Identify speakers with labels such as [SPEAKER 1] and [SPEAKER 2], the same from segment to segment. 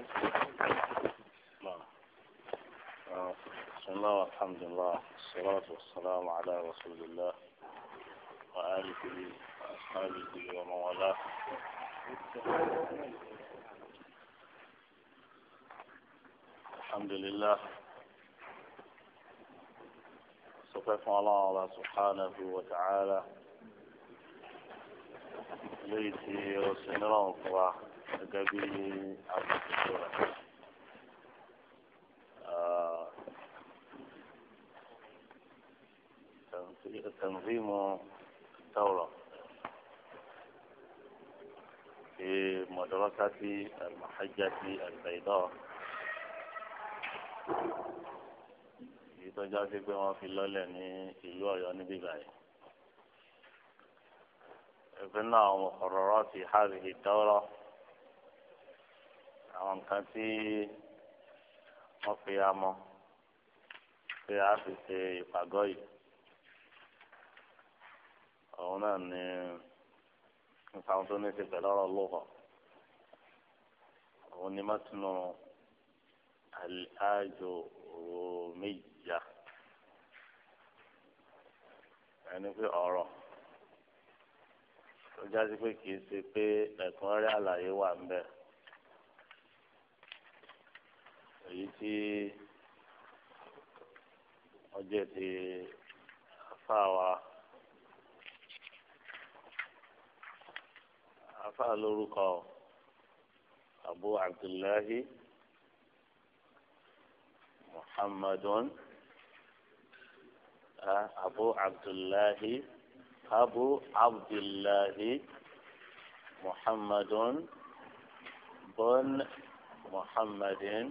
[SPEAKER 1] بسم الله والحمد آه. لله والصلاة والسلام على رسول الله وآله وأصحابه ومن الحمد لله سبحانه الله سبحانه وتعالى ليتي رسول الله gẹ́gẹ́
[SPEAKER 2] bí àbùkù rẹ̀.
[SPEAKER 1] تنظيم الدورة في مدرسة المحجة البيضاء ìtọ́já sí pé wọ́n fi lọ́lẹ̀ ní ìlú ọ̀yọ́ níbí báyìí. ẹ̀fín náà àwọn ọ̀rọ̀ rọ́ọ̀tì hàbìhì dọ́rọ̀. àwọn nǹkan tí wọ́n fi amọ̀ pé a fi ṣe ìpàgọ́ yìí òun náà ni nǹkan tó ní ṣe pẹ̀lú ọ̀rọ̀ lóko òun ni mọ́tínú àjò òmìjà ẹni pé ọ̀rọ̀ tó jáde pé kì í ṣe pé ẹ̀kúnrẹ́rẹ́ àlàyé wà ń bẹ̀rẹ̀. èyí tí ọjọ́ ti afa wa afa lórúkọ abu abdullahi muhammadun abu abdullahi abu abdullahi muhammadun bon muhammadin.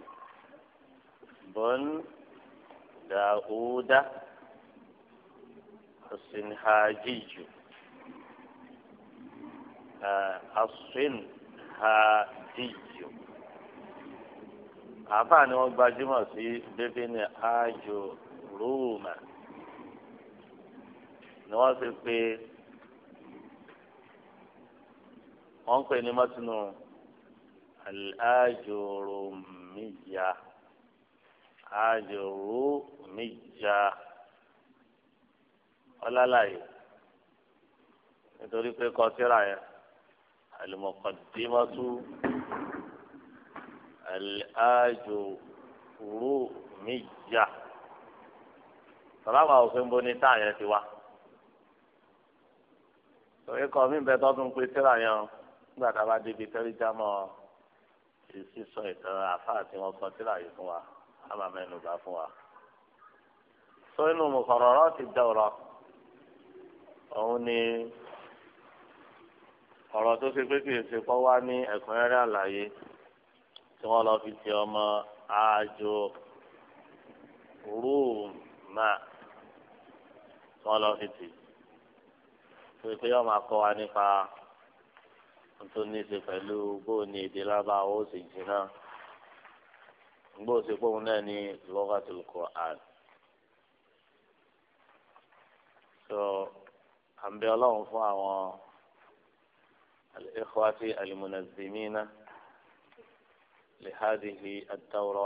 [SPEAKER 1] بن داوود السنهاجي السنهاجي àfáà ni wọn gbajúmọ̀ sí bébí ní àjò rúùmà ni wọn àjòrò méjà ọlálàyé nítorí pé kọsíra yẹn àlùmọ̀kàndínmọ́tú àjòrò méjà sọláwà òfin boni tá yẹn ti wá sọyìn kan mí bẹ tọ́ tún pé síra yẹn o nígbà tá a bá débi tẹ́lí jámọ́ ìsísọ ìtàn àfáà tí wọ́n kọ síra yìí fún wa a máa mẹ́nu bá fún wa. sọ inú mùkọ̀rọ̀rọ̀ ti dọ̀rọ̀ òun ni ọ̀rọ̀ tó ṣe pé kì í ṣe kọ́ wá ní ẹ̀kúnrẹ́rẹ́ àlàyé tí wọ́n lọ fi ti ọmọ àjò rúùmà tí wọ́n lọ fi tì pé pé ọmọ akọ wa nípa tó ní í ṣe pẹ̀lú bóun ní èdè lábáwọ́ ó sì jìnnà. bó o ṣe pé òun náà ní lughatil Qur'an so àǹbẹ ọlọ́run fún àwọn al-ikhwati al-munazzimina li hadhihi ad-dawra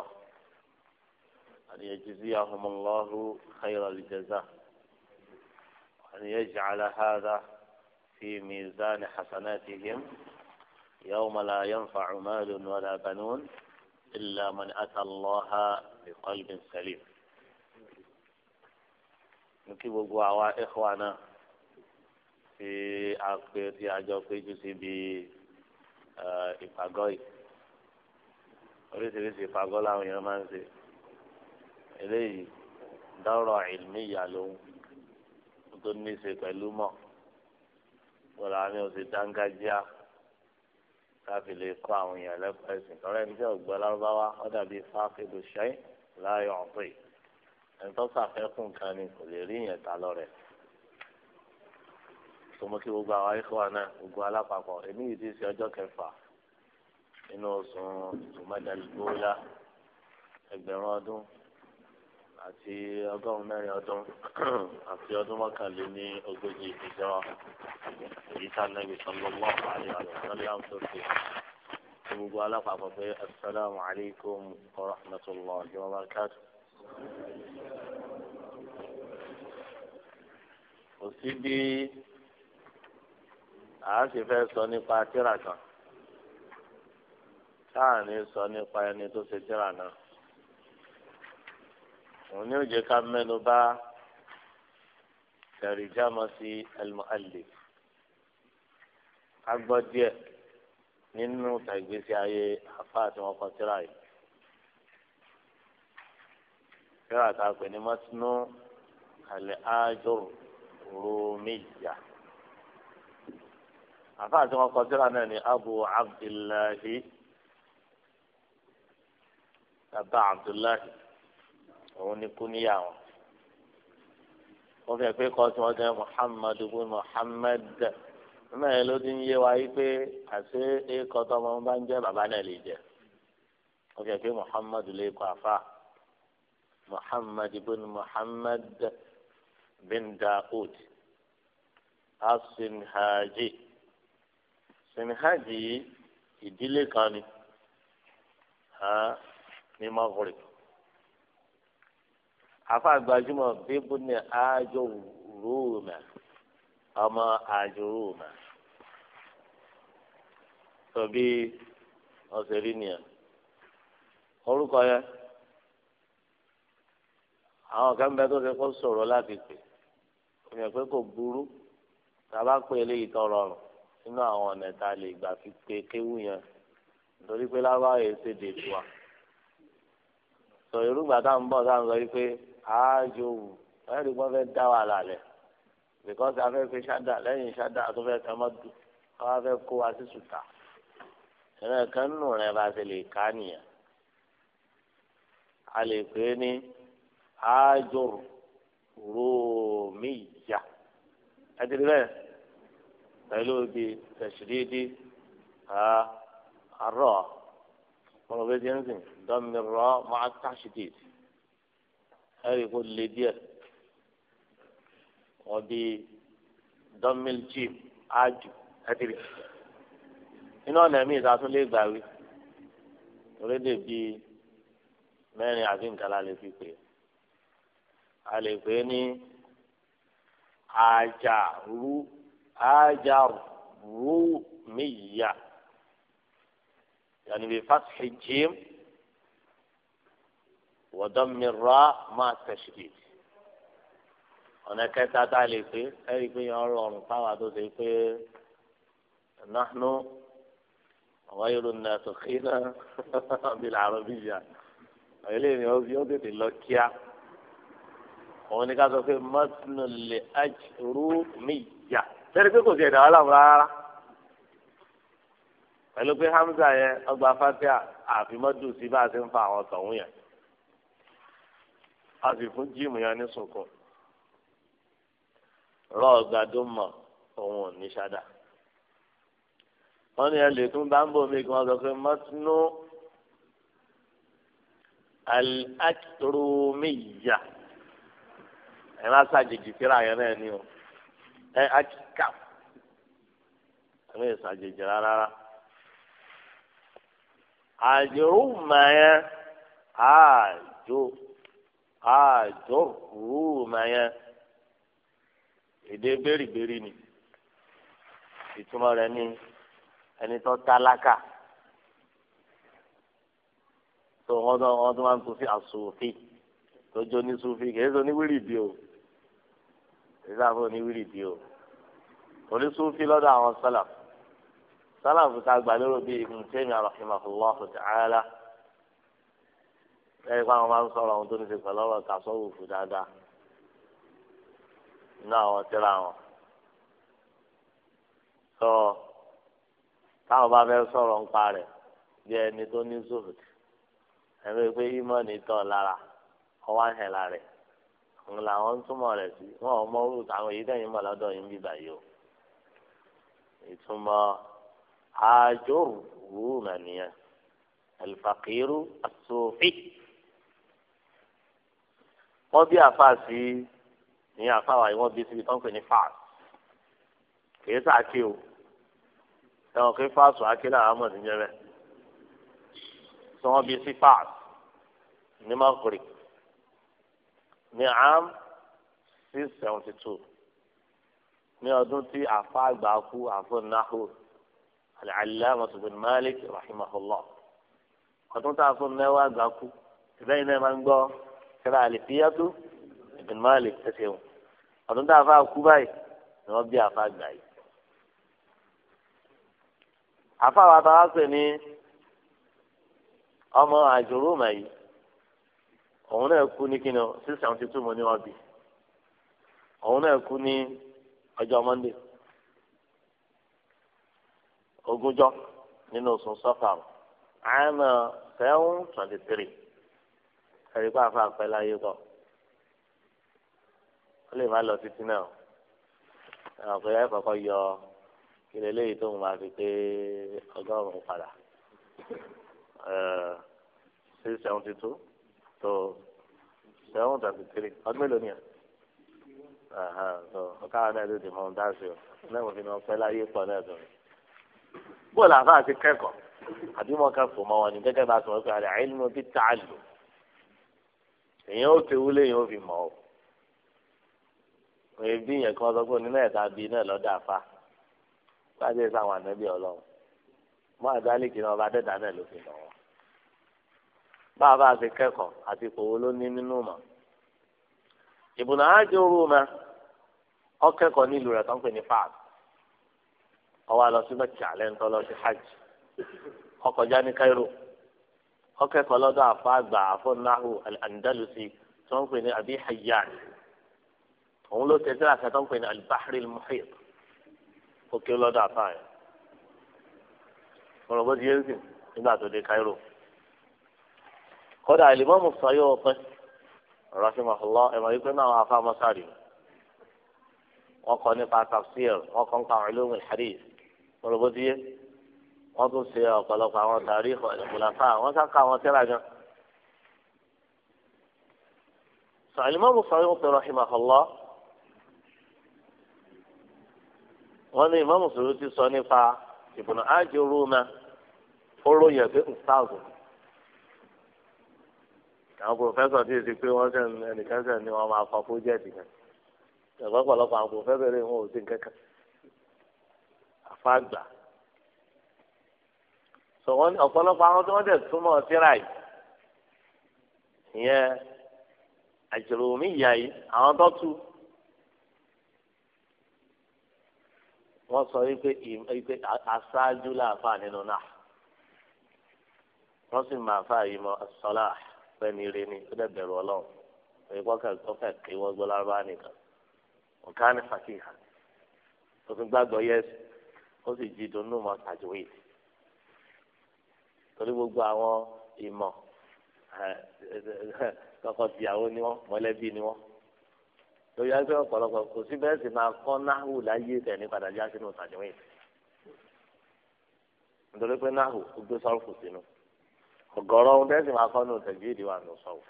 [SPEAKER 1] an yajziyahum Allahu khayra al-jaza an yaj'ala hadha fi mizan hasanatihim yawma la yanfa'u malun wala banun. إلا من أتى الله بقلب سليم nkí gbogbo àwa ikhwana tí a pè tí a jọ péjú síbi ìpàgọ́ yìí oríṣiríṣi ìpàgọ́ làwọn èèyàn máa ń ṣe eléyìí dọ́rọ̀ ìlmíyà lòun tó ní í ṣe pẹ̀lú mọ̀ wọ́n làwọn èèyàn ṣe dángájíá káfí lè kọ́ àwọn èèyàn lẹ́kọ̀ọ́ ẹ̀sìn tọ́lá ẹni tí ọ̀gbọ́n lárúbáwá ó dàbí fáfíìlù ṣẹ́yìn láyọ̀ ọ̀pẹ́ ẹni tó sàfẹ́kùn kan ni kò lè rí ìyẹn ta lọ rẹ̀ sọmọ kí gbogbo àwọn ayékọ́wà náà gbogbo alápapọ̀ èmi yìí ti ṣe ọjọ́ kẹfà nínú oṣù tòmọ́dàlúgbòlá ẹgbẹ̀rún ọdún àti ọgọ́rùn-ún mẹ́rin ọdún àti ọdún mọ́kànléní ogójì ìjọba èyí tá nẹ́bí sọlọ́mọ́ àti àlùfáàlì àǹtọ́sí tí gbogbo alápapọ̀ pé asalaamu alaykum wa rahmatullahi wa barakatuh. kò sí bí a sì fẹ́ sọ nípa tíra kan táà ní sọ nípa ẹni tó ṣe tíra náà òun ni ó jẹ́ ká mẹ́nu bá tẹ̀rìjámọ́ sí al-mu'allif ká gbọ́ díẹ̀ nínú tàgbésí ayé àfáà tí wọ́n kọ tírà yìí tírà tá a pè ní mọ́tínú al-ajur rumiyya àfáà tí wọ́n kọ tírà náà ni abu abdullahi bàbá abdullahi òun ni kú níyà wọn wọ́n fẹ́ pé kọ́ tí wọ́n jẹ́ muhammad bin muhammad nínú ẹ̀ ló ti ń yé wa yí pé àti ikọ̀ tọmọ bá ń jẹ́ bàbá náà lè jẹ́ wọ́n fẹ́ pé muhammad lè kọ́ àfà muhammad bin muhammad bin daoud asinhaji sinhaji ìdílé kan ni ní maghrib afa gbajúmọ̀ bíbú ni àjò rúùmà ọmọ àjò rúùmà tọ́bí ọ̀sẹ̀ rí nìyẹn orúkọ yẹn àwọn kan bẹ tó ṣe kó sọ̀rọ̀ láti pè ìyẹn pé kò burú tàbá pé eléyìí tọrọ ọrùn nínú àwọn ọ̀nà tá a lè gbà fi pé kéwù yẹn nítorí pé lábáyé ṣe dè tiwa sọ irúgbà tá à ń bọ̀ tá à ń sọ yìí pé ààjò wù ẹ̀rí wọn fẹ́ dá wà lálẹ́ because a fẹ́ fi ṣáda lẹ́yìn ṣáda tó fẹ́ kàn má dùn káwá fẹ́ kó wa sí sùtà ẹ̀rẹ́ kan nù rẹ̀ bá ṣe lè ká nìyẹn a lè pè é ní ààjò rúmíyà ẹ̀dínlẹ́ bẹ́ẹ̀ pẹ̀lú ibi tẹ̀sídìídì àárọ̀ mọ̀lẹ́bí jẹ́nsìn dọ́mìnirọ́ máa tàṣídìídì ẹ̀rí kò le díẹ̀ ọ̀bí dọ́mìl jim ájù ẹ̀tìrì nínú ọ̀nà ẹ̀mí ìdásún lè gbà wí torí dè bíi mẹ́rin àti nǹkan la lè fi pè é a lè pè é ní àjàrú àjàrú miya yàní bí fásitì jim. وضم الراء مع التشديد ọ̀nà kẹta tá a lè pé ẹ̀rí pé yẹn ọrọ̀ ọ̀rùn táwa tó ṣe pé nahnu ọ̀gáyọ̀rọ̀ náà tó kí náà bí làárọ̀ bí yà eléyìí ni ó fi ó tètè lọ kíá òun ni ká sọ pé mọ́tínú lè ajrú mi yà sẹ́ni pé kò sí ẹ̀dá wàhálà rárá pẹ̀lú pé hamza yẹn ọgbà fatia àfi mọ́tò sí bá a ṣe ń fa àwọn tọ̀hún yẹn a sì fún jíìmù yẹn ní sunkún rọ́ọ̀gàdúmọ̀ òun ò ní ṣáda wọ́n ní ẹ lè tún bá ń bò mí kí wọ́n sọ pé mọ́tínú al-akrumiya ẹ má ṣàjèjì síra yẹn náà ni o ẹ akíkà ẹ má ṣàjèjì rárá àjòrò mà yẹn àjò àjọrùmọ yẹn èdè bẹ́rìbẹ́rì ni ìtumọ̀ rẹ̀ ni. ẹni tó tálákà tó wọ́n tó wọ́n tó máa ń tún sí àsòfì tó jó ní sùfì kìí ṣe oníwìrìdì o kìí ṣe àfọ oníwìrìdì o onísùfì lọ́dọ̀ àwọn sálàf sálàf tá a gbà lérò bíi ibùn tẹ́mi àròhìmọ̀ fúlọ́ọ̀fù tààlà ẹ̀rí pa àwọn máa ń sọ̀rọ̀ àwọn tó ní ṣe pẹ̀lú ọ̀rọ̀ tàṣọ́wò fún dáadáa nínú àwọn tíra wọn. sọ táwọn bá fẹ́ sọ̀rọ̀ ń pa bí ẹni tó ní zòfòtì ẹ̀rí pé ímọ̀nì tọ̀ lára ọwọ́ àhẹ̀lá rẹ̀ òun làwọn ń túmọ̀ rẹ̀ sí wọn ò mọ orú àwọn èyí tẹ̀yìn mọ̀ lọ́dọ̀ yìí ń bì báyìí o. ìtumọ̀ àjòrò wúrù nàníyàn alifakiru asòfin wọ́n bí àfa sí ní àfa wàyí wọ́n bí síbi tó ń pè ní fáàs kìí sàáké o ẹ̀wọ̀n kí fáàsù áké náà àmọ̀ níjẹ́ bẹ́ẹ̀ tí wọ́n bí sí fáàs ní mọ́kùrì ní àm six seventy two ní ọdún tí àfa àgbà kú àfọ náhù al-Allama Malik rahimahullah ọdún tí àfọ mẹ́wàá àgbà kú ìbẹ́yìn náà máa ń gbọ́ síra àlìfíyàtú Ibn Malik ẹsẹ̀ wọn ọdún tá a fa kú báyìí ni wọ́n bí àfa gbà yìí. àfa wa ta wá pè ní ọmọ àjòrúmọ̀ yìí òun náà kú ní kíni six seventy two mo ní wọn bí òun náà kú ní ọjọ́ Monday ogúnjọ́ nínú oṣù sọ́fà àmọ́ seven twenty three ẹ̀rí pa àfa àpẹ láyé kọ ó lè má lọ títí náà àwọn àpẹ yẹn kọ́kọ́ yọ ilé léyìí tó ń máa fi pé ọgọ́rùn-ún padà six seventy two to seven twenty three ọdún mélòó ni ẹ ọkọ àwọn náà tètè mọ ohun dá sí o náà mo fi náà pẹ́ láyé pọ̀ náà tó rẹ̀ bó làbá àti kẹ́kọ̀ọ́ àbí mo kẹ́kọ̀ọ́ mọ́ wọn ni gẹ́gẹ́ bá a sọ wípé àlẹ́ àìlú mi bí tààlù. èèyàn ó ya léèyàn ó fi mọ̀ ọ́ òye bí yẹn kan sọ pé ẹ̀ka bíi náà lọ́dọ̀ àfa pàṣẹ sáwọn ànábì ọlọ́run mọ́ náà ọba dẹ́ta náà ló fi mọ̀ wọ́n báwa ti kẹ́kọ̀ọ́ àti ìpòwò ló ní nínú ma ọ kẹ́kọ̀ọ́ nílùú rẹ̀ tó ń pè ní sí alẹ́ lọ sí hajj ọkẹ́kọ̀ọ́ lọ́dọ̀ àfáàgbà àfọ̀náhù al-Andalusi tó ń pè ní Abi Hayyan òun ló tẹ̀sí àṣà tó ń pè ní al-Bahri al-Muhit ó kí lọ́dọ̀ àfáàyàn ọ̀rọ̀ bó ti yé sí nígbà tó dé Cairo kódà ìlímọ́mù sọ́yọ́ ọ̀pẹ́ rahimahullah ẹ̀mọ̀ yìí pé náà afá mọ́sárì wọn kọ́ nípa tafsir wọn kọ́ nípa ulumul hadith ọ̀rọ̀ bó ti yé wọ́n tún ṣe ọ̀pọ̀lọpọ̀ àwọn tàrí ìkùlàfà wọ́n sáka àwọn tẹ́lá gan. sàlìmọ́ musawi ń pẹ̀rọ ìmàkọ́lọ́ wọ́n ní ìmọ̀ mùsùlùmí ti sọ nípa ìbùnà ájì rúmà fóró yẹn pé ǹtàgùn. àwọn pòfẹ́sọ̀ ti di pé wọ́n sẹ́n ẹnìkan sẹ́n ni wọ́n máa kọ́ fújẹ́ẹ̀tì kan ẹ̀gbọ́n pọ̀lọpọ̀ àwọn pòfẹ́sọ̀ rẹ̀ wọn ò sí nǹkan kan àfáàgbà. sọ̀wọ́n ní ọ̀pọ̀lọpọ̀ àwọn tí wọ́n tẹ̀ súnmọ́ síra yìí ìyẹn àjùrùmí ìyá yìí àwọn tó tu wọ́n sọ wípé wípé aṣáájú làáfà nínú náà wọ́n sì máa fà yìí mọ́ sọ́lá pẹ́ni rí ni ó dẹ̀ ọlọ́run òyìnbó kẹ́kọ̀ọ́ kí wọ́n gbọ́ lárúbá nìkan ọ̀ká ní fàkìhà gbàgbọ́ ó sì jí dunnú mọ́ torí gbogbo àwọn ìmọ̀ eh, kọ́kọ́ tìyàwó ni wọ́n mọ̀lẹ́bí ni wọ́n lórí ẹgbẹ́ ọ̀pọ̀lọpọ̀ kò sí bẹ́ẹ̀ sì máa kọ́ náhù láyé ní padà já sínú tàjúwìn nítorí pé náhù gbé sọ́ọ̀fù sínú ọ̀gọ̀rọ̀ ohun tẹ́sí máa kọ́ nù tẹ̀jú ìdí wà nù sọ́ọ̀fù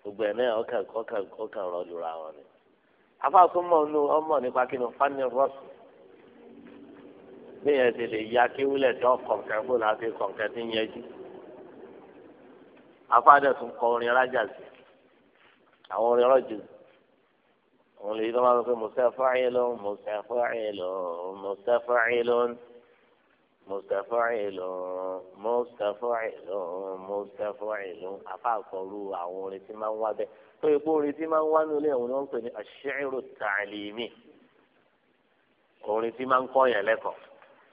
[SPEAKER 1] gbogbo ẹ̀ náà ọkàn ọkàn ọkàn lura wọn ni nù ọmọ nípa kí fani rọ́ọ̀sì bẹ́ẹ̀ ṣe lè ya kéwúlẹ̀ tó kọ̀ǹkẹ́ bó la fi kọ̀ǹkẹ́ ti ń yẹjú. afáàdẹ̀ tún kọ orin rájà sí àwọn orin rọ́jò òun lè yíká máa ń sọ pé mustafa'ilun mustafa'ilun mustafa'ilun mustafa'ilun mustafa'ilun mustafa'ilun afáàkọ̀ọ́rù àwọn orin tí máa ń wá bẹ́ẹ̀ tó yẹ orin tí máa ń wá nílé òun náà ń pè ní ash-shi'ru at orin tí máa ń kọ́ yẹn lẹ́kọ̀ọ́.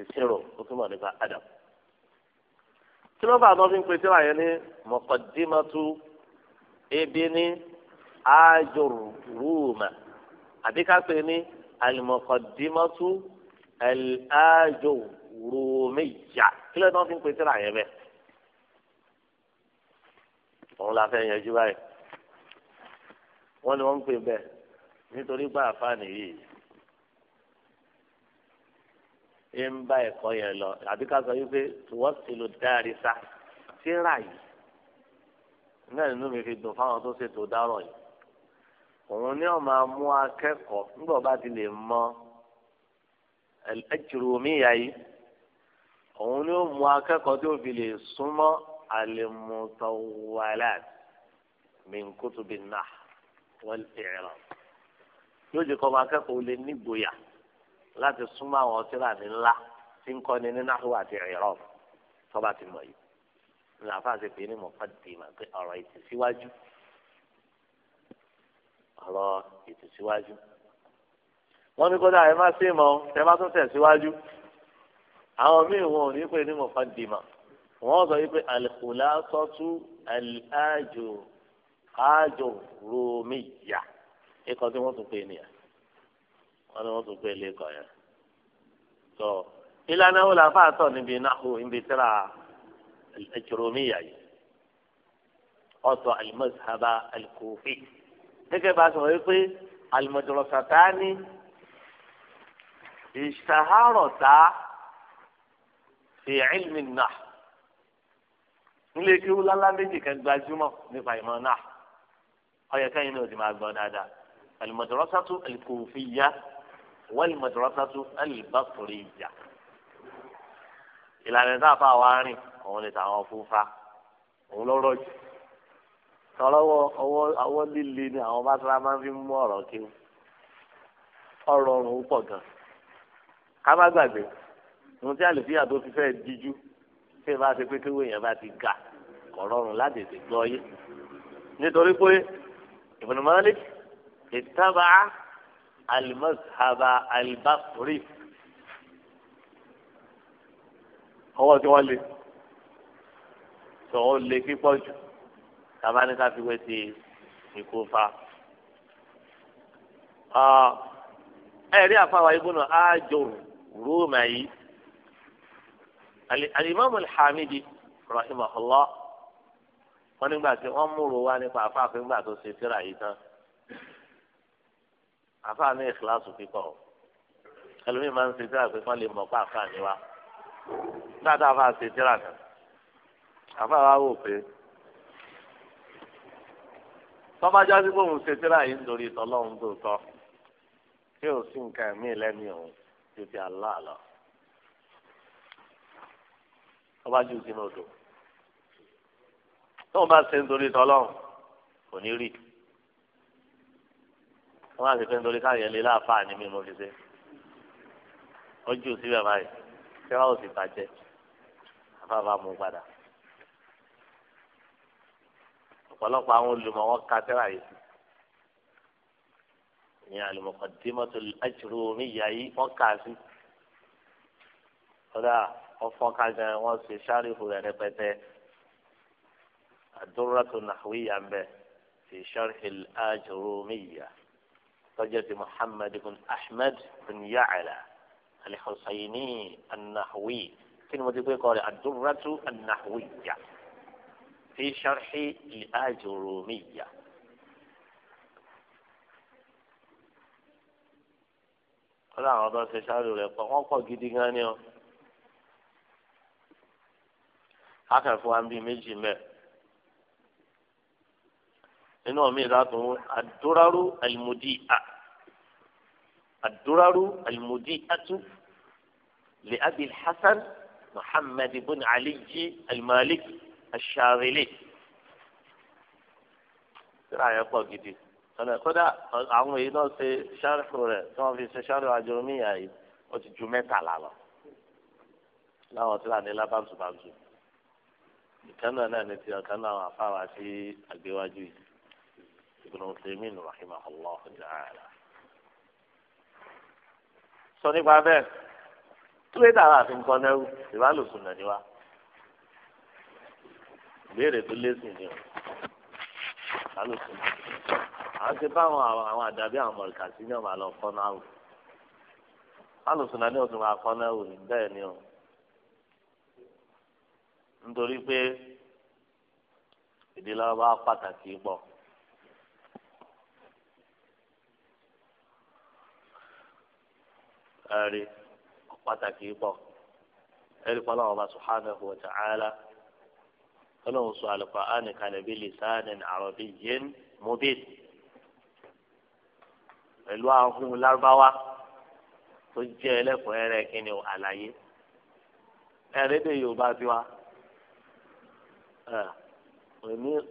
[SPEAKER 1] ìṣirò ó túmọ̀ nípa adam kí ló bá àtọ́ fi ń pe tíra yẹn ní mọ̀kàndínmọ́tú ebi ní ajuruma àbí ká pè ní alimọ̀kàndínmọ́tú ajurumiyya kí ló tán fi ń pe tíra yẹn bẹ́ẹ̀ òun la fẹ́ yanjú báyìí wọ́n ní wọ́n ń pè bẹ́ẹ̀ nítorí gbà àfáàní yìí ẹ ń bá ẹ̀kọ́ yẹn lọ àbí ká sọ wípé wọ́n ti lò dárí sa síra yìí náà nínú mi fi dùn fáwọn tó ṣètò dárọ̀ yìí òun ni wọn máa mú akẹ́kọ̀ọ́ nígbà bá ti lè mọ ẹjùrùmíyà yìí òun ni ó mú akẹ́kọ̀ọ́ tí ó fi lè súnmọ́ alimutawalat min kutubi nah wal i'rab yóò jẹ́ kọ́ ọmọ akẹ́kọ̀ọ́ lè nígboyà láti súnmọ́ àwọn tíra mi ńlá tí ń kọ́ ni ní náhùn àti ìrọ̀ tọ́ba ti mọ̀ yìí ní àfáàsì pé ní muqaddima pé ọ̀rọ̀ ìtìsíwájú ọ̀rọ̀ ìtìsíwájú. wọ́n ní kódà ẹ má sí mọ́ ẹ má tún tẹ̀síwájú àwọn míì wọn ò ní pè ní muqaddima wọ́n sọ wípé al-khulasatu al-ajurumiyya ikọ̀ tí wọ́n tún pè nìyà wọn ni wọn tún gbé ilé kan yẹn tó ìlànà wo la fà tọ níbi náhù níbi tíra al-Ajurumiyya yìí ọtọ al-mazhaba al-Kufi gẹ́gẹ́ bá a sọ wọn pé al-madrasatani ishtaharata fi ilmi an-nahw nílé kí wúlálá méjì kan gbajúmọ̀ nípa ìmọ̀ náà ọyẹ kẹyìn náà ti máa gbọ́ dáadáa al-madrasatu al والمدرسة البصرية ìlànà tá a fà wá rìn òun ni tàwọn fúnfa òun lọ́rọ̀ jù tọ́lọ́wọ́ ọwọ́ ọwọ́ líle ni àwọn bàtàrà máa fi mú ọ̀rọ̀ kéwù ọ̀rọ̀ ọ̀rùn pọ̀ gan ká má gbàgbé ohun tí àlùfíà tó fi fẹ́ díjú tí ẹ bá ṣe pé kéwù èèyàn bá ti ga kọ̀ rọrùn láti tètè gbọ́ yé nítorí pé Ibn Malik ittaba alimọ́sábà alibafuri ọwọ́ tí wọ́n lé tọ́wọ́ lé pípọ̀ jù tabaníkà fi wé ti ìkófa. ẹ̀rí àfàwà ibùnà ájò rúùmà yìí alimami alhamidi rahimahullah wọn nígbà tí wọn múrò wá nípa àfààfin gbà tó ṣe síra yìí tán àfáà ní ìkíláàsù kíkọ́ ẹlòmíì máa ń ṣe tíra pé kán lè mọ̀ pé àfáà ni wá dáadáa àfáà ṣe tíra kan àfáà wá wò pé tọ́bajá sí pé òun ṣe tíra yìí nítorí tọ́lọ́run tó tọ́ tí ò sí nǹkan ẹ̀mí lẹ́mí òun ju ti Allah lọ tọ́bajú sínú odò tóun bá ṣe nítorí tọ́lọ́run kò ní rí i wọn àti pé nítorí káyọ̀ lé láàfáà ní mímú fi ṣe ó jù síbẹ̀ báyìí tẹ́wá ò sì bàjẹ́ afáfá mú padà ọ̀pọ̀lọpọ̀ àwọn olùmọ̀ wọn ka tẹ́wá yìí sí ìyẹn al-muqaddimatu al-ajrumiyya yìí wọ́n kà á sí kódà wọ́n fọ́nká gan wọ́n ṣe sárífù rẹ̀ rẹpẹtẹ ad-durratu ń bẹ fi sharh al-ajrumiyya. تجد محمد بن أحمد بن يعلى الحسيني النحوي كلمة تقول قال الدرة النحوية في شرح الأجرومية قال هذا سيشعر لك وقال جدي غانيو هكذا فهم بي nínú ọ̀mí ìdátun àdúrárú àlùmùdí à àdúrárú àlùmùdí àtú lè abil hasan muhammad ibn ali ji almalik asharili síra yẹn pọ̀ gidi ọ̀nà kódà àwọn èyí náà ṣe ṣáàrù rẹ̀ tí wọ́n fi ṣe ṣáàrù àjọmíyà yìí ó ti ju mẹ́tàlá lọ láwọn tí wàá ní lábàmùsùbàmùsù ìkànnà náà ní ti ọ̀kan náà àwọn afáwà sí àgbéwájú yìí ibn Uthaymeen rahimahullahu ta'ala. sọ nípa bẹ́ẹ̀ túwédà wà fi ń kọ́ náírù ìbálòsùn náà ni wá ìbéèrè tó lésìn ni o ìbálòsùn náà àwọn ti bá àwọn àdàbí àwọn mọ̀lìkàsí náà máa lọ kọ́ náírù ìbálòsùn náà ni o tún máa kọ́ náírù ní bẹ́ẹ̀ ni o nítorí pé ìdílé ọba pàtàkì pọ̀. ẹ̀rí pàtàkì pọ̀ ẹ̀rí pọ̀lọ́ ọba subhanahu wa ta'ala ọlọ́run sọ al-Qur'an kalẹ̀ pẹ̀lú ahun lárúbáwá tó jẹ́ ẹlẹ́kùnrin rẹ̀ kí ni dị ẹ̀rí dè yorùbá bí wa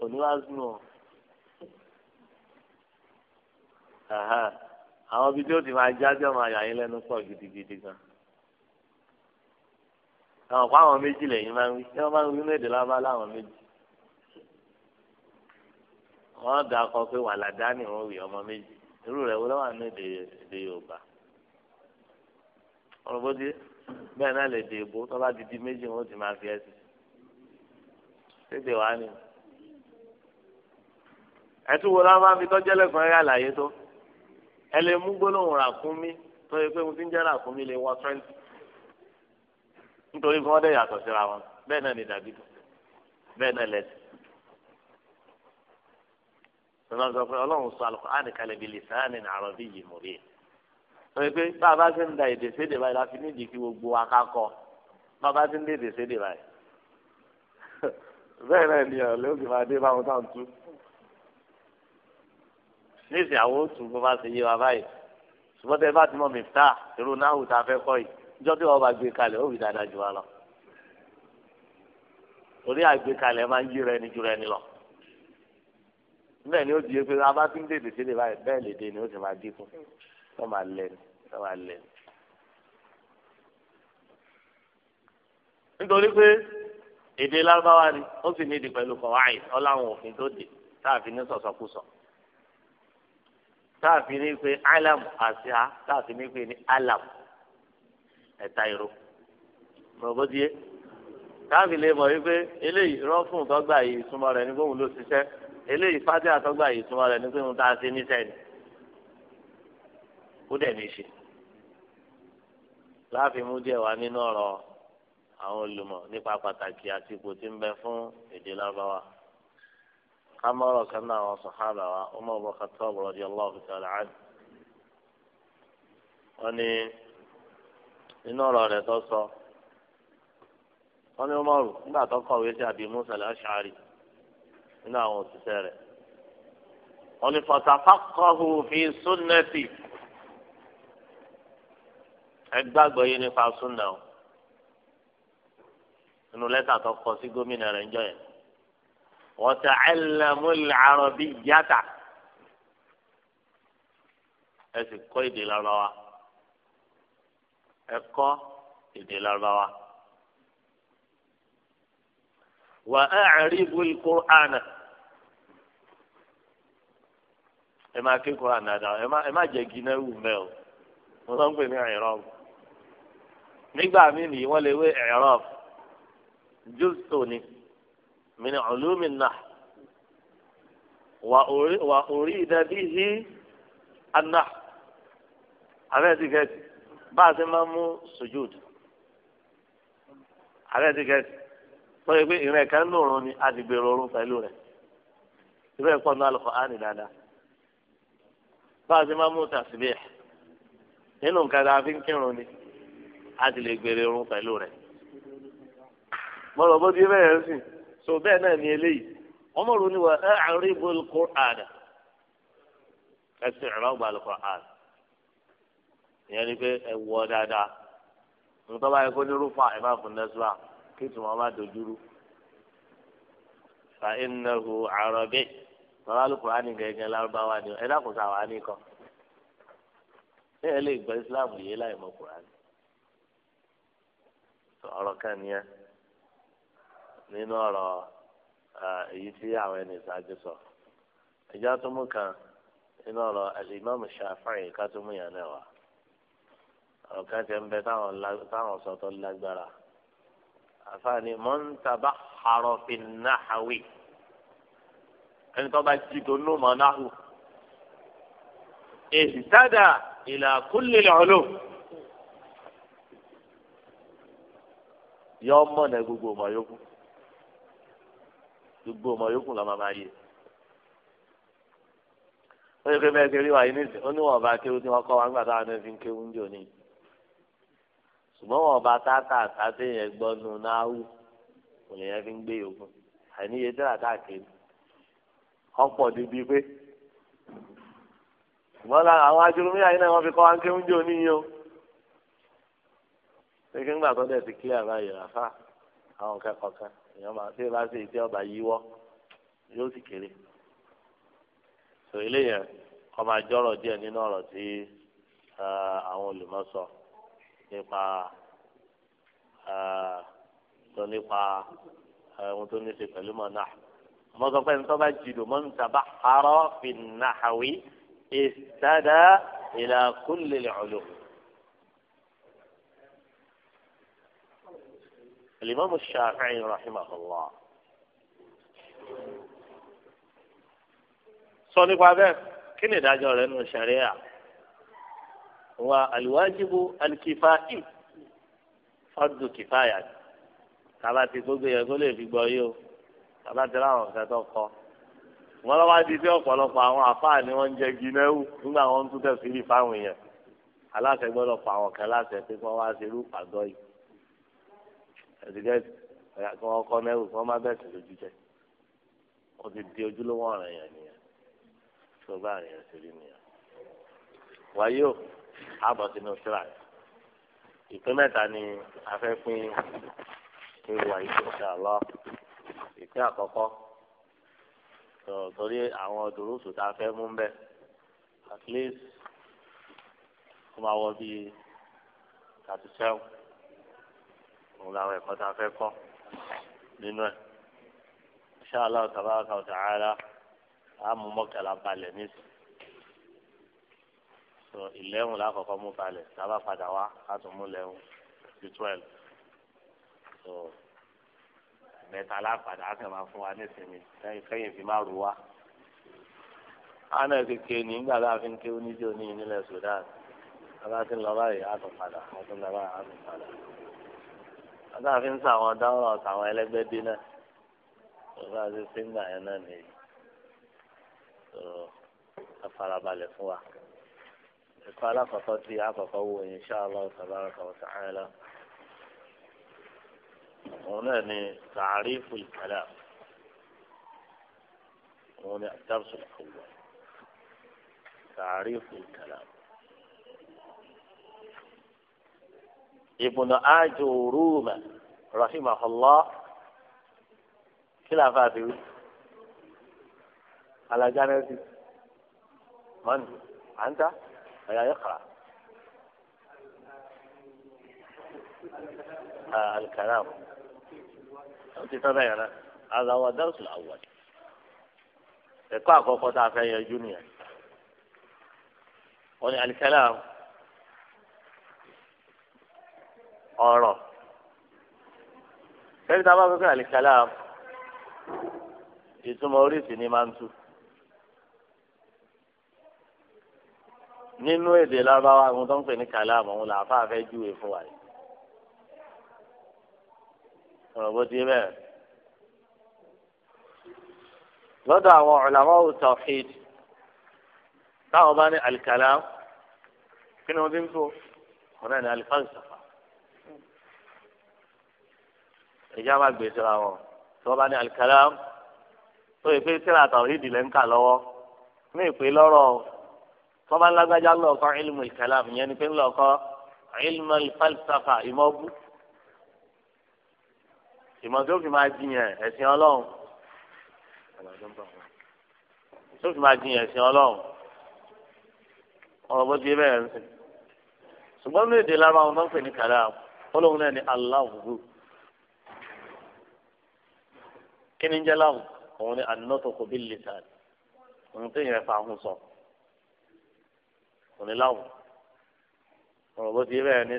[SPEAKER 1] òní wá sùn ọ́. àwọn ibi tí ó ti máa jáde ọmọ àyà yín lẹ́nu pọ̀ gidigidi gan àwọn kó àwọn méjì lẹ́yìn máa ń wí ṣé wọ́n máa ń wí ní èdè lábá láwọn méjì wọ́n dà kọ pé wàhálà dání wọ́n wì ọmọ méjì irú rẹ̀ wọ́n wà ní èdè Yorùbá ọ̀rọ̀ bó ti bẹ́ẹ̀ náà lè dè bó tó bá di di méjì wọ́n ti máa fi ẹ́ sí tètè wá ní ẹ̀ tún wo láwọn máa fi tọ́jẹ́lẹ̀kùn ẹ̀yà àlàyé tó ẹ lè mú gbólóhùn ràkúnmí tó yẹ pé mo ti ń jẹ́ ràkúnmí lè wọ twenty nítorí kí wọ́n yàtọ̀ síra wọn bẹ́ẹ̀ náà ni dàbí tó bẹ́ẹ̀ náà lẹ́sìn. sọ́nà sọ pé ọlọ́run sọ Al-Qur'an kalẹ̀ bíi lisanin arabiyyin mubin tó yẹ pé bàbá ti ń da èdè sédè báyìí láti nídìí kí gbogbo wa ká kọ bàbá ti ń da èdè sédè báyìí bẹ́ẹ̀ náà ni ọ̀lẹ́ òkè máa dé báwọn táwọn tún nísìnyí àwọn oṣù bó bá ṣe yé wa báyìí ṣùgbọ́n tẹ bá ti mọ mìfta irú náhù tá a fẹ́ kọ́ yìí níjọ́ tí wọ́n bá gbé kalẹ̀ ó wì dáadáa jù wá lọ. torí àgbékalẹ̀ máa ń yí rẹ ní ju rẹ ní lọ. bẹ́ẹ̀ ni ó di pé abá tí ń dèdè sílẹ̀ báyìí bẹ́ẹ̀ lè dé ni ó sì máa dínkù tó máa lẹ̀ ní tó máa lẹ̀ ní. nítorí pé èdè lárúbáwá ni ó sì ní ìdí pẹ̀lú kọ̀wáì ọláwọn òfin tó dé táàfin ní sọ̀sọ̀kúsọ̀. So táàfin ní pé alam àṣà táàfin ní pé ní alam ẹ̀ta ìró mọ̀gòdìyẹ táàfin lè mọ̀ wípé eléyìí rọ́fún tọ́gbà yìí súnmọ́ rẹ̀ ní bóun ló ṣiṣẹ́ eléyìí fájì àtọ́gbà yìí súnmọ́ rẹ̀ ní pé òun tá a ṣe níṣẹ́ ni ó dẹ̀ ní í ṣe láàfin mú díẹ̀ wá nínú ọ̀rọ̀ àwọn olùmọ̀ nípa pàtàkì àti ipò tí ń bẹ fún èdè lárúbáwá amọ̀rọ̀ kan náà àwọn sàhábà wa Umar ibn Khattab radiyallahu ta'ala anhu. wọ́n ní nínú ọ̀rọ̀ rẹ̀ tó sọ wọ́n ní Umar nígbà tó kọ̀wé sí àbí Musa al-Ash'ari nínú fatafaqahu fi sunnati ẹ gbàgbọ́ yìí nípa súnà o nínú lẹ́tà tó kọ sí وتعلموا العربية ẹsì kọ́ èdè Lárúbáwá ẹ kọ́ èdè القرآن ẹ máa ké Kùránì dáadáa ẹ má jẹ́ gíná wù mẹ́ o mo sọ ń pè ní nígbà من علوم النحو وأريد به النحو عرفت كيف بعد ما مو سجود عرفت كيف طيب إذا كان نوروني أدي بيرورو فلورة إذا يكون القرآن لا لا بعد ما مو تسبيح nínú nǹkan tá a fi ń kírun ni a ti lè so bẹ́ẹ̀ náà ni eléyìí ọmọrù ni wà á àríbó alukur'an ẹsẹ̀ ìrọ̀gbà ìyẹn ni pé ẹ wọ dáadáa nǹkan báyìí kó ní rúfà ẹ má fún nẹ́sùlá kí tí wọ́n má dojúrú fa innahu arabi tọ́lá alukur'an gẹ́gẹ́ lárúbáwá ni ẹ dákun sáwà á ní kan ṣé ẹ lè gba islam yìí láì mọ kan nìyẹn. nínú ọ̀rọ̀ èyí tí àwọn ẹni ìsáájú sọ ẹjọ́ tó mú kan nínú ọ̀rọ̀ alimami Shafi'i ká tó mú yàn náà wá ọ̀rọ̀ kan ti ń bẹ táwọn sọ tó lágbára àfààní mọ́ntàbá harọ́fin náhàwì ẹni tó bá jí tó nù mọ́ náhù ìsìtádà ìlà kúlẹ̀ lọ́lọ́ yọ ọmọ náà gbogbo ọmọ yòókù gbogbo ọmọ yòókù lọ́mọ máa yé wọ́n yẹ kó bẹ́ẹ̀ ṣe rí wàyí ní ìsìn ó ní wọ́n bá kéwú tí wọ́n kọ́ wa nígbà táwọn ẹni fi ń kéwú ń jò ní ṣùgbọ́n wọ́n bá táàtà àtàtà yẹn gbọ́ nu náwó òun yẹn fi ń gbé yòókù àìníye tẹ́lá káàkiri ọ̀pọ̀ débi pé ṣùgbọ́n àwọn ajurumi àyìn náà wọ́n fi kọ́ wa ń kéwú ń jò yìí o pé kí ńgbà tó dẹ̀ ti kílẹ̀ èèyàn máa ṣe bá ṣe ìṣe ọba yíwọ́ yóò sì kéré sọ eléyẹn kọ́ máa jọ́rọ̀ nínú ọ̀rọ̀ tí àwọn olùmọ̀ sọ nípa sọ nípa ohun tó ní ṣe pẹ̀lú mọ̀nà mọ́sọ̀pẹ́ ní tọ́ba jìdò mọ́n tàbá àárọ̀ ìsádà ìlà kúlẹ̀ الإمام الشافعي رحمه الله صلي بعدين كل ده جرى إنه شريعة والواجب الكفائي فرض كفاية kaba ti gbogbo في kó lè fi gbọ́ yìí o kaba ti láwọn ọ̀sẹ̀ tó kọ́ wọn lọ́wọ́ di sí ọ̀pọ̀lọpọ̀ àwọn àfáà ni wọ́n ń jẹ gínẹ́wù nígbà wọn ń tún tẹ̀síìrì fáwọn èèyàn aláṣẹ gbọ́dọ̀ pa àwọn kan láṣẹ pé kí wọ́n wá ṣerú pàgọ́ yìí ẹ̀dígẹ́tì kí wọ́n kọ́ náírà kí wọ́n má bẹ̀sẹ̀ lójú jẹ́ ó ti di ojúlówó ọ̀ràn yẹn nìyẹn tó bá àrùn yẹn ṣeré nìyẹn. wáyé o àbọ̀ sínú tíra ìpín mẹ́ta ni a fẹ́ pín ìwà ìṣòṣà lọ ìpín àkọ́kọ́ torí àwọn dòrósù tá a fẹ́ mú bẹ́ẹ̀ at least ó máa wọ bíi thirty seven òun làwọn ẹ̀kọ́ tá a fẹ́ kọ́ nínú ẹ̀ ṣáàlá ọ̀tàbá ọ̀tà ara àmú mọ́kànlá balẹ̀ nísì so ìlẹ́hùn lákọ̀ọ́kọ́ mú balẹ̀ tábà padà wá látún mú lẹ́hùn sí twelve so mẹ́ta lápadà á kàn máa fún wa nísìnyí lẹ́yìn kẹ́yìn fi máa rù wá. àná kéke nígbà tá a fi ń ké oníjó ní ìnílẹ̀ Sudan a bá báyìí a tún padà a tún lọ báyìí a tún padà adáàfi ń sàwọn dáhùn àtàwọn ẹlẹgbẹ́ bí náà ìgbà tí síngà yẹn náà nìyí ẹ farabalẹ̀ fún wa ẹ̀kọ́ alákọ̀ọ́kọ́ tí àkọ́kọ́ wò insha Allah tabaraka wa ta'ala òun náà ni tààrífù al-kalam òun ni ad-dars al-awwal tààrífù ابن اجوروما رحمه الله خلافات على جانب من انت هيا يقرا
[SPEAKER 2] آه الكلام
[SPEAKER 1] هذا هو الدرس الاول اقرا فوق تعفين يا الكلام ọ̀rọ̀ sẹ́ni tá a bá fẹ́ fẹ́ àlìkálá ìtumọ̀ oríṣi ni máa ń tú. nínú èdè lárúbáwá àwọn tó ń pè ní kàlámù òun làáfà fẹ́ júwe fún wa yìí. ọ̀rọ̀ bó ti bẹ́ẹ̀. lọ́dọ̀ àwọn ulama tawhid táwọn bá ní àlìkálá kí ni wọ́n ti ń tó wọn náà ní àlìfáàsì. ẹ̀já má gbé síra wọn tí wọ́n bá ní alikalam tó yẹ pé síra àtàwọn ìdílé ń kà lọ́wọ́ ní ìpè lọ́rọ̀ tí wọ́n bá lágbájá lọ́ọ̀kọ́ ilmu alikalam ìyẹn ni pé ńlọ́ọ̀kọ́ ilmu alfalsafa ìmọ̀ọ́bù ìmọ̀ tó fi máa jiyàn ẹ̀sìn ọlọ́run tó fi máa jiyàn ẹ̀sìn ọlọ́run ọ̀rọ̀ bó ti bẹ́ẹ̀ ń sìn ṣùgbọ́n ní èdè lára wọn bá ń pè ní kàlá ó lóun náà ní aláwùú kí ni ń jẹ́ láàmù òun ni anọ́tòkò bí lìtàn òun tó yẹn fa ahun sọ òun ni láàmù ọ̀rọ̀ bó ti bẹ́ẹ̀ ní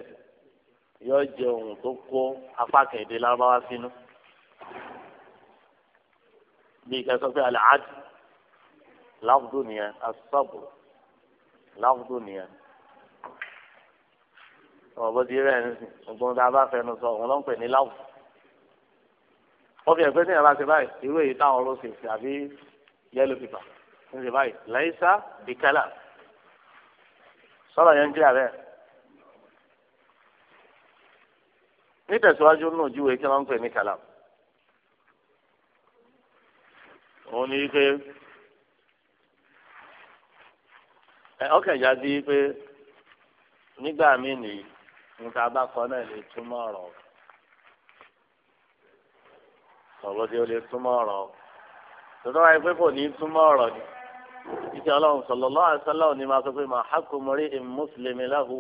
[SPEAKER 1] yọ jẹ ohun tó kó apá kẹ̀dé lárúbáwá sínú bí ká sọ pé alẹ́ àdì láwùdó nìyẹn asọ́bù láwùdó nìyẹn ọ̀rọ̀ bó ti bẹ́ẹ̀ ní ọgbọ́n tá a bá fẹnu sọ òun ló ń pè ní láwùdó wọ́n fi ẹ̀gbẹ́ sẹ́yìn aláṣẹ báyìí irú èyí táwọn ọ̀rọ̀ sì fi àbí yẹ́lò pípa ń ṣe báyìí láìsá bìkálà sọ́dọ̀ yẹn ń kílà bẹ́ẹ̀. nítẹ̀síwájú nù júwe kí wọ́n ń pè ní kàlà. òun ni pé ẹ ọkàn ìjà bíi pé nígbà míì nìyí níta bá kọ́ náà lè túmọ̀ ọ̀rọ̀ ọ̀kan ọ̀rọ̀ tí ó lè túmọ̀ ọ̀rọ̀ tọ́tọ́ wáyé pé kò ní túmọ̀ ọ̀rọ̀ ni ìṣe ọlọ́run sọ̀lọ́ lọ́wọ́ àṣálà òní máa sọ pé mà á kò mọ̀rí ẹ̀ mùsùlùmí láhu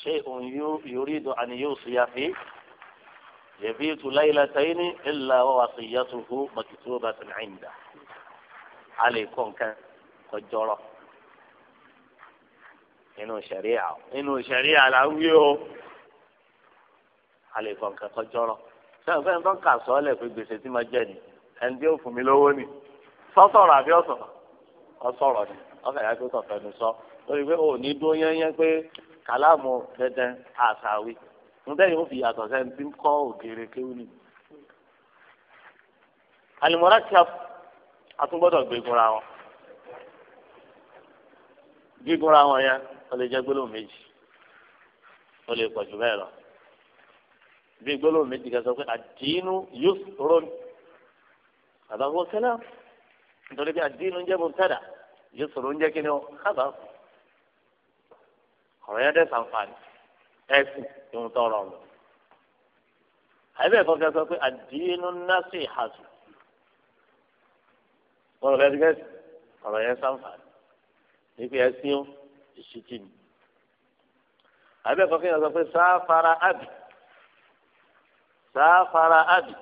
[SPEAKER 1] ṣé òun yorí ìdùn àní yóò sì yàfi yẹ̀bi ìtù láyìlá tẹ́yìní ìlà wà sí yàtò fún mọ̀kìtì ó bá ti náà ń dà á lè kọ́ nǹkan kọjọ́rọ̀ nínú ṣẹ̀ríà nínú ṣẹ̀ríà là ń wí o á lè kọ́ nǹkan kọjọ́rọ̀ sẹ́wọ̀n fẹ́ẹ́ tó ń kà sọ́ọ́lẹ̀ pé gbèsè tí mo jẹ ni ẹni tí ó fún mi lówó ni sọ́sọ̀rọ̀ àbí ọ̀sọ̀rọ̀ ọ̀sọ̀rọ̀ ni ọkàn yà tó sọ̀fẹ́ mi sọ lórí pé ò ní dúró yẹ́nyẹ́ pé kàlámù dandan àṣàwí níbẹ̀ yóò fi yàtọ̀ sẹ́ni tí ń kọ́ ògèrè kéwù ni. àlùmọ́rá kí a tún gbọ́dọ̀ gbégunra wọn gbégunra wọn yẹn ó lè jẹ́ gbólóhùn méjì ó lè pọ̀ jù bẹ́ẹ̀ lọ bí gbólóhùn méjì kan sọ pé àdínú yóò rọ ní àbáwọ sẹlẹ nítorí bí àdínú jẹ mọ tẹdà yóò sọ̀rọ̀ oúnjẹ kí ni ó kábà ọ̀rọ̀ yẹn dẹsẹ àǹfààní ẹsìn ìhun tọrọ ọmọ àyẹ̀bẹ̀ kan kan sọ pé àdínú násì ìhàtù ọ̀rọ̀ yẹn gẹẹsì ọ̀rọ̀ yẹn sàǹfààní nípa ẹsìn ìṣìtì ni àyẹ̀bẹ̀ kan kan sọ pé sáfara àbí sáfara àbí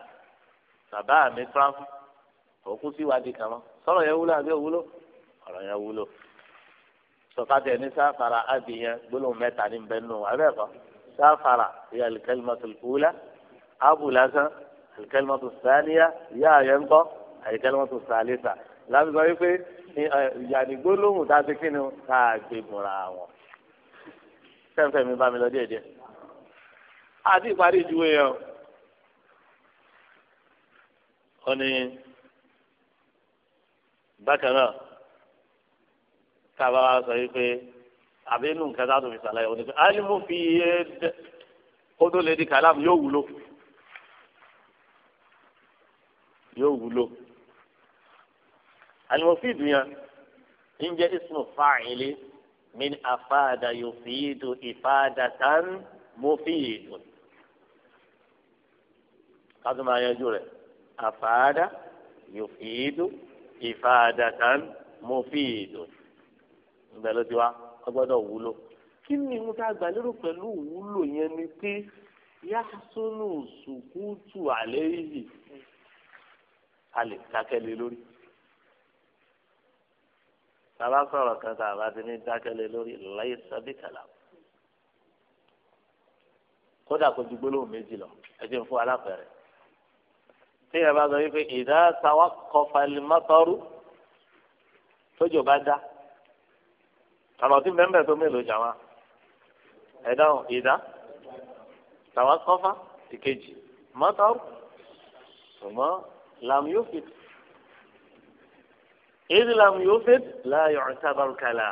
[SPEAKER 1] bàbá mi frank òkú sí wàdí kan lọ sọ̀rọ̀ yẹn wúlò àbí òwúlò ọ̀rọ̀ yẹn wúlò sọ̀kadì ẹni sáfara àbí yẹn gbólóhùn mẹ́ta ní bẹ́ẹ̀ nù abẹ́ kọ́ sáfara ìyá alikẹ́lìmọ́tò ìkúlá abu lásán alikẹ́lìmọ́tò sáníyá ìyá ayẹ́ ńkọ́ alikẹ́lìmọ́tò sálẹ́sà láti sọ wípé ìyàní gbólóhùn tá a ti kíni ká a gbé bùnra wọn sẹ́ńfẹ̀ mi bá mi lọ díẹ̀díẹ̀ àti ìparí ìjúwe yẹn o wọ́n ní bákan náà káàbá wa sọ yìí pé àbí inú nǹkan tá a tó fi sàlàyé wọn ni pé alimu fi yé dẹ kó tó lè di kàlámù yóò wúlò yóò wúlò alimofid yẹn ń jẹ ismu fáìlì min afáàdà yòfìdù ìfáàdà tán mọfìdù kátó máa yanjú rẹ̀ àfàádá yòfìdú ìfàdàtàn mọfìdù ìgbà ló ti wá ó gbọ́dọ̀ wúlò kí ni mo ta gbà lérò pẹ̀lú wúlò yẹn ni pé yasunu sukutu alẹ́ yìí a lè dákẹ́lẹ́ lórí tàbá sọ̀rọ̀ kan tàbá ti ní dákẹ́lẹ́ lórí láyé sábìkàlà kódà kó ju gbólóhùn méjì lọ ẹ jẹ́ fún alápẹ̀rẹ̀ tí yẹn bá sọ wípé ìdá sáwá kọfàlì mọ́tọ́rù tójò bá dá àlọ́ tí bẹ́ẹ̀ tó mélòó jà wá ẹ̀dá ìdá sáwá kọfà ìkejì mọ́tọ́rù ṣùgbọ́n làmú yóò fi èyí làmú yóò fi láàyò ọ̀tá barukàlà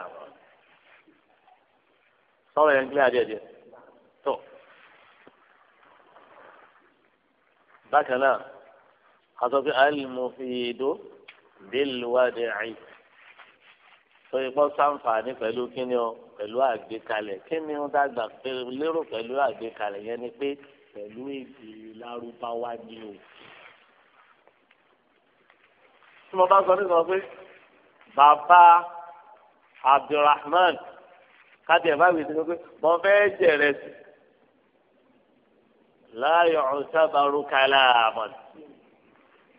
[SPEAKER 1] sọ̀rọ̀ yẹn kílẹ̀ adìẹ tó bákan náà kátó fi alimufiidu bilwadai tó ipò sànfààní pẹ̀lú kíni o pẹ̀lú àgbékalẹ̀ kíni o dàgbà lérò pẹ̀lú àgbékalẹ̀ yẹn ni pé pẹ̀lú èdè lárúbáwá ni o. tí mo bá sọ ní sọ pé bàbá abdulrahman káti ẹ̀ bá wí sí pé mo fẹ́ jẹ̀rẹ̀ sí láyọ̀ ọ̀sán barú kálámọ̀tì.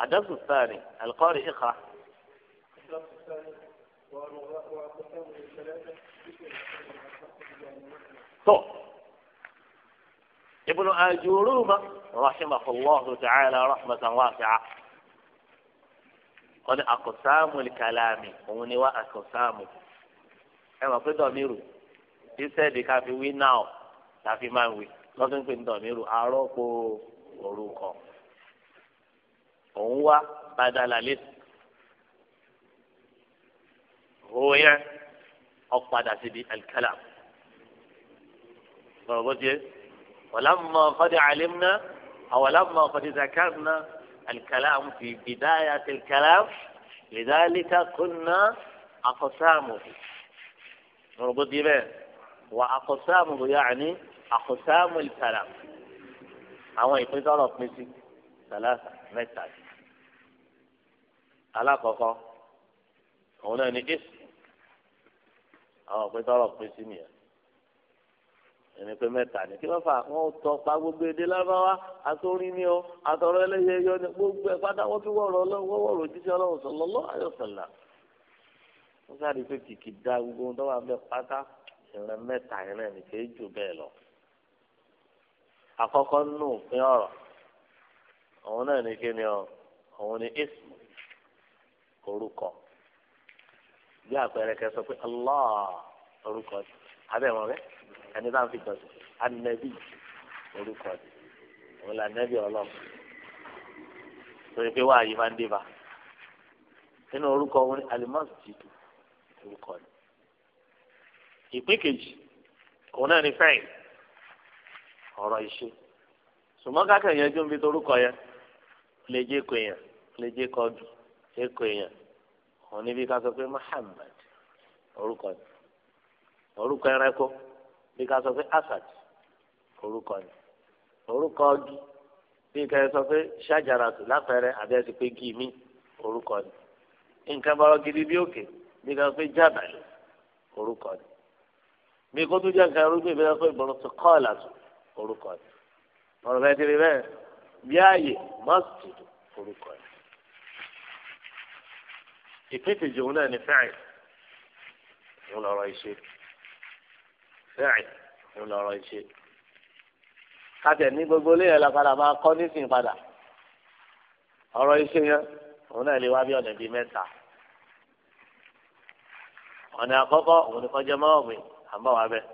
[SPEAKER 1] الدرس الثاني القارئ اقرأ
[SPEAKER 2] الدرس الثاني وأقسام الثلاثة
[SPEAKER 1] ابن أجروبة رحمه الله تعالى رحمة واسعة قال أقسام الكلام هون وأقسام أما في ضمير يسأل كافي وي ناو كافي ما وي لازم في ضمير أروكو أروكو òun wá padàlà lé owó yẹn ọ̀padà síbi alikala bọ̀rọ̀ bó tiẹ̀ wàlámà kọ́dí àlẹ́mùná àwàlámà kọ́dí zakarna alikala fi bidaya tilkala lidalika kunna akọsáàmù bọ̀rọ̀ bó tiẹ̀ bẹ́ẹ̀ wà akọsáàmù yàrá ni akọsáàmù alikala àwọn ìpín tọrọ pín sí. sàlásà mẹ́ta sí alákọ̀ọ́kọ́ òun náà ní ìsù àwọn òpin tọrọ pín sí nìyẹn ẹni pé mẹ́ta ni kí wọ́n fà wọ́n tọ́ pa gbogbo èdè lábáwá atórí ni ó atọ́rọ́ ẹlẹ́yẹyọ ni gbogbo ẹ̀ pátá wọ́n fi wọ̀rọ̀ wọ́n wọ̀rọ̀ òjíṣẹ́ ọlọ́run sallallahu alaihi wasallam wọ́n sáré pé kìkì da gbogbo ohun tó wà bẹ́ẹ̀ pátá ìrìn mẹ́ta ìrìn ẹ̀mí kì í lọ. àkọ́kọ́ nù òfin ọ̀rọ̀ àwọn náà ní kí ni ọ àwọn ní ismu orúkọ bí àpẹẹrẹ kẹ sọ pé allah orúkọ ti abẹ́ wọn rẹ ẹni bá ń fi jọsìn anabi orúkọ ti òun là nẹ́bí ọlọ́run torí pé wàá yìí máa ń dé bá nínú orúkọ wọn ní alimọ́sìtìtù orúkọ ni ìpín kejì òun náà lè jẹ́ kó èèyàn lè jẹ́ kó ọdún jẹ́ kó èèyàn òun níbi ká sọ pé Muhammad orúkọ ni orúkọ ẹranko bí ká sọ pé Asad orúkọ ni orúkọ ọdún bí ká sọ pé ṣàjàràtù lápẹẹrẹ àbí ẹsẹ pé gímí orúkọ ni nǹkan bọ́rọ̀ gidi bí òkè bí ká sọ pé jábàlì orúkọ ni bí kó tó jẹ́ nǹkan irúgbìn bí ká sọ pé ìbọn tó kọ́ ọ̀làtù orúkọ ni ọ̀rọ̀ bẹ́ẹ̀ ti rí bẹ́ẹ̀ bí ààyè masjid orúkọ ẹ̀. ìpínpín òun náà ni fẹ́ẹ̀ òun lọ́rọ̀ ìṣe fẹ́ẹ̀ òun lọ́rọ̀ ìṣe. kájẹ̀ ní gbogbo ilé yẹn lápadà máa kọ́ nísìnyí padà ọ̀rọ̀ ìṣe yẹn òun náà lè wá bí ọ̀nà bíi mẹ́ta. ọ̀nà àkọ́kọ́ òun ni kọjá mọ́ ọ̀gbìn àbọ̀ wá bẹ́ẹ̀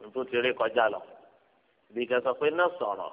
[SPEAKER 1] nítorí kọjá lọ bí kẹsàn-án pé náà sọ̀rọ̀.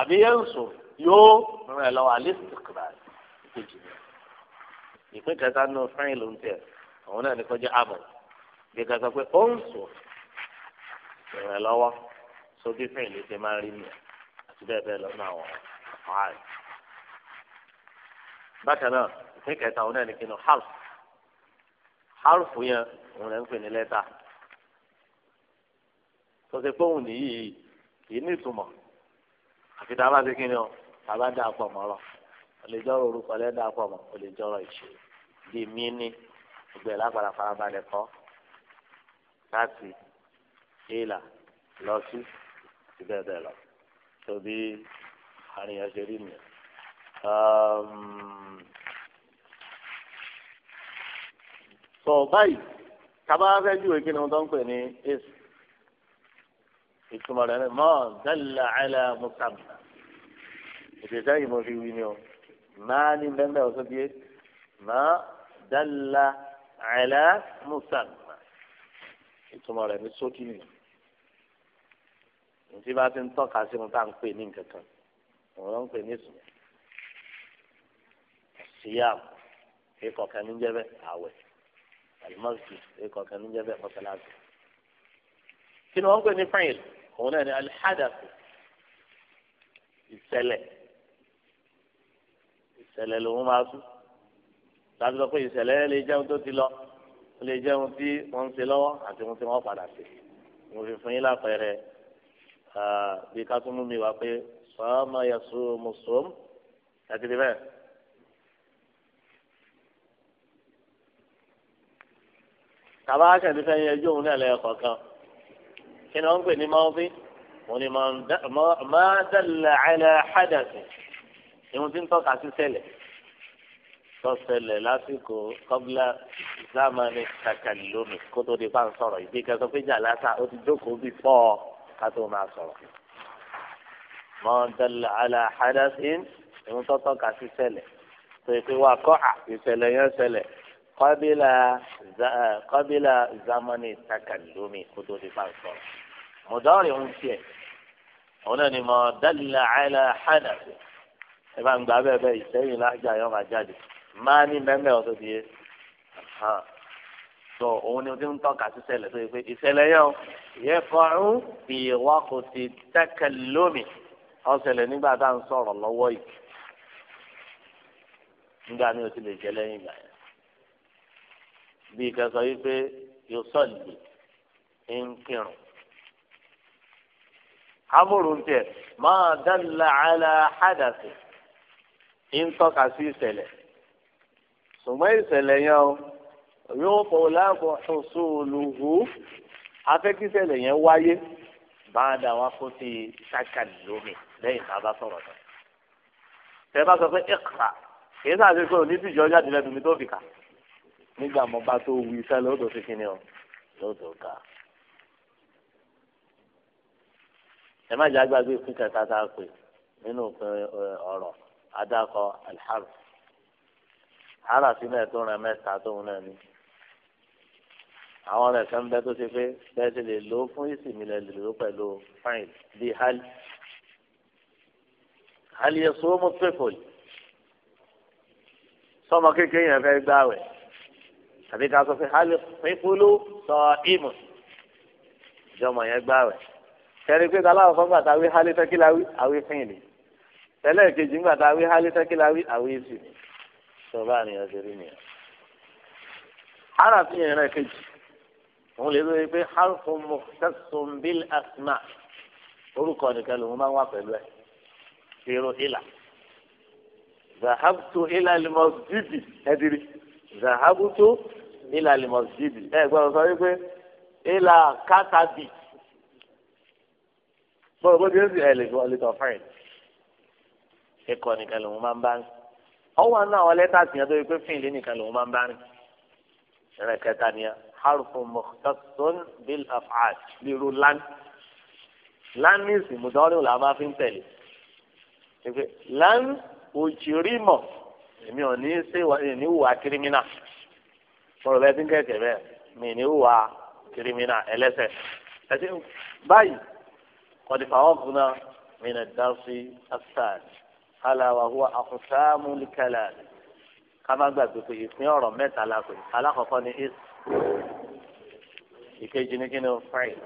[SPEAKER 1] àbí yẹn yóò rìn lọ àlẹ́ ìsìnkúrà ìkejì ni ìpín kẹta nù fẹ́yìn ló ń tẹ̀ òun náà ní kọjá àmọ̀ bí kẹta pé ó ń sùn rìn lọ́wọ́ sóbí fẹ́yìn ló ti máa rí nìyẹn àti bẹ́ẹ̀ bẹ́ẹ̀ lọ́nà àwọn àárẹ̀ bákan náà ìpín kẹta òun náà ní kinu house harufu yẹn òun ń pè ní lẹ́tà pé òun nìyí kì í ní ìtumọ̀. àfi tá a bá ti kí ni o tá a bá dá a pọ̀ mọ́ o lè jọ́rọ̀ orúkọ lẹ́dá a pọ̀ mọ́ o lè jọ́rọ̀ ìṣe bí mi ní gbogbo ẹ̀ lápára farabalẹ̀ kọ́ láti ìlà lọ sí ti bẹ́ẹ̀ bẹ́ẹ̀ lọ tóbi àríyàn ṣe rí nìyẹn. Um, sọ báyìí tábà fẹ́ júwe kí tó ń pè ní èsì ìtumọ̀ rẹ̀ ni mọ́ dalla ala musamma ìṣèṣẹ́ yìí mo fi wí ni o máa ní bẹ́ẹ̀ ọ̀sọ́ bíi mọ́ dalla ala musamma ìtumọ̀ rẹ̀ ni sókí nìyẹn tí bá ti ń tọ́ka sí mo tá ń pè ní nǹkan òun ló ń pè ní ìsìn síyàm ikọ̀ kan ní jẹ́bẹ̀ àwẹ̀ àlùmọ́ọ̀sì ikọ̀ kan ní jẹ́bẹ̀ mọ́sálásì kí ni wọ́n ń pè ní fẹ́yìn òun náà ni alihadafi ìṣẹ̀lẹ̀ ìṣẹ̀lẹ̀ lòun máa tú láti sọ pé ìṣẹ̀lẹ̀ lè jẹun tó ti lọ ó lè jẹun tí wọ́n ń ṣe lọ́wọ́ àti ohun tí wọ́n padà ṣe mo fi fún yín lápẹẹrẹ bí ká mi wá pé sọ́ọ́mọ yasọ mùsùlùm àti bẹ́ẹ̀. tàbá kẹ́ni fẹ́ yẹn ẹjọ́ òun náà lẹ́yìn kọ̀ọ̀kan kí ni wọ́n ń pè ní mọ́ọ́bí wọ́n ní máa dàlẹ̀ àlẹ́ àdàsì ìwọ̀n tí ń tọ́ka sí ṣẹlẹ̀ tó ṣẹlẹ̀ lásìkò kọ́bílà zamani takalomi kó tó di pa ń sọ̀rọ̀ ìdí kẹsàn-án pé jà lásà ó ti jókòó bí pọ́ ká tó máa sọ̀rọ̀ máa dàlẹ̀ àlẹ́ àdàsì ìwọ̀n tó tọ́ka sí ṣẹlẹ̀ tó ìpè wà kọ́ à ìṣẹ̀lẹ̀ yẹn ṣẹlẹ̀. قبل قبل زمن التكلم خطوط فانصر مضارع فيه هنا ما دل على حدث إبان بابا بي سيني لا جا يوم جاد ما ني ممي أو تدي ها so òun ni o ti ń tọ́ka sí ṣẹlẹ̀ tó yẹ pé ìṣẹ̀lẹ̀ yẹn o yẹ kọ́rù bí wà kò ti tẹ́kẹ̀ lómi ọ̀ṣẹ̀lẹ̀ nígbà tá à ń sọ̀rọ̀ lọ́wọ́ yìí nígbà mi ò ti lè jẹ́ lẹ́yìn ìgbà yẹn bíi kẹsàn yìí pé yóò sọ̀lì ń kírun. amúrù ń tẹ̀ máa dálà àlà hádàsì ń tọ́ka sí ìṣẹ̀lẹ̀ ṣùgbọ́n ìṣẹ̀lẹ̀ yẹn o yóò fọ láàbọ̀ ṣòṣòlùhù afẹ́kíṣẹ̀lẹ̀ yẹn wáyé bá a dà wá kó ti ṣàkàlì lómi lẹ́yìn tá a bá sọ̀rọ̀ tán. tẹ́ bá sọ pé ẹ̀ka kì í sáà ṣe pé òní tìjọ́ jáde lẹ́nu mi tó fi kà nígbà mo bá tó wí iṣẹ́ lọ́dọ̀ sí kíni o lọ́dọ̀ ga. ẹ má jẹ́ àgbàgbé ìpín kẹta tá a pè nínú òpin ọ̀rọ̀ adákọ̀ alḥarf hara sí náà tó ràn mẹ́ta tóun náà ní. àwọn rẹ̀ kan bẹ́ tó ṣe pé bẹ́ẹ̀ ti lè lò fún ìsinmi lè lò pẹ̀lú fain bíi hali. hali yẹ sọ́wọ́ mọ́ pẹ́pọ̀ kékeré yẹn fẹ́ gbáwẹ̀ tàbí ká sọ pé hali pípolú sọ ìmọ̀ ìjọmọ yẹn gbà rẹ̀ tẹ̀lé pé tàlà ọ̀fọ̀ gbàtà wí hali tẹ́kílà wí àwí fún ìlú tẹ́lẹ̀ kejì gbàtà wí hali tẹ́kílà wí àwí sí sọ bá nìyẹn ṣe rí nìyẹn. harafi yẹn rẹ̀ kejì òun lè lóye pé harfu mukhtassun bil asma orúkọ nìkan lòun máa ń wá pẹ̀lú ẹ̀ ṣèrò ìlà zahabtu ila al-masjid ẹ̀dìrí zahabutu ilà limọ̀sídì ẹ gbọ́dọ̀ sọ wípé ilà kátàbì bọ́dọ̀ bó ti ń sìn ẹ̀ lè tọ́ fẹ́ẹ̀ ẹ̀kọ́ nìkan lòun máa ń bá rìn ọwọ́ náà àwọn lẹ́tà sì yẹn tó wípé fìlì nìkan lòun máa ń bá rìn ẹ̀rẹ̀ kẹta ni harufu mukhtasun bil af'al liru lan lan ní làwọn máa fi ń tẹ̀lé lan òjìrìmọ̀ èmi ò ní ṣe ní hùwà kírímínà sọ̀rọ̀ bẹ́ẹ̀ tí ń kẹ̀kẹ́ bẹ́ẹ̀ mi ní hùwà kírímínà ẹlẹ́sẹ̀ ẹtí báyìí kọ̀dìfà ọ̀gbìn náà mi nà dá sí asáàdì aláwa huwa àkùsáàmù kẹlẹ́àdì ká má gbàgbé pé ìpín ọ̀rọ̀ mẹ́ta la alákọ̀ọ́kọ́ ni is ìkejì ni kíni fẹ́ẹ̀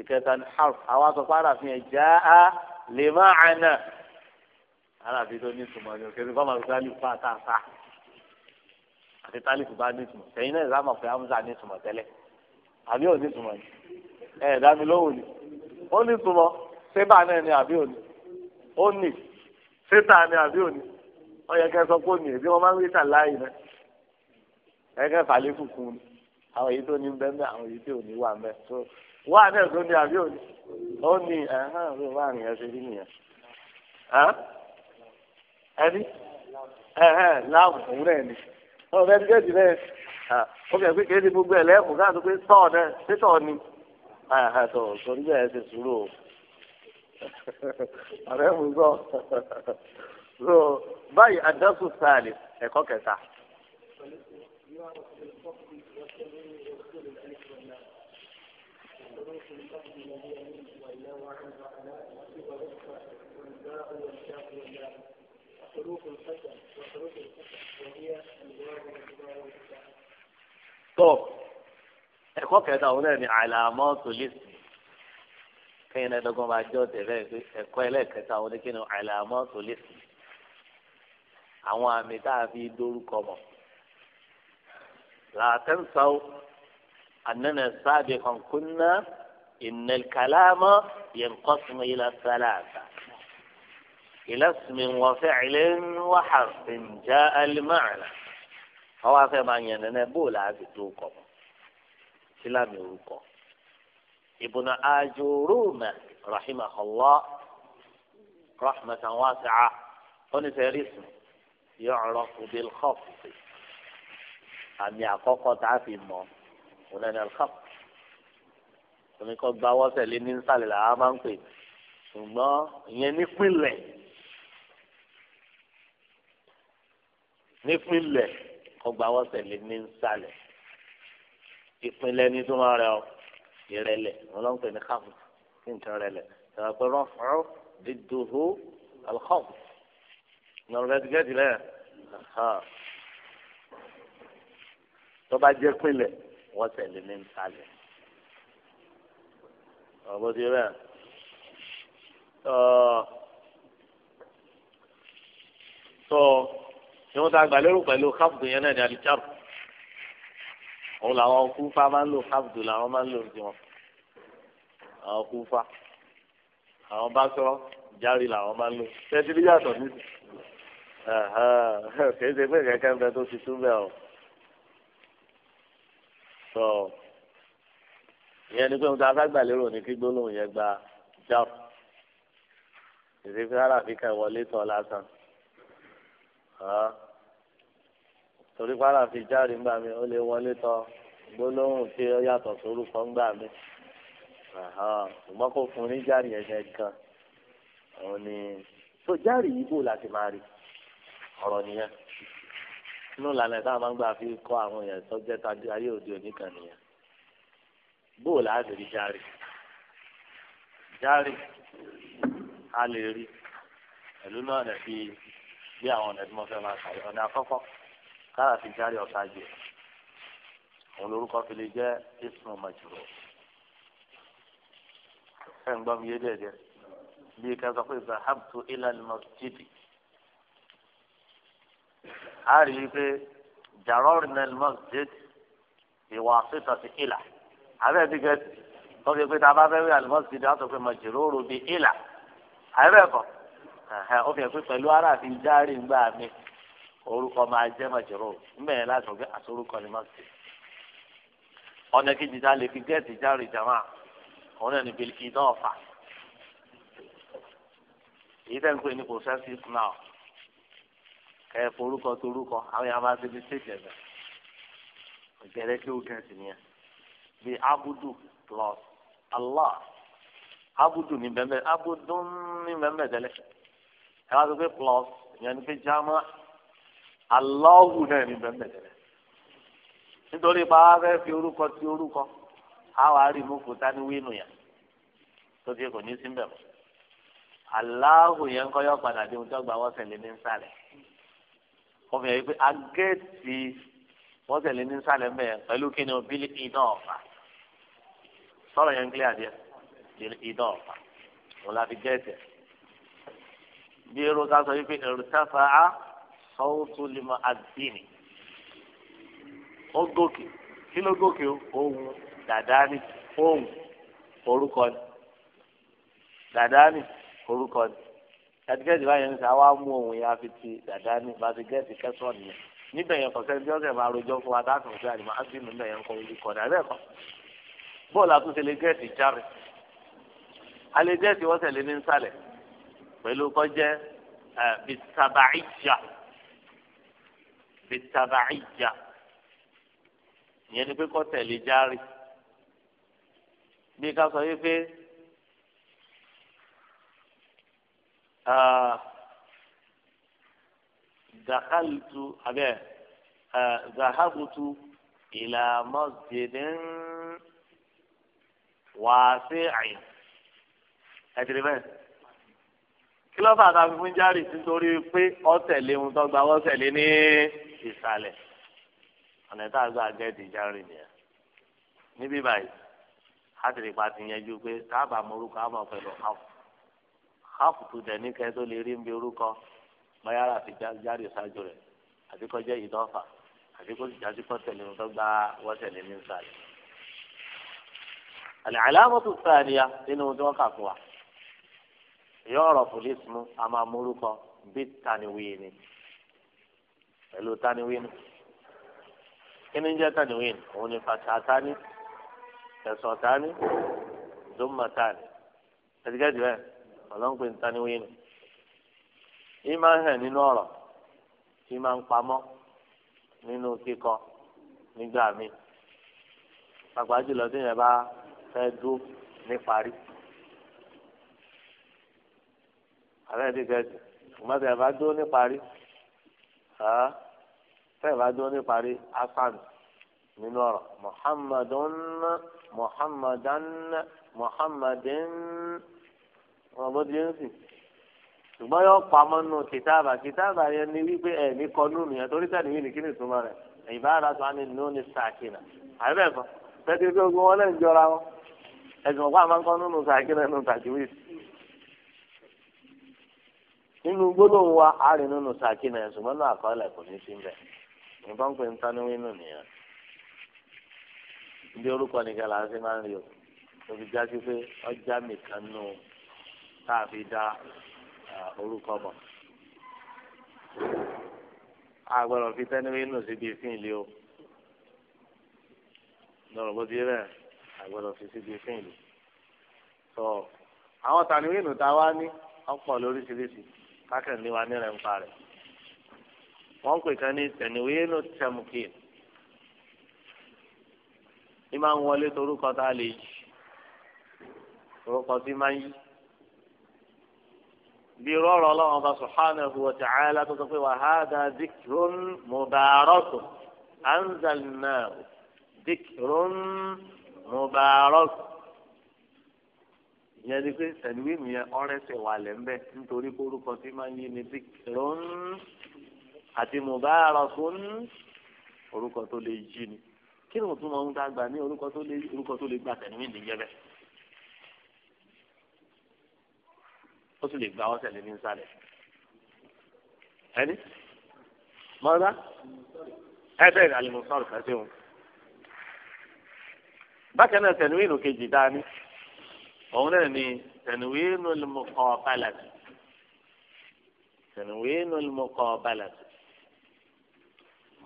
[SPEAKER 1] ìkẹta ni harf àwọn àtọ̀pá àràfin ẹ̀ já a lè má àná arábí ló ní ìtumọ̀ ni òkè nípa máa fi tálífù bá tá a sá àti tálífù bá ní ìtumọ̀ sẹ́yìn náà ìzámọ̀ fẹ́ amúzà ní ìtumọ̀ tẹ́lẹ̀ àbí ò ní ìtumọ̀ ni ẹ̀ ẹ̀dá mi lówó ni ó ní ìtumọ̀ sébà náà ni àbí òní ó ní sétà ni àbí òní ó yẹ kẹ́ sọ pé ó ní èdè wọn máa ń rí tà láàyè náà ẹ kẹ́ fàlífù kún ni àwọn èyí tó ní ń bẹ́ẹ̀ àwọn èyí tí ò ní wà ń bẹ́ẹ̀ tó wà náà tó ní ẹni láàmù gbogbo ẹ̀ lẹ́kùn káàtó pé tọ́ọ̀ náà ṣé ni tó tó ń bẹ̀rẹ̀ ṣe sùúrù o mi gbọ́ so báyìí adásù sáàlì ẹ̀kọ́ kẹta.
[SPEAKER 2] Thank you.
[SPEAKER 1] tó ẹ̀kọ́ kẹta òun náà ni àlàmọ́ tòlísì kẹ́yìn náà dọ́gbọ́n máa jọ tẹ̀lé ẹ̀kọ́ ẹlẹ́ẹ̀kẹta òun ni kí ni àlàmọ́ tòlísì àwọn àmì tá a fi dórúkọ mọ̀ làtẹ́nsáwó anana sábẹ̀ kankunna ìnẹ̀kàlámọ́ yẹn kọ́sùn ilà sálàtà. إلى اسم وفعل وحرف جاء المعنى هو هذا ما ينن بولا عزي توقف سلام يوقف ابن آجروم رحمه الله رحمة واسعة هنا اسم يعرف بالخفض أم يعقوق تعفي ما هنا الخفض omi kan gba wọ́sẹ̀ lé ní nsàlẹ̀ làwọn máa nípìnlẹ̀ ọgbà wọ́sẹ̀ lè ní nsàlẹ̀ ìpínlẹ̀ ní tó máa rẹ ọ ìrẹ̀lẹ̀ wọn ló ń pè ní káfù kí n tán rẹlẹ̀ tàbí pé rọ́fọ́ dídòhó alkhọ́f nọ̀rọ̀dẹ́tì gẹ́tì lẹ́yìn tó bá jẹ́ pínlẹ̀ wọ́sẹ̀ lè ní nsàlẹ̀ ọ̀bọ̀ ti rẹ̀ tó ìwọ́n tá a gbà lérò pẹ̀lú kábùdù yẹn náà ní alichab òun làwọn kúfà máa ń lò kábùdù làwọn máa ń lò ní wọn àwọn kúfà àwọn bá sọ járe làwọn máa ń lò tẹ́tí bí yàtọ̀ ní kì í ṣe pé kẹ̀kẹ́ ń bẹ tó ti tún bẹ́ẹ̀ o sọ ìyẹn ni pé òun tá a gbà lérò ní kí gbólóhùn yẹn gba jáf ìdí fi rárá wọlé tán lásán torí kwara fi jáde ńgbà mi ó lè wọlé tọ gbólóhùn tí ó yàtọ̀ sórúkọ ńgbà mi ṣùgbọ́n kó fún ní jáde ẹ̀ṣẹ̀ gan òun ni tó jáde yìí bò láti máa rí ọ̀rọ̀ nìyẹn inú ìlànà táwọn máa ń gbà fi kọ́ àwọn èèyàn sọ́jẹ́ tàbí ayé òde òní kan nìyẹn bò láti rí jáde jáde a lè rí pẹ̀lú náà nà fi bí àwọn ọ̀nà tí mo fẹ́ máa ṣàyẹ̀ ọ̀nà àkọ́kọ́ kára fi járe ọ̀tá jẹ òun lorúkọ fi lè jẹ́ ismu majuro ẹ̀ ń gbọ́ mi yé dẹ́ẹ̀dẹ́ bí ká sọ pé zahabtu ila al-masjidi a rí i pé jarorna al-masjid biwasitati ila abẹ́ ti gẹ̀ wọ́n fi pé tá a bá fẹ́ wí al-masjid á sọ pé majururu bi ila àyẹ̀bẹ̀ ó fi hàn pé pẹ̀lú ara àti járe ń gbà mí. orúkọ máa jẹ́ màjọ́rò ńbẹ̀ yẹn láti ọ̀gbẹ́ àsorúkọ ni máa ń sè. ọ̀nà kejì tá a lè fi gẹ́ẹ̀tì járe jama náà náà fà. èyí tẹ́ ń pè ní now kẹ́ ẹ forúkọ torúkọ àwọn yàrá máa ń débi stage ẹ̀gbẹ́. ìbẹ̀rẹ̀ kí abudu plus allah abudu ni bẹ́ẹ̀ abudu ní bẹ́ẹ̀ tẹ́lẹ̀ ẹ wá sọ pé plus ìyẹn alọ́wù náà ní bẹ́ẹ̀ nítorí báwa fẹ́ fi orúkọ ti orúkọ àwọn arìmú kò tá ní wínú yẹn tó ti kò ní sí mbẹ̀ mọ́ aláhù yẹn kọ́ yọ padà dé ojú ọgbà ní nsàlẹ̀ wọ́n fi hàn pé ní nsàlẹ̀ pẹ̀lú kí ni o bílí iná ọ̀fà sọ̀rọ̀ yẹn kílẹ̀ iná ọ̀fà sọ́wọ́tò lè mọ àdínì ó gòkè kí ló gòkè ohun dàdá ni ohun orúkọ ni dàdá ni orúkọ ni kàtíkẹ́tì báyìí ní sá wàá mú ohun yẹn àfi ti dàdá ni bàtíkẹ́tì kẹsàn-án nìyẹn níbẹ̀ yẹn kọ̀sẹ́ bí ọ̀sẹ̀ máa rojọ́ fún wa dáàtún sí àdìmọ́ àdìmọ́ níbẹ̀ yẹn kọ́ orí kọ̀dà bẹ́ẹ̀ kọ́ bọ́ọ̀lù àtúnṣe lè gẹ́ẹ̀tì járe alẹ́ gẹ́ẹ̀tì wọ́n tẹ̀lé ní nsàlẹ̀ pẹ̀lú kọjẹ́ bìtàbàìjà fi tabaija ìyẹn ni pé kọ́ tẹ̀lé járe bí ká sọ yìí pé dàkàlùtù abẹ́ zahabutu ìlà masjidin wàásì àyìn ẹ̀dìrì bẹ́ẹ̀ kí ló fà tá a fi fún nítorí pé ó tẹ̀lé ohun tó ní. ìsàlẹ̀ ọ̀nà tá a gbà gẹ́ẹ̀dì járe nìyẹn níbí báyìí hátìrìpá ti yanjú pé táàbà morúkọ àmọ́ pẹ̀lú hafu hafu tó dẹ̀ níkẹ́ tó lè rí ń orúkọ mayara ti jáde ṣáájú rẹ̀ àti kọjá ìdọ́fà àti kó gba ní sáàdìyà nínú tí kà fún wa pẹ̀lú taniwín kíni jẹ́ taniwín òun ni fatatani tẹ̀sọ̀tani zomatani ẹ̀dígẹ́dì bẹ́ẹ̀ ọlọ́npẹ̀ taniwín yìí máa ń hẹ̀ nínú ọ̀rọ̀ yìí máa ń pamọ́ nínú kíkọ nígbà míì pàpà jùlọ tí yẹn bá fẹ́ dúró ní parí àbẹ́ẹ̀dígẹ́dì ìgbà tí yẹn bá dúró ní parí fẹ́ẹ̀ bá dúró ní parí asan nínú ọ̀rọ̀ muhammadun muhammadan muhammadin wọn bó di ń sìn ṣùgbọ́n yóò pamọ́ nù kìtàbà kìtàbà yẹn ni wípé ẹ̀ ní kọ́nù nìyẹn torí sẹ́ni yìí ní kí ni ìtumọ̀ rẹ̀ ìbára tó á ní nù ní sàkínà àbẹ̀fọ́ tẹ́tí pé ogun wọn lè jọra wọn ẹ̀sùn ọ̀pá àmọ́ kọ́nù nù sàkínà nù tàjúwìsì nínú gbólóhùn wa àárín nínú sàkínà ẹ̀ ṣùgbọ́n náà àkọọ́lẹ̀ kò ní sí ń bẹ̀ nǹkan pé ń tánú wínú nìyẹn bí orúkọ nìkan là ń ṣe máa ń rí o òbí já sí pé ọjà nìkan nù tá a fi dá orúkọ mọ̀ àgbọ̀dọ̀ fi tánú wínú síbi fíìlì o lọ́rọ̀ bó ti rẹ̀ àgbọ̀dọ̀ fi síbi fíìlì sọ àwọn tàníwínú tá a wá ní ọ̀pọ̀ lóríṣiríṣi kákẹ́lé wa ní rẹ̀ ń parẹ́ wọ́n pè kan ní tẹ̀níwé ló tẹ̀mùkì ní máa ń wọlé torúkọ tá a lè yí torúkọ tí máa ń yí bí rọrọ ọlọ́run ọba subhanahu wa ta'ala tó sọ pé wa hadha dhikrun mubarakun anzalnahu dhikrun mubarakun ìyẹn ni pé tẹ̀líwìmù yẹn ọ̀rẹ́sẹ̀ wà lẹ́ ńbẹ́ nítorí orúkọ tí máa ń yí ni dìkìrún àti mùbárakún orúkọ tó lè yí ni kí ni mo tún máa ń dá gbà ní orúkọ tó lè orúkọ tó lè gba tẹ̀líwìmù yẹn bẹ́ẹ̀. ó sì lè gba ọ̀sẹ̀ lé ní nsàlẹ̀ ẹni mọ́ra ẹ bẹ́ẹ̀ alimusọ́ọ̀rù fẹ́ sí òun bákan náà tẹ̀líwìmù kejì dání òun náà ni tẹnuwéénu lùmùkọ́ balàtì tẹnuwéénu lùmùkọ́ balàtì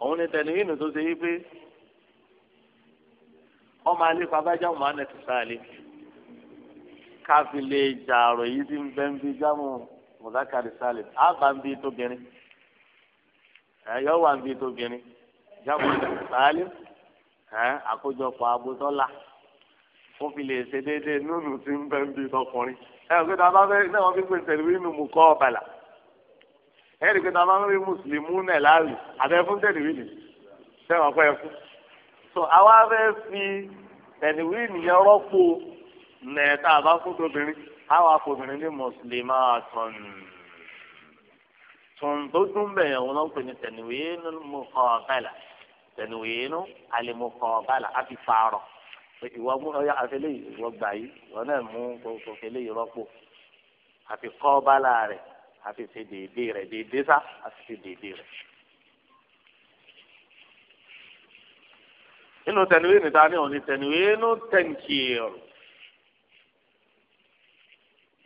[SPEAKER 1] òun ni tẹnuwéénu tó ṣe wípé ọmọ alẹ́ pàbájà mọ́ ànà ti sáà lé káfí lè jàrò yìí ti ń bẹ́ ń bí jámù mùdákàrí sálẹ̀ ábà ń bí tóbìnrin ẹ̀yọ́ wà ń bí tóbìnrin jámù mùdákàrí sálẹ̀ àkójọpọ̀ abótọ́lá fún fi lè ṣe déédéé nínú tí ń bẹ́ ń bí tọkùnrin ẹ ò pé tá a bá fẹ́ náà wọ́n fi pè tẹ̀lé nínú mu kọ́ ọ̀bàlà ẹ rí i pé tá a bá fẹ́ mùsùlùmí náà láàrú àbẹ́ fún tẹ̀lé wíìlì sẹ́wọ̀n pẹ́ fún. so àwa fẹ́ fi tẹ̀lé wíìlì yẹn rọ́pò nẹ̀ tá a bá fún tóbìnrin àwa fòbìnrin ní mùsùlùmí àtọ̀n tòǹdójú bẹ̀yẹ̀ wọn lọ́pọ̀ ní tẹ̀lé wíìlì mú kọ́ ọ̀bàlà tẹ̀lé wíìlì àlè mú kọ́ ọ̀bàlà á fi pààrọ̀ ìwọ ọyá àfẹlẹ yìí ìwọ gbà yìí ìwọ náà mú kókó fẹlẹ yìí rọpò àfi kọ́ bálá rẹ̀ àfi ṣe dèédé rẹ̀ dèédé sá àfi ṣe dèédé rẹ̀. inú tẹnuwé níta ní òní tẹnuwé inú tẹnkìr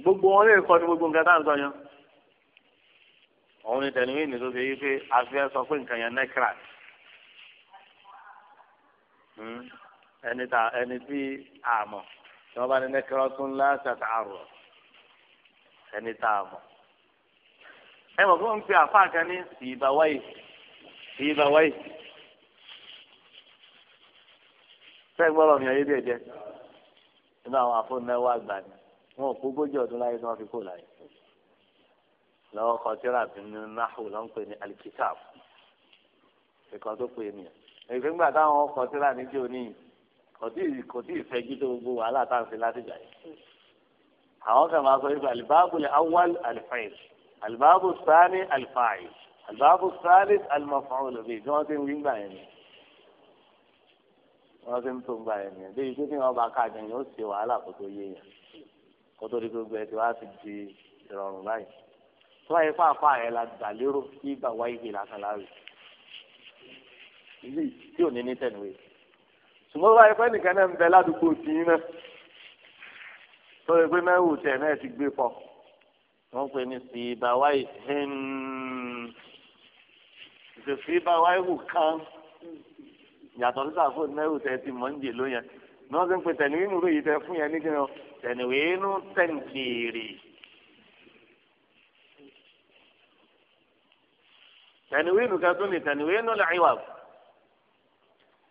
[SPEAKER 1] gbogbo wọn lè kọ́ ní gbogbo nǹkan tá à ń sọ yẹn òun tẹnuwé nítorí ṣe yí pé a sọ pé nǹkan yẹn nẹ́kírà. Hmm? ẹni tá ẹni tí a mọ̀ tí wọ́n bá ní nẹ́kẹ́rọ́ tún láṣàtà àrùn ẹni tá a mọ̀. ẹ mọ̀ fún mi àfa kan ní ìbáwáyì ìbáwáyì. sẹ́yìn gbọ́dọ̀ mi ayé díẹ̀ jẹ́ nínú àwọn afọ́nẹ́wọ́ àgbà ni wọn ò kó gbójú ọdún láyé tí wọ́n fi kó láyé. lọ́wọ́ kan tí ra bínú náhù ló ń pè ní alikitab ìkan tó pè é nìyẹn. èyí fún gbà táwọn ọkọ̀ tí ra níjẹ́ oníyìí kò tí ì kò tí ì fẹjú tó gbogbo wàhálà tá à ń fi láti gbà yìí àwọn kan máa sọ wípé alibaabu le awal alifayil alibaabu sani alifayil alibaabu sani alimafaul bi bí wọn ti ń wí gbà yẹn ni wọn ti ń tó gbà yẹn ni bí ibi tí wọn bá ká jẹ yóò ṣe wàhálà kó tó yé yẹn kó tó di gbogbo ẹ ti wá ti di ìrọ̀rùn báyìí tó wáyé fún yẹn la gbà lérò kí ìgbà wáyé bi lásán láàrú ilé tí ò ní ní tẹ̀lé ṣùgbọ́n báyìí pé nìkan náà ń bẹ ládùúgbò tìyín náà tó yẹ pé mẹ́wù tẹ̀ náà ti gbé pọ̀ wọ́n pè ní sìbáwáì hìn sìbáwáì hù kán yàtọ̀ sí sàfò mẹ́wù tẹ̀ ti mọ̀ ń jè ló yẹn ní wọ́n ti ń pè tẹ̀nìwé nù lóyè tẹ fún yẹn ní kíni o tẹ̀nìwé nù tẹ̀ǹtìrì. tẹ̀nìwé nù kan tó ní tẹ̀nìwé nù làyíwá.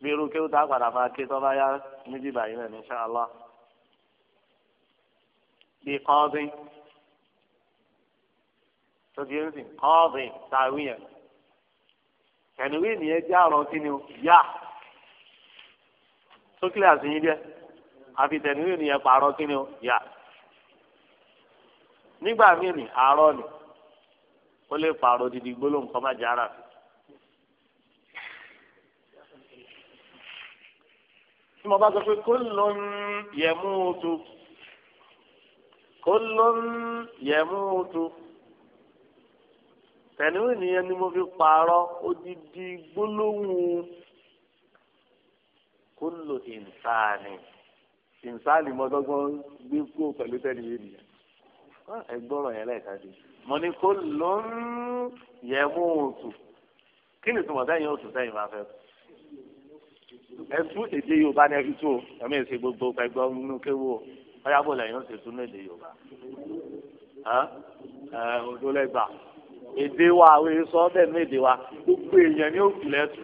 [SPEAKER 1] bí irú kéwù tá a padà máa ké tó bá yá níbí báyìí náà insha Allah bí kọ́ọ̀dì tó ti ń sìn kọ́ọ̀dì táwí yẹn kẹ̀nùwí nìyẹn jẹ́ àrùn kí ni o yá sókèlè àsìyìn jẹ́ àfi tẹ̀nùwí nìyẹn pààrọ̀ kí ni o yá nígbà míì ni àárọ̀ ni ó lè pààrọ̀ didi gbólóhùn kọ́ má jẹ́ ara fi. tí mo bá sọ pé kullun yamutu kullun yamutu tẹ̀lé nìyẹn ni mo fi pààrọ̀ odidi gbólóhùn kullu insani insani mọ́tọ́gbọ́n gbé kó pẹ̀lú tẹ̀lé yìí nìyẹn ah, ẹgbọ́rọ̀ yẹn lẹ́ẹ̀kan sí mo ní kullun yamutu kí ni tùmọ̀ sẹ́yìn oṣù sẹ́yìn máa fẹ́ kú ẹtú èdè yorùbá ní ẹbí tó ẹmí ẹsẹ gbogbo pẹgbẹ nínú kéwò ọyàbọ lẹ́yìn ọsẹ tún èdè yorùbá ẹ ọdún lẹgbà èdè wa àwọn èso ọbẹ ní èdè wa gbogbo èèyàn ní òkùnlẹ tù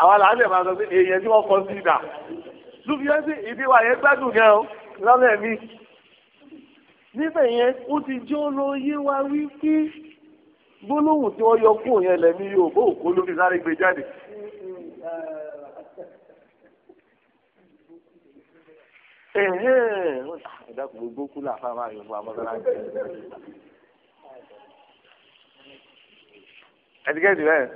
[SPEAKER 1] àwa là ń lè máa sọ pé èèyàn tí wọn kọ sí ìdà lùfíà sí èdè wa yẹn gbádùn gan o lọ́nà mi níbẹ̀ yẹn ó ti jẹ́ olóyè wa wí pé gbólóhùn tí wọ́n yọ kúrò yẹn lẹ́mí yóò bó òkú lórí sáré gbé jáde. ìdákùn gbogbo kú làfa máa yọ fún amọ́sáláṣí. ẹtikẹ́tì bẹ́ẹ̀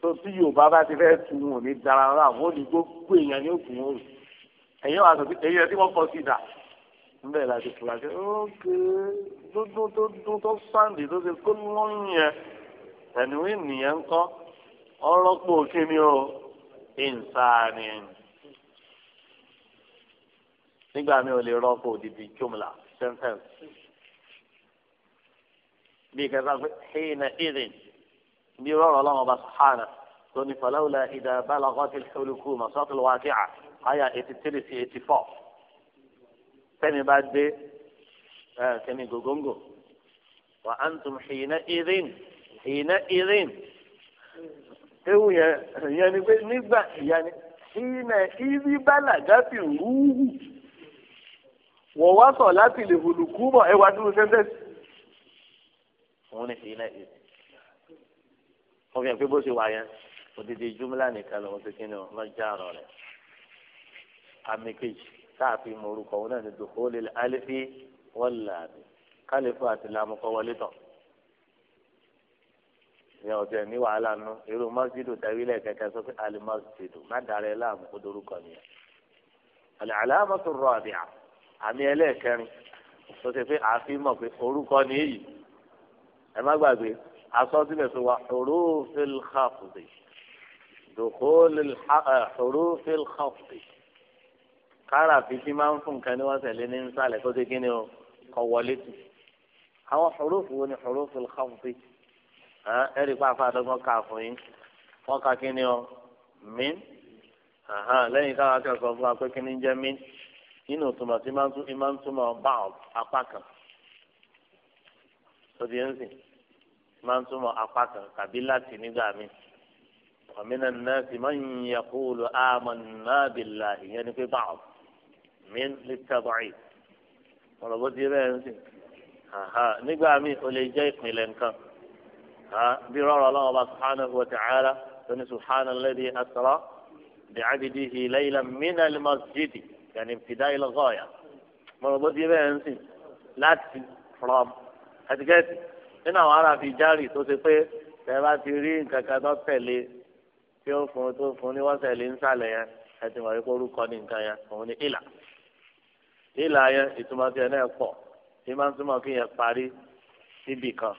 [SPEAKER 1] tó tí yorùbá bá ti fẹ́ tu wọn ní dara àwọn gbogbo èèyàn ní wà sí ìdá nbẹ fura tó tó ṣe kó yẹn nígbà mi ò lè rọ́pò òdìbí jùmùlà sentence bí kẹta pé hìnà ìrìn bí rọrọ lọ́wọ́ bá sàhánà tó ní falawla ìdá balaghatil hulqum masatul waqi'a àyà eighty three sí eighty four sẹ́ni bá dé kẹ́ni gògóńgò wà á ń tún hìnà ìrìn hìnà ìrìn ewu yẹn yẹn ni pé nígbà ìyá ni hìnà ìrìn bá làgàtì rúùhù. wọ́n wá sọ̀ láti lè olùkú mọ̀ ẹ wá dúró sẹ́ńtẹ́sì. òun ní fi náà yìí wọ́n fi hàn pé bó ṣe wà yẹn òdìdí júmọ́lá nìkan lọ́wọ́ sí kíni wọ́n já ọ̀rọ̀ rẹ̀ àmì kejì káàfin mọ orúkọ náà ní dòkóólé alifi wọ́n làbí kálífù àti lámùkọ wọlé tán ní ọjọ́ ní wàhálà nù irú masjidu tawilẹ̀ kẹ̀kẹ́ sọ pé alimasjidu má dàrẹ́ láàmú kó dorúkọ nìyẹn. àlẹ́ àlẹ́ àmọ́tò rọ̀ àbíà àmì ẹlẹ́ẹ̀kẹrin tó ṣe pé àfi mọ̀ pé orúkọ ni èyí ẹ má gbàgbé aṣọ síbẹ̀ tó wa òrófin xafùdì òrófin xafùdì kára fífi máa ń fún nǹkan ní wọ́n tẹ̀lé ní nsàlẹ̀ tó ṣe kí ni o kọ wọlé tù àwọn xurúfù wo ni xurúfù xafùdì ẹ rí i pé àfàdọ́gbọ́n kà fún yín wọ́n kà kí ni o lẹ́yìn káwọn akẹ́kọ̀ọ́ fún wa pé kí ni jẹ́ min. nínú ìtumọ̀ tí máa ń túmọ̀ báwọ̀ apá kan sọdí ẹ̀ ń sìn máa ń túmọ̀ apá kan tàbí láti nígbà míì ọ̀mìnà náà sì máa ń yẹ kúlù àmọ́ náà bìlà ìyẹn ni pé báwọ̀ mi lè tẹ̀bọ̀ yìí wọn lọ bó ti rẹ̀ ń sìn nígbà won lo bo ti re n sin nigba mi o lè jẹ́ ìpìlẹ̀ nǹkan bí rọrọ̀ lọ́wọ́ bá subhanahu wa ta'ala tó ní subhanahu alladhi asra bi 'abdihi laylan min al-masjidi. yàní fìdá ìlọ́gọ́ ọ̀yà mọ̀rọ̀ bó ti bẹ́ẹ̀ ń sìn láti from ẹtikẹ́tì nínú àwọn ará fi járì tó ṣe pé tẹ bá ti rí nǹkan kan tó tẹ̀lé tí ó fún tó fún ní wọ́n tẹ̀lé ńsàlẹ̀ yẹn ẹ ti mọ̀ wípé orúkọ ní nǹkan yẹn òun ni ìlà ìlà yẹn ìtumọ̀ tiẹ̀ náà pọ̀ tí máa ń túmọ̀ kí yẹn parí síbì kan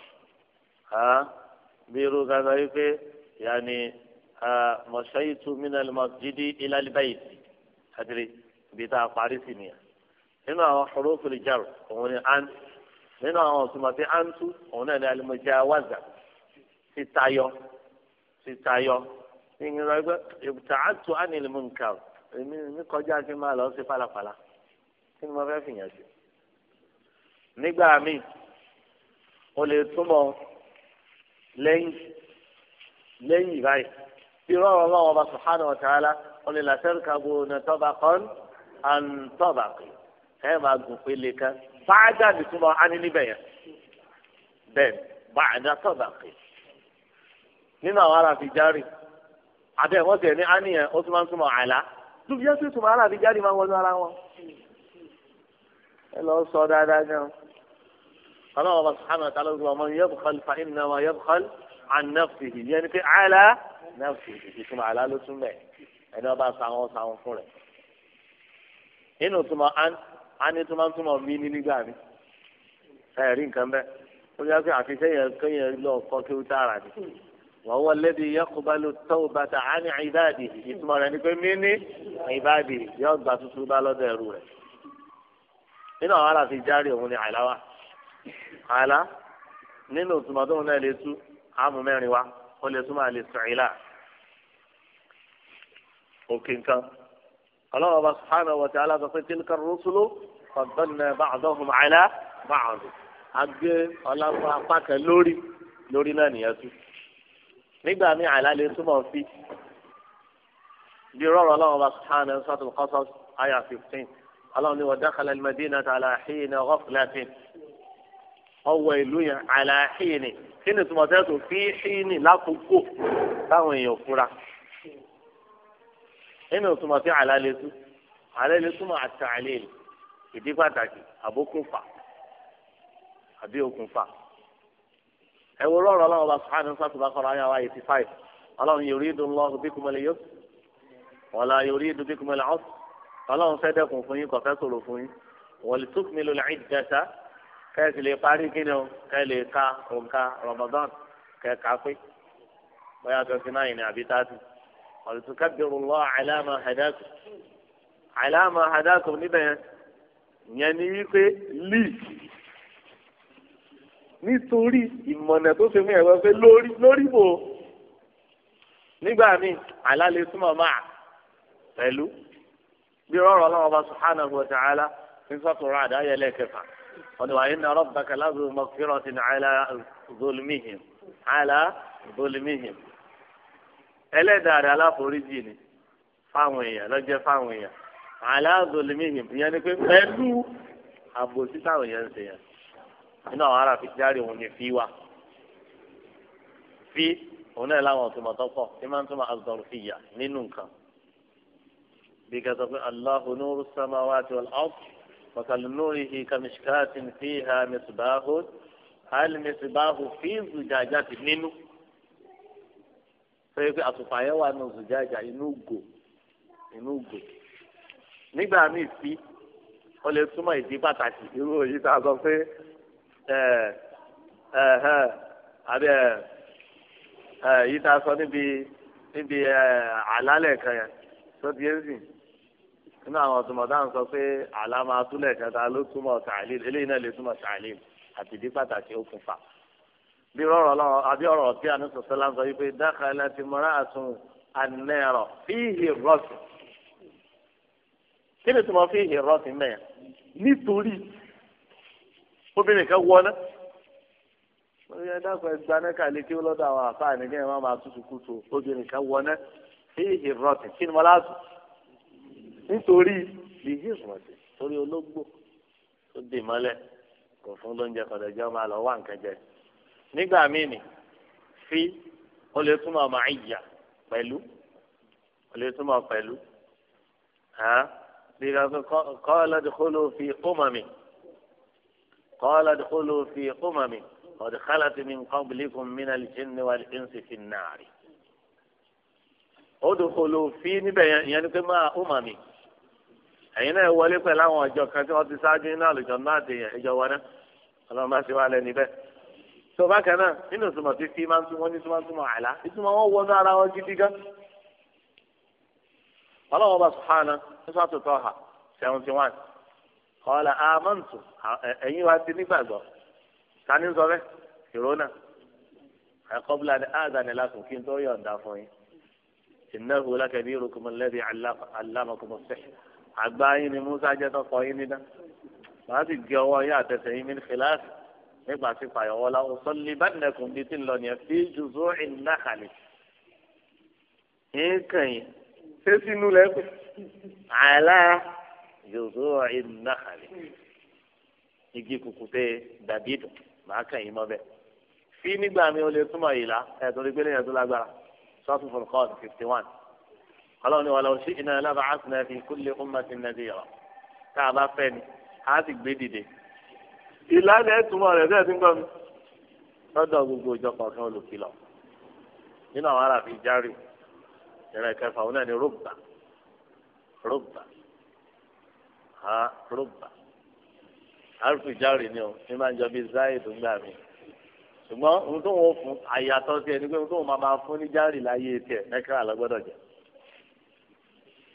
[SPEAKER 1] bí irú kan sọ wípé yàní mọ̀ṣáyìtú mínàlì mọ̀jídì ìlàlíbáyìí àdìrí ibi tá a parí sí nìyẹn nínú àwọn huruful jar òun ni an nínú àwọn òsùnmọ̀tí antu òun náà ni al-mujawaza títayọ títayọ ìyẹn lọ gbẹ ìbùtà àtú anil munkar èmi mi kọjá kí n máa lọ sí pálapàla kí ni mo fẹ́ fìyàn sí. nígbà míì o lè túmọ̀ lẹ́yìn lẹ́yìn báyìí irú ọ̀rọ̀ náà wọn bá subhanahu wa ta'ala wọn lè làtẹ́rù kagbó nàtọ́ bá kọ́ni àǹtọ̀bàkì ẹ máa gùn pélé kan báàjà nìtúmọ̀ á ní níbẹ̀ yẹn bẹ́ẹ̀ báàjà tọ̀bàkì nínú àwọn ará fìjárì àti ẹ̀wọ́n tiẹ̀ ní ánìyàn ó tún máa ń túmọ̀ àlá dúbí yẹn tún túmọ̀ ará fìjárì máa ń wọnú ara wọn. ẹ lọ sọ dáadáa gan ọlọ́wọ́ bá sùhánà tálọ́ ìgbà ọmọ yẹ́bù kọlifà ìnà wọn yẹ́bù kọl ànáfìhì yẹn ni pé àlá náfìhì ìtumọ̀ àlá ló tún bẹ̀ ẹni wọ́n bá sanwó sanwó fún rẹ̀ nínú túmọ̀ ani túmọ̀ túmọ̀ mí ní nígbà mi ẹ̀rí nǹkan bẹ́ẹ̀ ó yẹ kí àfihàn yẹn kéèyàn lọ kọ́ kí ó tààrà ni wọ́n wọ́n lẹ́bi yẹ́kùbálù tawbata ani ìbáàdì ìtumọ̀ rẹ̀ ni pé mí ní ìbáàdì yọ gbà tuntun bá lọ́dọ̀ ẹ̀rú rẹ̀ nínú àwọn aláfi járe òun ni àìlá wa àìlá nínú ìtumọ̀ tóun náà lè tú àmú mẹ́rin wa ó lè túmọ̀ àlè sọ̀rìlà òkè nǹkan ọlọ́run ọba sùhánà wọ̀tí alábàápẹ́ tí nìkan rọ́sùlù ọ̀gbọ́n bàdọ́hùn àìlá bàdù àgbẹ̀ ọ̀làfọ̀ apákẹ́ lórí lórí náà nìyẹn tú nígbà míì àìlá lè túmọ̀ fi bí rọrùn ọlọ́run ọba sùhánà sọ́tún kọ́sọ́ àyà fifteen ọlọ́run ni wọ́n dákàlẹ̀ mẹ́dínà tààlà àhíyìn ọ̀gọ́fìlẹ́tìn ọwọ́ ìlú yẹn àlàáhìnì kí ni tùmọ̀ tẹ́tù fi hìnì lákòókò táwọn èèyàn fura nínú ìtumọ̀ sí àlálẹ́tú àlálẹ́tú máa ta àlẹ́ ìdí pàtàkì àbókùnfà àbí okùnfà ẹ wo lọ́rọ̀ ọlọ́run bá sùhánù sátúbà kọ́ra ayáwá eighty five ọlọ́run yóò rí ìdúnlọ́ bíkúmọ̀lẹ́ yóò wọ́n la yóò rí ìdúnbíkúmọ̀lẹ́ ọ̀sùn ọlọ́run fẹ́ dẹ́kun fún yín kò fẹ́ sọ̀rọ̀ fún yín wọ́n lè tún mi lòlá ìdẹ́ta kẹ́sì lè parí kíni o kẹ́ lè ka òǹkà Ramadan kẹ́ kápé bóyá twenty nine àbí thirty. ولتكبروا الله على ما هداكم على ما هداكم نبا يعني يقول لي nítorí ìmọ̀nà tó fi mú ẹ̀rọ fẹ́ lórí lórí bò ó nígbà míì àlálẹ́ súnmọ́ máa pẹ̀lú bí rọrùn ọlọ́run bá subhanahu wa ta'ala ní sọ́kùnrin àdáyẹ lẹ́ẹ̀kẹfà ọ̀nà wàá inna rabbaka lábẹ́ mọ̀kírọ̀tì ní àlà zulmihim àlà zulmihim ẹlẹ́dàá rẹ̀ aláforíjì ni fáwọn èèyàn lọ́jẹ́ fáwọn èèyàn aláàzọlẹ́mìhìn ìyẹn ni pé pẹ̀lú àbòsí táwọn èèyàn ń ṣe yẹn nínú àwọn ará fìjárì òun ni fi wà fi òun náà láwọn ọ̀túnmọ̀ tó pọ̀ tí máa ń túmọ̀ azọrù fi yà nínú nǹkan bí kẹsàn pé aláhùn nuru samawati wal ard مثل نوره كمشكاة فيها مصباح هل مصباح في زجاجة منه sọyẹ pé àtùpà yẹn wà ní oṣù jájà inú gò inú gò nígbà míì sí ó lè túmọ̀ ìdí pàtàkì irú òyì tá a sọ pé ẹ ẹ ẹ àbí ẹ ẹ yìí tá a sọ níbi níbi ẹ àlálẹ̀ kan yẹn tó di èsì nínú àwọn ọ̀túnmọ̀tá ń sọ pé àlá máa túlẹ̀ kẹta ló túmọ̀ tààlì eléyìí náà lè túmọ̀ tààlì àti pàtàkì okùnfà bí ọ̀rọ̀ lọ àbí ọ̀rọ̀ tí a ní sọsọ lásán yìí pé dákàlẹ ti mọra àtún ànẹrọ fíìhì rọsì kí ni tí mo fíìhì rọsì mẹ nítorí obìnrin kan wọ náà wọ́n yẹ dákọ̀ ẹgbẹ́ anẹ́kàlẹ́ kí ó àwọn àfáàní kí ẹ má máa tutù kùtù obìnrin kan wọnẹ́ sí ìrọ̀tì kí ni mo láàtù nítorí ìyí ìrọ̀tì torí ológbò tó dè mọ́lẹ̀ kò fún lóúnjẹ kọ̀dọ̀ jẹ́ ọmọ àlọ́ wà nǹkan jẹ nígbà míì ni fi ó lè túmọ̀ máa yà pẹ̀lú ó lè túmọ̀ pẹ̀lú bí ká kọ́ ọlọ́dúnkọ́lù fi ọmọmi kọ́ ọlọ́dúnkọ́lù fi ọmọmi ọ̀dùnkálàtì mi nǹkan bìlíkùn mìíràn lìjìnnì wà lìjìnnì fi nàárì. ọdùnkọ́lù fi níbẹ̀ yẹn ni pé máa ọmọmi ẹ̀yin náà wọlé pẹ̀lú àwọn ọjọ́ kan tí wọ́n ti ṣáájú nínú àlùjọ náà ti ìjọ wọn náà ọlọ́run bá ti wá lẹ́ni bẹ́ẹ̀ tó bákan náà nínú ìtumọ̀ tí fi máa ń túmọ̀ ní túmọ̀ túmọ̀ àlá ìtumọ̀ wọn wọnú ara wọn gidi gan. ọlọ́wọ́ bá sùhánà ní sọ́tò tọ́hà seventy one kọ́lá àmọ́ǹtù ẹ̀yin wa ti nígbàgbọ́ ta ní sọ bẹ́ẹ̀ ìrónà àkọ́bùlà ni àgànnì lásìkò kí n tó yọ̀ǹda fún yín ìnáwó lákàbí irukùnmọ̀ lẹ́bi alámọ̀kùnmọ̀ sẹ́yìn àgbáyé ni musa jẹ́ tọkọ yín níná màá sì gé ọwọ́ yín àtẹ̀sẹ̀ yín mí nígbà tí fàyọwọ́ la ọ̀sọ́lì bá nẹ̀kùn bíi ti lọ nìyẹn fi jùzọ́ ìnákàlì. ìkànnì ṣé sínú lẹ́kùn àlá jùzọ́ ìnákàlì. igi kùkùté dàbí dùn màá kàn yín mọ́ bẹ́ẹ̀. fi nígbà mi ò lè túmọ̀ yìí la ẹ̀tọ́ ní gbélé yẹn tó lágbára sọ́ọ̀tù fọlùkọ́ọ̀dù fifty one. ọlọ́run ni wàlá òṣì iná lábàá àtúnáfi kúlẹ̀ ọmọ ti nàdí ti gbé ìlànà ẹ̀túnmọ̀ rẹ̀ bẹ́ẹ̀ ti ń gbọ́ mi lọ́dọ̀ gbogbo ìjọpọ̀ kan olùkìlọ̀ nínú àwọn aráàfin járì ìrìn kẹfà òun náà ni rúbà rúbà ha rúbà aráàfin járì ni o ní máa ń jọ bí záìdù gbà mí ṣùgbọ́n ohun tó wọ́n fún àyàtọ̀ sí ẹni pé ohun tó wọ́n máa máa fún ní járì láyé tiẹ̀ nẹ́kẹ́rà lọ́gbọ́dọ̀ jẹ́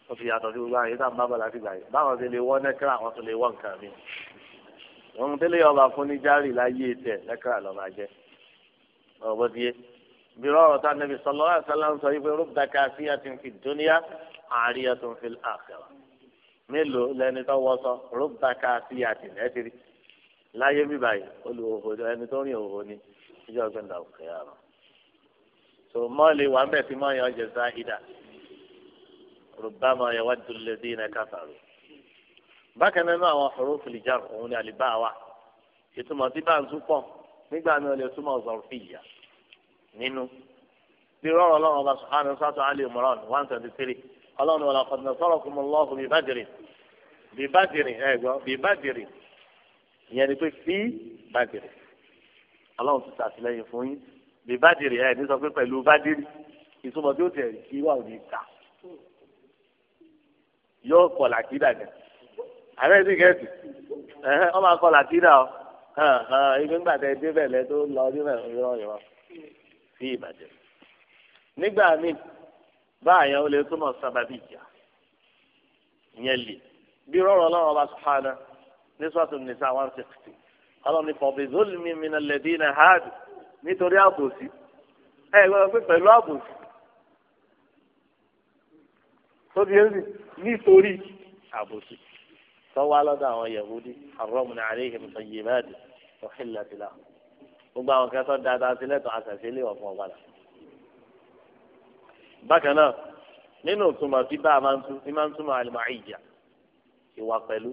[SPEAKER 1] wọ́n fi yàtọ̀ sí gbogbo àyè tá à ń bá láti gbà yìí báwọn ti lè wọ́ nẹ́kẹ́rà wọ́n tún lè wọ́ nǹkan mi ohun tẹ́lẹ̀ yọ ọba fún ní járì láyé tiẹ̀ lẹ́kàrà lọ́ba jẹ́ ọ̀bọ̀ díẹ̀ bí rọrọ̀ tá nẹ́bí sọlọ́ àṣálà ń sọ yí pé rúbdàkà sí àti fi dúníyà àárín àti fi àkàrà mélòó lẹni tó wọṣọ rúbdàkà sí àti lẹ́tìrì láyé bíbá yìí olùhòhò ẹni tó rìn òhò ni ìjọ gbẹ̀ndà òkè àrùn. tó mọ́ọ̀lì wà ń bẹ̀ sí mọ́ọ̀yàn ọ̀jẹ̀ sáà ìdá rúbámọ̀ yẹ wá dúró lé bákan náà àwọn huruf al-jar òun ni àlìbá wa ìtumọ̀ tí bá ń túpọ̀ nígbà náà lè túmọ̀ zarfiyya nínú bí rọrọ ọlọ́run ọba subhanahu sátọ ali imran one twenty three ọlọ́run wala qad nasarakumullahu bi Badrin bi Badrin ẹ gbọ́ bi Badrin ìyẹn ni pé fi Badrin ọlọ́run ti sàtìlẹ́yìn fún yín bi Badrin ẹ ní sọ pé pẹ̀lú Badrin ìtumọ̀ tí ó tẹ̀ kí wà ó ní ta yóò kọ̀ làkídà àbẹ́ sì kẹ́ẹ̀tì ọ máa kọ làtínà ọ ibi ńgbà tẹ débẹ̀ lẹ tó lọ ọdún náà yọ ọyọ sí ìbàjẹ́. nígbà míì báyọ̀ ó lè túmọ̀ sábàbí ìjà ìyẹn lè bí rọrùn ọlọ́run ọba sùpàdà ní sọ́ọ̀tún nìsa one sixty ọlọ́run ní fọ̀bí zolmi mìíràn lẹ́dí iná háàdì nítorí àbòsí ẹ gbọ́dọ̀ pé pẹ̀lú àbòsí tó di ẹ́ nítorí àbòsí tọ́wá lọ́dọ̀ àwọn yahudi arọ́mùnà àríhìm sọ̀yìnbáàdì ọ̀hìnlẹ̀tìlá gbogbo àwọn kẹtọ́ dáadáa sí lẹ́tọ̀ àṣàṣe lé ọ̀fọ̀ padà. bákan náà nínú ìtumọ̀ tí bá a máa ń tú ní máa ń túmọ̀ àlùmọ̀ àìjà ìwà pẹ̀lú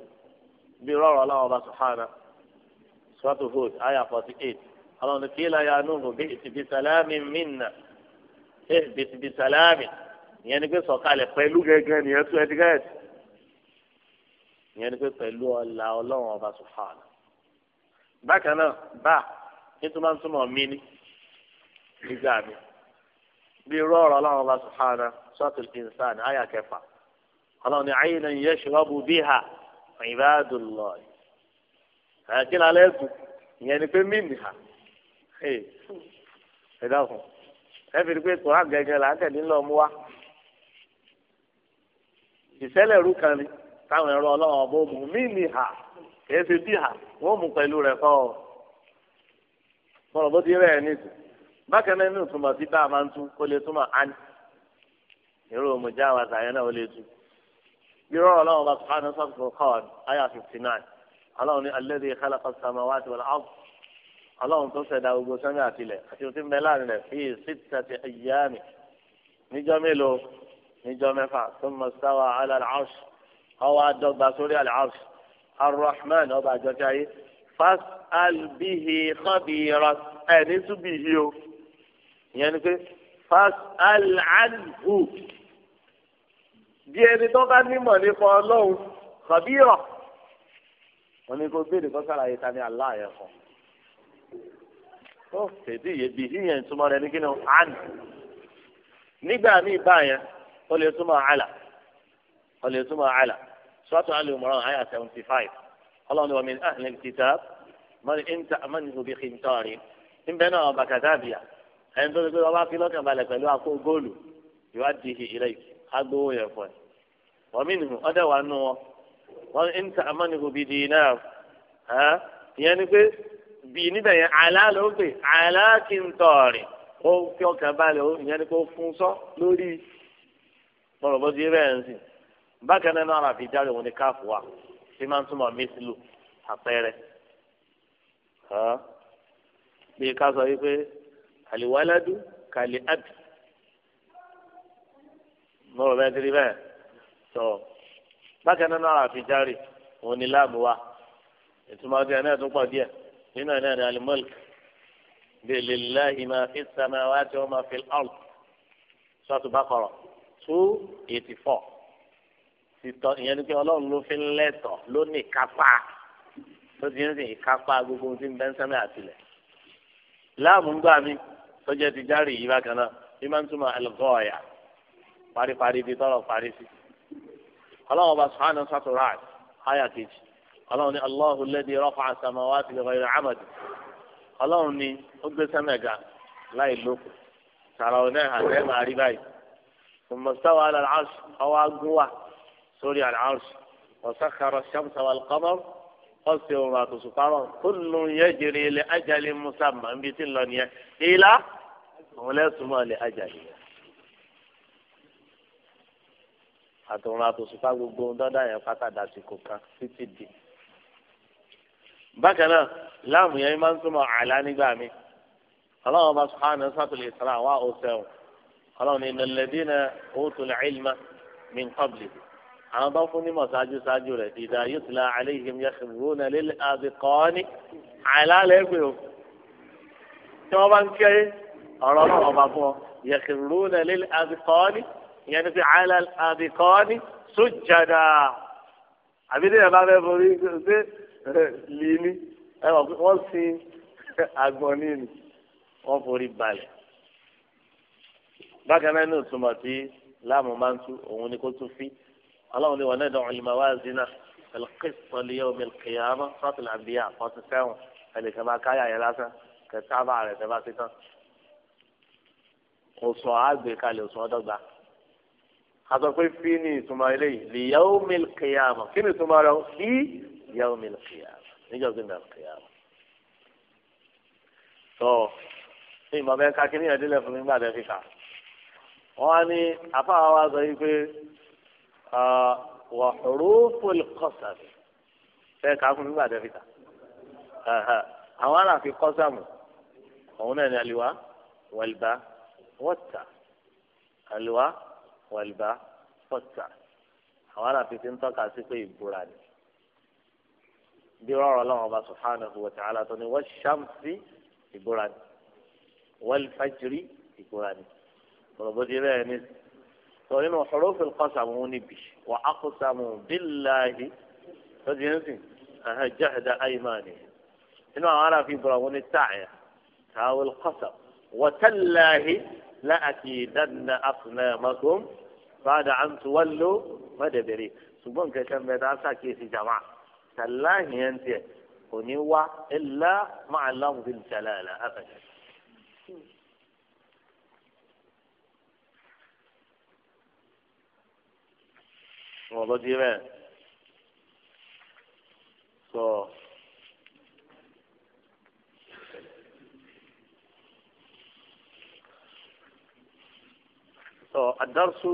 [SPEAKER 1] bí rọrọ̀ ọlọ́run ọba sùhánà sọ́tò hood aya forty eight ọlọ́run kí la ya nù hù bíi tìbí sàlámì mìnà bíi tìbí sàlámì ìyẹn ni pé sọ̀kalẹ̀ pẹ̀lú gẹ́gẹ́ nìyẹn tú ẹ̀dígẹ́ẹ̀dì ìyẹn ni pé pẹ̀lú ọlá ọlọ́run ọba sùfàànà bákan náà bá nítorí máa ń túmọ̀ mí ní nígbà mi bí irú ọ̀rọ̀ ọlọ́run ọba sùfàànà sọ́ọ̀tù ìnsán àyà kẹfà ọlọ́run ni ayé náà yẹ ṣùgbọ́n bí ha ìbádùlọ̀ àyàkínlá lẹ́sùn ìyẹn ni pé mí nìha ẹ dákun ẹ fi di pé kòrán gẹ́gẹ́ là ń tẹ̀lé ńlọ mú wa ìṣẹ̀lẹ̀ rú kan ni táwọn ẹ̀rọ ọlọ́wọ́n bó mú mí ni hà kìí ṣe bí hà wọ́n mú pẹ̀lú rẹ̀ kọ́ ọ. mọ̀rọ̀ bó ti rẹ̀ ní ìsìn bákan náà nínú túmọ̀ sí tá a máa ń tú kó lè túmọ̀ án ìró òmùjá àwọn àtàyẹn náà ó lè tú. irọ́ ọlọ́wọ́n bá sùpá náà sọ́kùnkùn kọ́ọ̀d ayà fifty nine ọlọ́run ní alẹ́dẹ̀ ìkálàkọ́ sàmáwá àti wàlá ọ̀f ọlọ́run tó ṣẹ̀dá gbogbo sẹ́mi àti òtí mẹ́lá rẹ̀ fi sittati ọwọ́ adọ́gba sórí al-Arsh Ar-Rahman ọba àjọkẹ́ ayé fas albihi khabira ẹni túbìhì o ìyẹn ni pé fas al'anhu bí ẹni tó bá nímọ̀ nípa ọlọ́run khabira wọn ni kò béèrè kó sàlàyé ta ni Allah yẹn fún ó fèdí yẹn bìhì yẹn túmọ̀ rẹ ní kí ni ó hàn nígbà míì báyẹn ó lè túmọ̀ àlà ó lè túmọ̀ àlà sọ́tún alẹ́ òmùrán àyà seventy five ọlọ́run wa min ahli al-kitab mọ́ni ìntà mọ́ni bi khimtarin níbẹ̀ náà ọba kàdáàbíà ẹni tó ti gbé ọba fi lọ́kàn balẹ̀ pẹ̀lú àpò góòlù yuaddihi ilayk agbowó yẹn fún ẹ wa minhu ọdẹ wà nù wọn mọ́ni ìntà mọ́ni bi dinar ìyẹn ni pé bì níbẹ̀ yẹn àlá ló gbé àlá kìntọ́rin ó fi ọkàn balẹ̀ ìyẹn ni pé ó fún sọ lórí bọ̀rọ̀ bọ́ bákan náà náà àfi jáde òun ni káàfù wa tí máa ń túmọ̀ mísìlù àpẹẹrẹ bí ká sọ wípé àlìwáládù kàlí àbí mo rò bẹ́ẹ̀ tiri bẹ́ẹ̀ tọ́ bákan náà náà àfi jáde òun ni láàmù wa ìtumọ̀ ọdún ẹ̀ náà tún pọ̀ díẹ̀ nínú ẹ̀ náà ni alimọ́lì bẹ́ẹ̀ lè fi sàmáwá tí wọ́n máa fi ọ̀lù sọ́ọ̀tù bá kọ̀rọ̀ two eighty four ìtọ́ ìyẹn ni pé ọlọ́run ló fi ń lẹ́tọ̀ ló ní ìkápá tó ti ń sìn ìkápá gbogbo ohun tí ń bẹ́ ń sẹ́mẹ́ àtìlẹ̀. láàmú ń gbà mí sọ́jà ti járì yìí bákan náà bí máa ń túmọ̀ ẹlẹ́gọ́ ọ̀yà paríparí ibi tọrọ parí sí. ọlọ́run ọba sùhánù sátúrà áyà kejì ọlọ́run ni aláhùn lẹ́dí rọ́pà àsàmà wá ti lọ́wọ́ ìrìn àmàdì ni ó gbé sẹ́mẹ̀ ga láì lóko sàrà òun náà àtẹ́ máa rí báyìí. mọ̀sáwá alàlá ọwọ́ agún sórí العرش وسخر الشمس والقمر ọ̀sẹ̀ òun àtòsùpárọ̀ كل يجري لأجل مسمى ajáde musa màmí tí ń lọ nìyẹn ìlà òun lẹ́sùnmọ́ ilẹ̀ ajáde yẹn. àtòun àtòsùpá gbogbo ohun dọ́dá yẹn pátá dàsìkò kan títí di. bákan náà láàmù yẹn máa ń túmọ̀ àlá nígbà mi ọlọ́run bá sùhánù sátúlẹ̀ ìsàlá wa ò sẹ́wọ̀n ọlọ́run ìnàlẹ́dínà òótùlẹ̀ ìlmà min qablihi àwọn bá fún ní mọ̀sáájú sáájú rẹ̀ dídá yóò ti la àléhìm yakhruna lil adqani àìlálẹ́gbẹ̀ o tí wọ́n bá ń kí ọ̀rọ̀ náà ọba fún ọ yakhruna lil adqani ìyẹn ní pé ala adqani sujjada àbídẹ́ yẹn bá fẹ́ forí ṣe eh, lìíní wọ́n sin agbọ̀n ni wọ́n forí balẹ̀ bákan náà ní òtúmọ̀ tí láàmú máa ń tú òun ni kó tún fi ọlọ́run ní wọn náà dọ̀rọ̀ ìmọ̀ wá zina alqist liyaum alqiyama sọ́tún àbíyá ọtún sẹ́wọ̀n ẹnìkan bá káyà yẹn lásán kẹtàbà rẹ̀ tẹ́ bá ti tán òsùn àgbékalẹ̀ òsùn ọdọ́gba àtọ́ pé fi ní ìtumọ̀ eléyìí liyaum alqiyama kí ni ìtumọ̀ rẹ̀ fi liyaum alqiyama níjọ́sìn alqiyama. tó ní ìmọ̀ bẹ́ẹ̀ ká kí ni ìyàdílẹ̀ fún mi gbàdẹ́ fi kà wọ́n á ní àfáà wa sọ yìí pé. وحروف القصر فيك عفوا من بعد فيتا أولا في قسم هنا الواء والباء والتاء الواء والباء والتاء أولا في تنطق سيكي براني برار الله سبحانه وتعالى تني والشمس براني والفجر بدي ربنا sọ nínú huruf al-qasam wọn níbi wa aqsamu billahi tó ti ń sìn ẹ̀hẹ́ jahda aymani nínú àwọn ará fi bọ̀rọ̀ wọn ní táyà táwọn al-qasam wa tallahi la akidanna asnamakum ba'da an tuwallu ṣùgbọ́n nǹkan kan bẹ́ẹ̀ tá a ṣàkíyèsí jàmá tiẹ̀ kò ní wá illa ma'a lafdil jalala abẹ́rẹ́. والله جيبه الدرس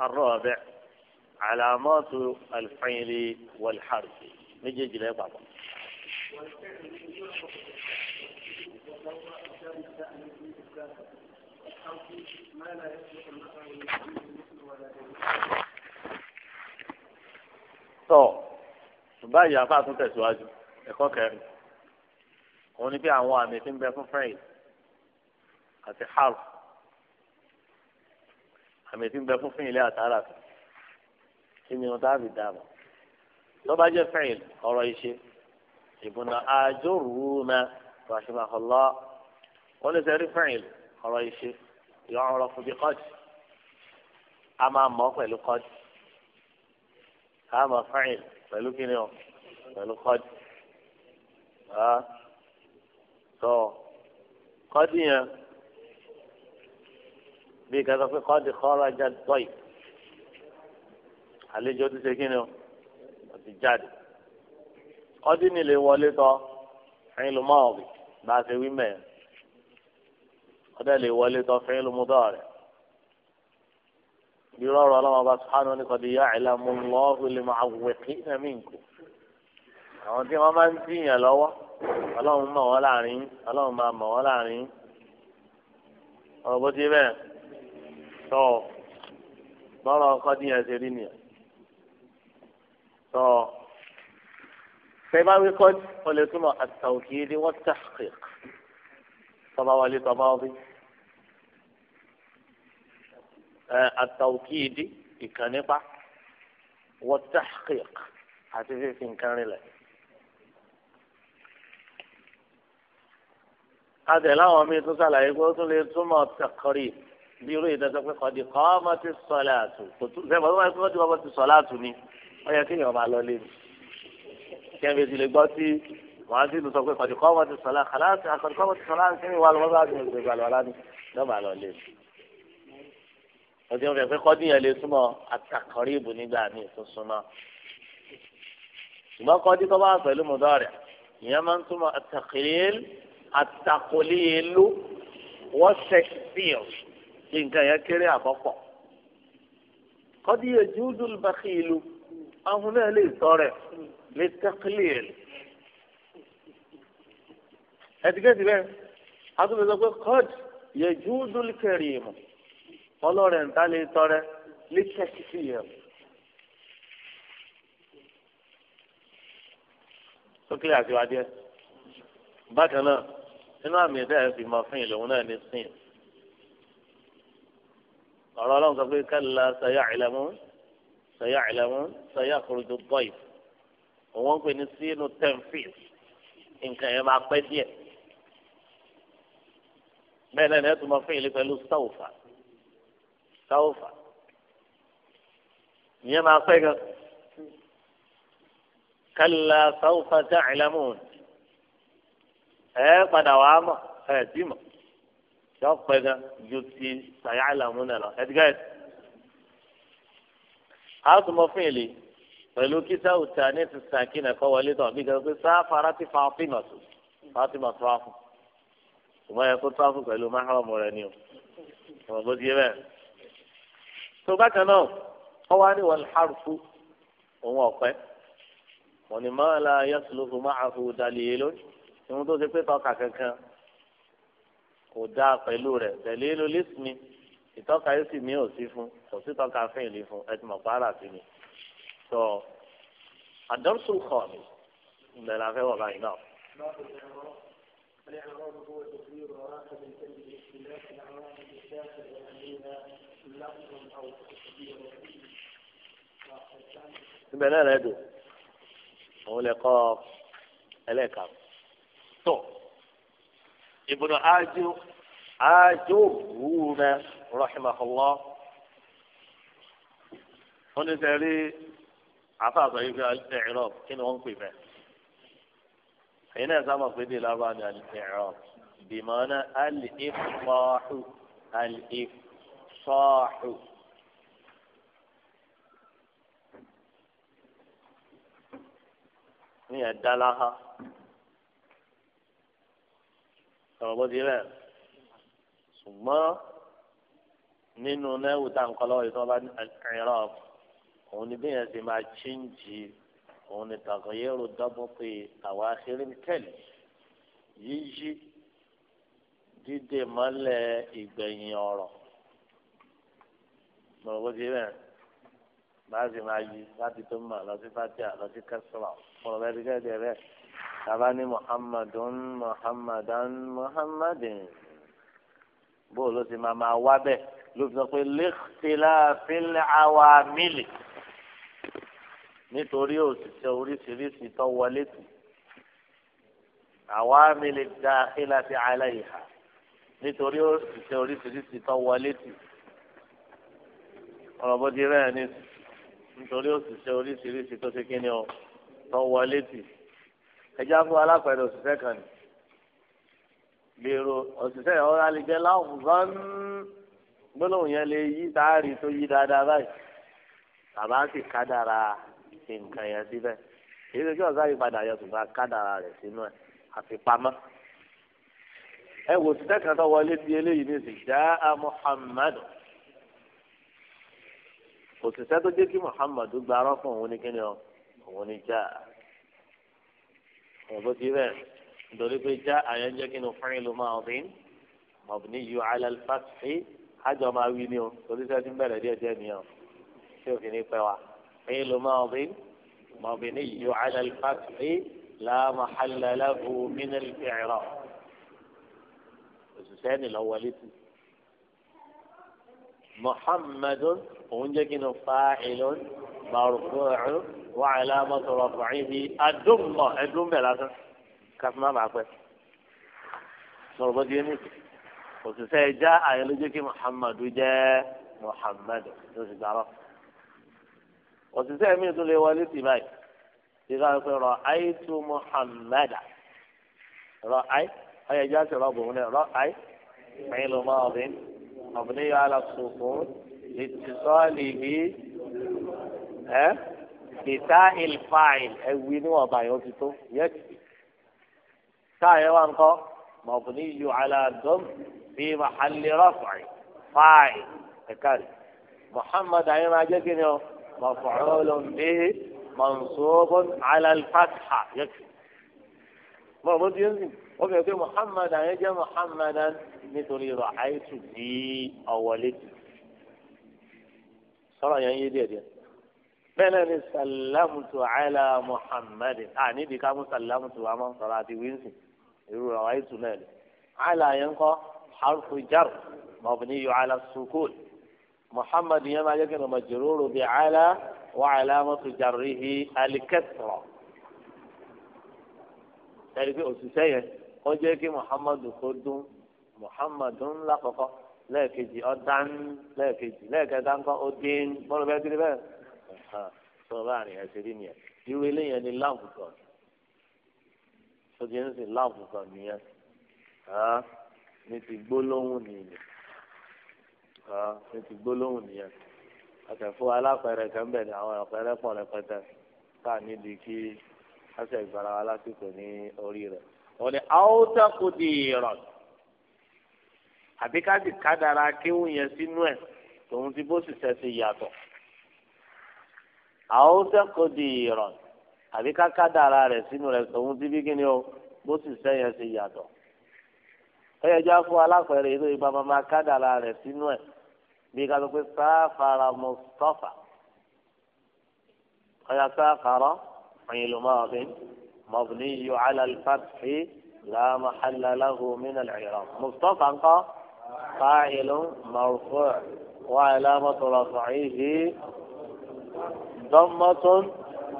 [SPEAKER 1] الرابع علامات الفعل والحرف نجي الى بعض
[SPEAKER 2] ما لا يصلح المطعم ولا
[SPEAKER 1] tọ ṣùgbọ́n ìyá afa tún tẹ̀síwájú ẹ̀kọ́ kẹrin òun ni pé àwọn àmì tí ń bẹ fún fẹ́yìn àti harf àmì tí ń bẹ fún fún ilé àtàrà kí ni wọn ọ̀rọ̀ ìṣe ìbùnà wọn lè mọ pẹ̀lú káàmà fáìn pẹ̀lú kíni o pẹ̀lú kọ́dì tọ́ kọ́dì yẹn bí kẹta pé kọ́dì kọ́ra já dọ́ì àlejò ti ṣe kíni o ó ti jáde kọ́dì ni lè wọlé tọ́ fẹ́yìn ló mọ́ ọ̀bì bá a ṣe wí mẹ́rin ọdẹ lè wọlé tọ́ fẹ́yìn ló mú dọ́ọ̀rẹ́ ìrọ̀rọ̀ ọlọ́wọ́ bá sùhánù ní kọ́dí yá ìlàmú lọ́ọ̀hùn lè máa wẹ̀kí nàmí nkù. àwọn tí wọ́n máa ń tìyàn lọ́wọ́ ọlọ́run mọ̀ wọ́n láàrin ọlọ́run máa mọ̀ wọ́n láàrin. ọ̀rọ̀ bó ti bẹ́ẹ̀ tọ́ bọ́rọ̀ kọ́dí yẹn ṣe rí nìyẹn. tọ́ sẹ́báwí kọ́dí wọ́n àtàwùkì yìí wọ́n tàkì tọ́ba wọlé tọ́ba ọbí àtàwùkìdì ìkànnípa wọ́n tahqiq àti fífi nǹkan rinlẹ̀. adẹ̀ láwọn míì tún ṣàlàyé pé ó tún lè túmọ̀ tẹ̀kọ́rì bí irú ìdájọ́ pé kọ́ di kọ́ ọmọ ti sọ̀lẹ̀ àtù kò tún sẹ́wọ̀n tó bá yẹ kó di ọmọ ti sọ̀lẹ̀ àtù ni ó yẹ kí èèyàn máa lọ lé mi. kí ẹ̀mí ti lè gbọ́ sí wàá sí ìlú sọ pé kọ́ di kọ́ ọmọ ti sọ̀lẹ̀ àkàlà àti àkọ́dí kọ́ ọmọ ti sọ̀lẹ̀ àti kí ni wàá lọ́wọ́ bá ti gbà lọ́la ni lọ́ọ́ máa lọ lé mi ọdún ọbẹ̀ pé kọ́díyàn lè súnmọ́ àtàkọ́rí ìbò nígbà míì tó súnmọ́ ṣùgbọ́n kọ́dí tó bá wà pẹ̀lú mọ̀dọ́ rẹ̀ ìyẹn máa ń túmọ̀ àtàkìlẹ́lù àtàkùlẹ́lù wọ́n ṣẹ̀kìfíọ̀ kí nǹkan yẹn kéré àkọ́kọ́ kọ́díyàn júùdù bàkìlù ahun náà lè sọ rẹ̀ lè tàkìlẹ́lù ẹ̀dígẹ́dì bẹ́ẹ̀ a tún lè sọ pé kọ́d yẹ júùdù kẹrìmù. ọlọ́rẹ̀ ń ta lè tọrẹ létíẹ̀kìtì yẹn. sókè àti wájú ẹ bákan náà nínú àmì ẹ̀dá ẹ̀ fi mọ fún ìlòun náà ní sìn ọ̀rọ̀ ọlọ́run sọ pé kálá sẹ́yà ìlẹ̀mú sẹ́yà ìlẹ̀mú sẹ́yà kúrúdú bọ́ì òun ń pè ní sínú ten feet nǹkan yẹn máa pẹ́ díẹ̀ bẹ́ẹ̀ náà ẹ̀ tún mọ fún ìlú pẹ̀lú sọ́ọ̀fà. sáwùfà ìyẹn máa pẹ́ gan kálá sáwùfà tá àìlámù ẹ padà wàá mọ̀ ẹ bí mọ̀ yọ pẹ́ gan ju ti sàyà àìlámù náà lọ ẹdígá ẹsẹ a sọ mọ fún ìlè pẹ̀lú kíta òtà ní ti sàkínà kọ́ wọlé tán bí kan pé sáfara ti fa fínà tó fatima tó a fún ṣùgbọ́n yẹ kó tó a fún pẹ̀lú máhàmù rẹ ni o ọ̀bọ̀n bó ti yẹ bẹ́ẹ̀ tó bákan náà wọ́n wá ní wal harfu òun ọ̀pẹ́ wọ́n ní máa la yasluhu ma'ahu dalilun ìwọ́n tó ṣe pé tọ́ka kankan kò dáa pẹ̀lú rẹ̀ dalilul ismi ìtọ́ka yìí sì ní òsì fún kò sí tọ́ka fún ìlú fún ẹ ti pààrà sí mi tó ad-darsul khamis ìgbẹ́ la fẹ́ wọ̀ báyìí náà.
[SPEAKER 2] الإعراب هو níbẹ̀ náà rẹ̀ dùn
[SPEAKER 1] òun lè kọ́ ẹlẹ́ẹ̀ka tó ibùdó ájú ájú wúwo rẹ rọ́ṣìmọ̀kọ́lọ́ wọ́n ní sẹ́rí àfààfà yìí fi ẹ̀rọ kí ni wọ́n ń pè bẹ́ẹ̀ èyí náà sábà pé dé lábàá ní ẹ̀rọ bìmọ̀ náà alì ìfọ̀ọ́hù alì ìfọ̀ọ́hù sọ́ọ̀hù. ní ẹ̀dá láhá sọ̀rọ̀ bó ti rẹ̀ ṣùgbọ́n nínú náírà tá à ń kọ́ lọ́wọ́ ìtọ́ bá ìrọ̀ òun ni bí ti máa chíǹjì òun ni tàkàyérò dọ́bọ̀pì àwọn aṣèré kẹ́lì yíyí dídè mọ́lẹ̀ ìgbẹ̀yìn ọ̀rọ̀ mọ̀rọ̀ bó ti rẹ̀ báà sì máa yí láti tó mọ̀ lọ sí fatia lọ sí kẹsàrà mọ̀rọ̀ bẹ́ẹ̀ ti kẹ́ẹ̀dẹ̀ rẹ̀ tàbá ní muhammadun muhammadan muhammadin bó ló ti máa máa wá bẹ́ẹ̀ ló fi sọ pé lẹ́kìtìláfíl àwa mílì nítorí òṣìṣẹ́ oríṣiríṣi tó wọlé tù àwa mílì dáhìlá ti aláìhà nítorí òṣìṣẹ́ oríṣiríṣi tó wọlé tù ọ̀rọ̀ bó ti rẹ̀ ẹ́ ní nítorí òṣìṣẹ́ oríṣiríṣi tó ṣe kí ni ọ tó wọlé tì ẹjá fún alápẹ̀rẹ̀ òṣìṣẹ́ kan ní gbèrò òṣìṣẹ́ yẹn ọ̀rọ̀ alẹ́jẹ́ láwùn gan gbólóhùn yẹn lè yí táàrí tó yí dáadáa báyìí bàbá sì kádàrà nǹkan yẹn síbẹ̀ èyí lójú ọ̀gá yìí padà yọ ṣùgbọ́n kádàrà rẹ̀ sínú ẹ̀ àfipamọ́ ẹ wò òṣìṣẹ́ kan tó wọlé ti eléyìí ní ìsìn jáà Muhammadu òṣìṣẹ́ tó jẹ́ kí Muhammad gba arọ́pọ̀ òun ní kíni ọ òun ní já ọ̀bọ ti rẹ̀ nítorí pé já àyàn jẹ́ kí ni fúnrin ló máa bín mọ̀bìnrin yìí alálùfáàsì àjọ máa wí ni o torí sẹ́ẹ́ ti ń bẹ̀rẹ̀ díẹ̀ díẹ̀ ni ọ tí òfin ní pẹ́ wa fúnrin ló máa bín mọ̀bìnrin yìí alálùfáàsì láàmú halálàbù mínàlì fìrọ̀ òṣìṣẹ́ ni lọ́wọ́lé sí Muhammadun. òun kí ni fa'ilun wa 'alamatu raf'ihi ad ibi ẹ̀dùn bẹ̀ lásán kásìmá máa pẹ́ sọ̀rọ̀ bọ́dí ẹni òṣìṣẹ́ ẹja àyẹn kí muhammadu jẹ́ muhammadu ló sì gbàrọ̀ òṣìṣẹ́ mi tún lè wọlé sí báyìí bí ká pé rọ ayé tu muhammadu rọ ayé ayé ẹja rọ bòun náà rọ ìtìsọ́ọ̀lìhì ẹ́ ìta ìlfàìl ẹ̀wì níwọ̀n báyìí ó ti tó yẹ kì í. táyẹ̀ wá ń kọ́ mọ̀bùnì yù aláàdọ́m bí màhálì rọ́fàì fàì ẹ̀ka rẹ̀. muhammad ayé máa jẹ́ kí ni ọ mọ̀fọ́ọ́lọ́ bí mọ̀nsóbọ́n alálfàtà yẹ kì í. mọ̀ bó ti ń sìn ó fẹ́ pé muhammad ayé jẹ́ muhammadan nítorí rọ̀ àìsùn bí ọ̀wọ́lẹ́tì sọ̀rọ̀ yẹn yé díẹ̀ díẹ̀ bẹ́ẹ̀ náà ni sàlámùtù àìlà muhammadin à nídìí ká mú sàlámùtù wa máa ń sọ̀rọ̀ àti wíńsì irú rẹ̀ wáyé tù náà ni àìlà yẹn kọ́ harfu jar mọ̀bìnrin yóò àìlà sukùl muhammad yẹn máa jẹ́ kí ni majruru bi àìlà wà àìlà mọ̀tò jarrihi alikẹ́sọ̀rọ̀ ẹ̀rí pé òṣìṣẹ́ yẹn ó jẹ́ kí muhammadu kó dún muhammadun lákọ̀ọ́kọ́. lẹ́ẹ̀kejì ọ̀dán lẹ́ẹ̀kejì lẹ́ẹ̀kẹta ńkọ́ ọdín bọ́lá bẹ́ẹ̀ kiri bẹ́ẹ̀ sọ láàrin ẹ̀sẹ̀ rí nìyẹn irú eléyẹn ni láàbù kan sọdí ẹ̀sìn láàbù kan nìyẹn ní ti gbólóhùn nìyẹn ní ti nìyẹn àtẹ̀fọ́ alápẹ̀rẹ̀ àwọn ọ̀pẹ̀rẹ̀ pọ̀ rẹpẹtẹ níbi kí ẹsẹ̀ ìgbàlá wa lásìkò ní orí rẹ̀ wọ́n rọ̀ àbí ká sì kádàrá kéwù yẹn sínú ẹ̀ tòun ti bó sì sẹ́sẹ̀ yàtọ̀ àwọn sẹ́kọ̀ọ́ di ìrọ̀ àbí ká kádàrá rẹ̀ sínú rẹ̀ tòun ti bí kíni o bó sì sẹ́yìn ṣe yàtọ̀ ẹ̀yẹ jẹ́ fún alápẹ̀rẹ̀ ìlú ìbámu máa kádàrá rẹ̀ sínú ẹ̀ bí ká ló pé sáfara mustapha ọ̀yà sáfara ọ̀yìn ló máa fi mọ̀bìnrin yọ alàlùfáàtì láàmú alàlàhùn mí nàlẹ́ ìrọ̀ mustapha ńkọ́. فاعل مرفوع وعلامة رفعه ضمة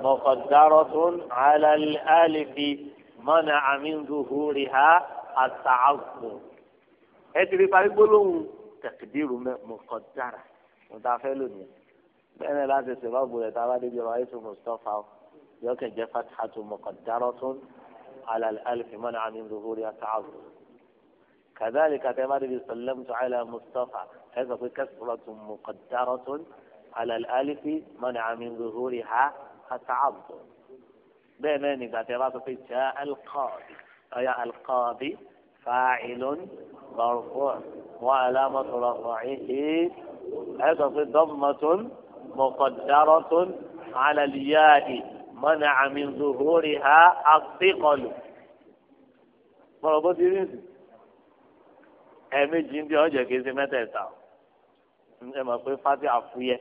[SPEAKER 1] مقدرة على الألف منع من ظهورها التعظم هتري فايقولون تقدير مقدرة متعفلون بأن لا تسبب لتعبد برئيس مصطفى يوكي جفت حتى مقدرة على الألف منع من ظهورها التعظم كذلك اعتماد سلمت على مصطفى حيث في كسرة مقدرة على الألف منع من ظهورها التعظم بينين اعتراض في جاء القاضي أي القاضي فاعل مرفوع وعلامة رفعه هذا في ضمة مقدرة على الياء منع من ظهورها الثقل مربوط ẹ̀ẹ̀mejì ń bí ọ̀jẹ̀ kì í ṣe mẹ́tẹ̀ẹ̀ta ẹ mọ̀ pé fati àfúyẹ́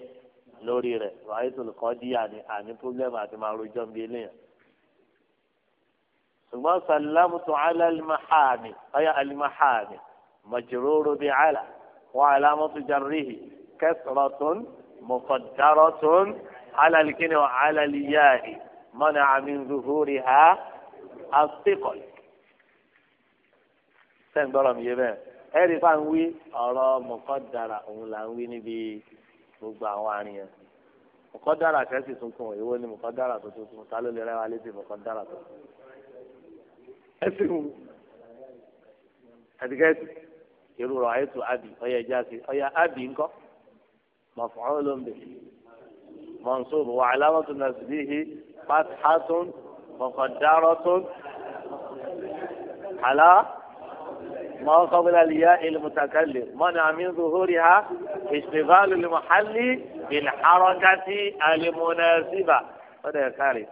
[SPEAKER 1] lórí rẹ̀ wàá ètò olùkọ́ dí àní àní pọ́blẹ́mù àti máa rojọ́ ń bí eléyàn. ṣùgbọ́n sàlámùtò alẹ́ alimahami ọ̀yà alimahami mọ̀jòróró bíi àlà wọ́n alámọ́tò jarrihi kẹsàrọ̀tún mọ̀kọ̀dárọ̀tún alàlìkíni wọ́n alàlìyáàhì mọ́nà àmì zuhuri ha àfikọ̀ sẹ́ńgbọ́rọ̀ mi yé bẹ́ẹ̀ ẹ̀rí fà ń wí ọ̀rọ̀ mọ̀kọ́dára òun là ń wí níbi gbogbo àwọn àríyàn mọ̀kọ́dára kẹ́sì tuntun ìwọ ni mọ̀kọ́dára tó tuntun ta ló lè rẹ́ wa létí mọ̀kọ́dára tó tuntun. ẹsìn wù àtìkẹ́sì irú rọ̀ ayétu àbí ọ̀yà ẹja sí ọ̀yà àbí ńkọ́ mọ̀fọ́n ló ń bẹ̀ mọ̀nsóòbù wà aláwọ̀tún náà sì bíhi pátátún mọ̀kọ́dára tún ما قبل الياء المتكلم منع من ظهورها اشتغال المحل بالحركة المناسبة هذا يا كاري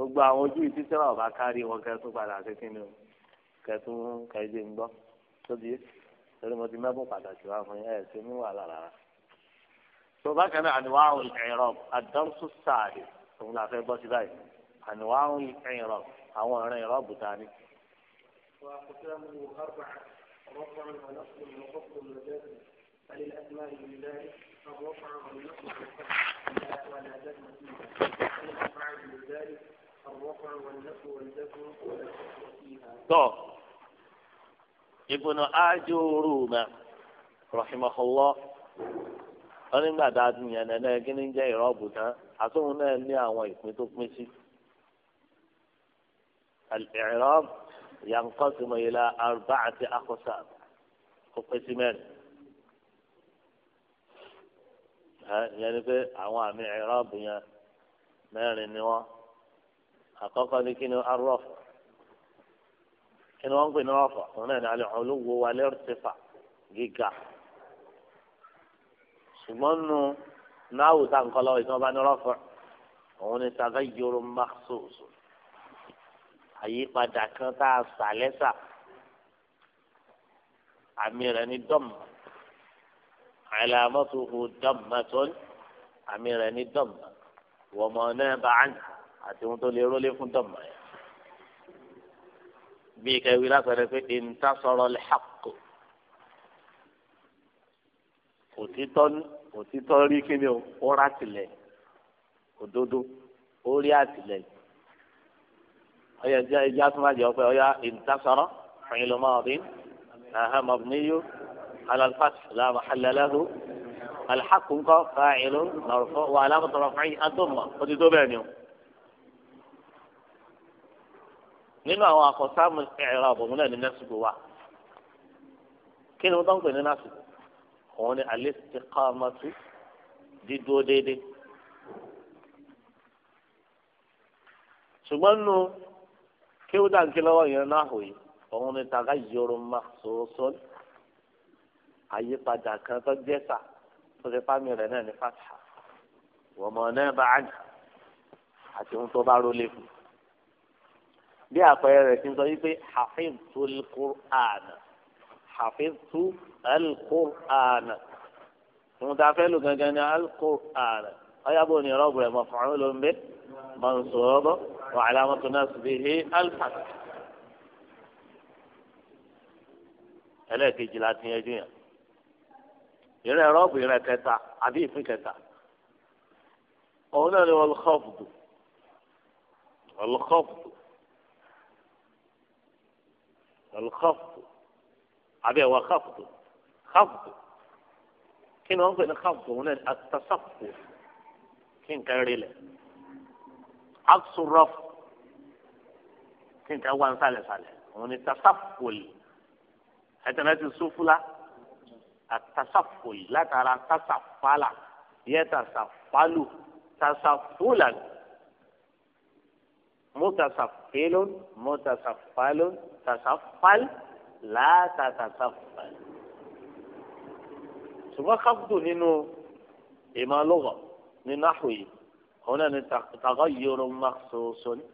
[SPEAKER 1] gbogbo àwọn ojú ìtí sẹ́wà ọba kárí wọn kẹ́tún padà sí kí ni o kẹ́tún kẹ́jẹ ń gbọ́ tóbi torí mo ti mẹ́bùn pàtàkì wá fún ẹ̀ ṣe ní wàhálà rárá. tó bá kẹ́ni àníwáhùn ẹ̀rọ àdánsù sáàdì òun là fẹ́ gbọ́ sí báyìí àníwáhùn ẹ̀rọ àwọn ọ̀rẹ́ ẹ̀rọ bùtà ni.
[SPEAKER 2] وأقسامه أربعة رفع ونصب وخفض وجزم فللأسماء لله الرفع والنصب والخفض ولا جزم فيها فللأفعال لذلك الرفع والنصب والجزم ولا جزم فيها.
[SPEAKER 1] ابن أجرومة رحمه الله أنا ما tá أنا ti yàn náà náà kí ni jẹ́ ìrọ́bù tán àtúnwò الإعراب ينقسم إلى أربعة أقسام قسمان يعني في عوامل إعرابية ما للنواة حقق لكن الرفع كان وانقل رفع هنا على العلو والارتفاع جيجا سمانو ناو تنقلوا إذا بان رفع هنا تغير مخصوص àyípadà kan tá a sà lẹ́sà àmì rẹ̀ ní dọ́mà àìlàmọ́tòkò dọ́mà tó ní àmì rẹ̀ ní dọ́mà wọ́n mọ̀ náà bá àná àti ohun tó lè rólé fún dọ́mà yẹn. bí kẹwì látọ̀rẹ́ pé ìntàsọ̀rọ̀ lè hàkó òtítọ́ òtítọ́ rí kíni ó rà tìlẹ̀ òdodo ó rí àtìlẹ́yìn ọyọ ẹja ẹja tó máa jẹ ọpẹ ọyọ ìdásọrọ fẹyìnlọ mọdín aha mabniyu alalfat la mahalla lahu alhaqu nkọ fa'ilu marfu wa alamatu raf'i adumma ó ti tó bẹ́ẹ̀ ni o. nínú àwọn àkọsáàmù ẹ̀rọ àbọ̀mú náà ní násìkò wa kí ni wọ́n tó ń pè ní násìkò òun ni al-istiqamatu dídúró déédéé ṣùgbọ́n nù kéwú dàǹkì lọ́wọ́ yẹn náà hò yìí òun ni tàgá yòrò ma sòsò àyípadà kan tó jẹ́sà tó ti fámi rẹ̀ náà ní fàtà wọ́n mọ̀ náà bá àjà àti ohun tó bá rólé fún bí àpẹẹrẹ rẹ̀ ti sọ yìí pé tó lè kúránà hafid tó lè kúránà ohun tá a fẹ́ lò gangan ni alukóraana ọ̀yàbọ̀ ni rọ́ọ̀bù rẹ̀ mọ̀ fún un ló mọ̀ nsọ̀rọ̀ وعلامة نصبه الفتح عليك جلات يا جميع يرى رب يرى كتا عدي في كتا هنا والخفض الخفض الخفض عبي وخفض خفض كن هو خفض هنا التصفح كن كاريلي aksurọf kí nǹkan wá nsàlẹ̀sàlẹ̀ òun ni tasafoli ẹ̀tẹ̀lẹ̀ ti sufula àtasafoli látara tasafala yẹ tasafalu tasafulan mutasafilun mutasafalun tasafal látatasafal. ṣùgbọ́n kápútù nínú ìmọ̀ lọ́gọ̀ nínú àhùyí òun náà ni tàkọ́ yòrò mọ́sọ̀ọ́sọ ni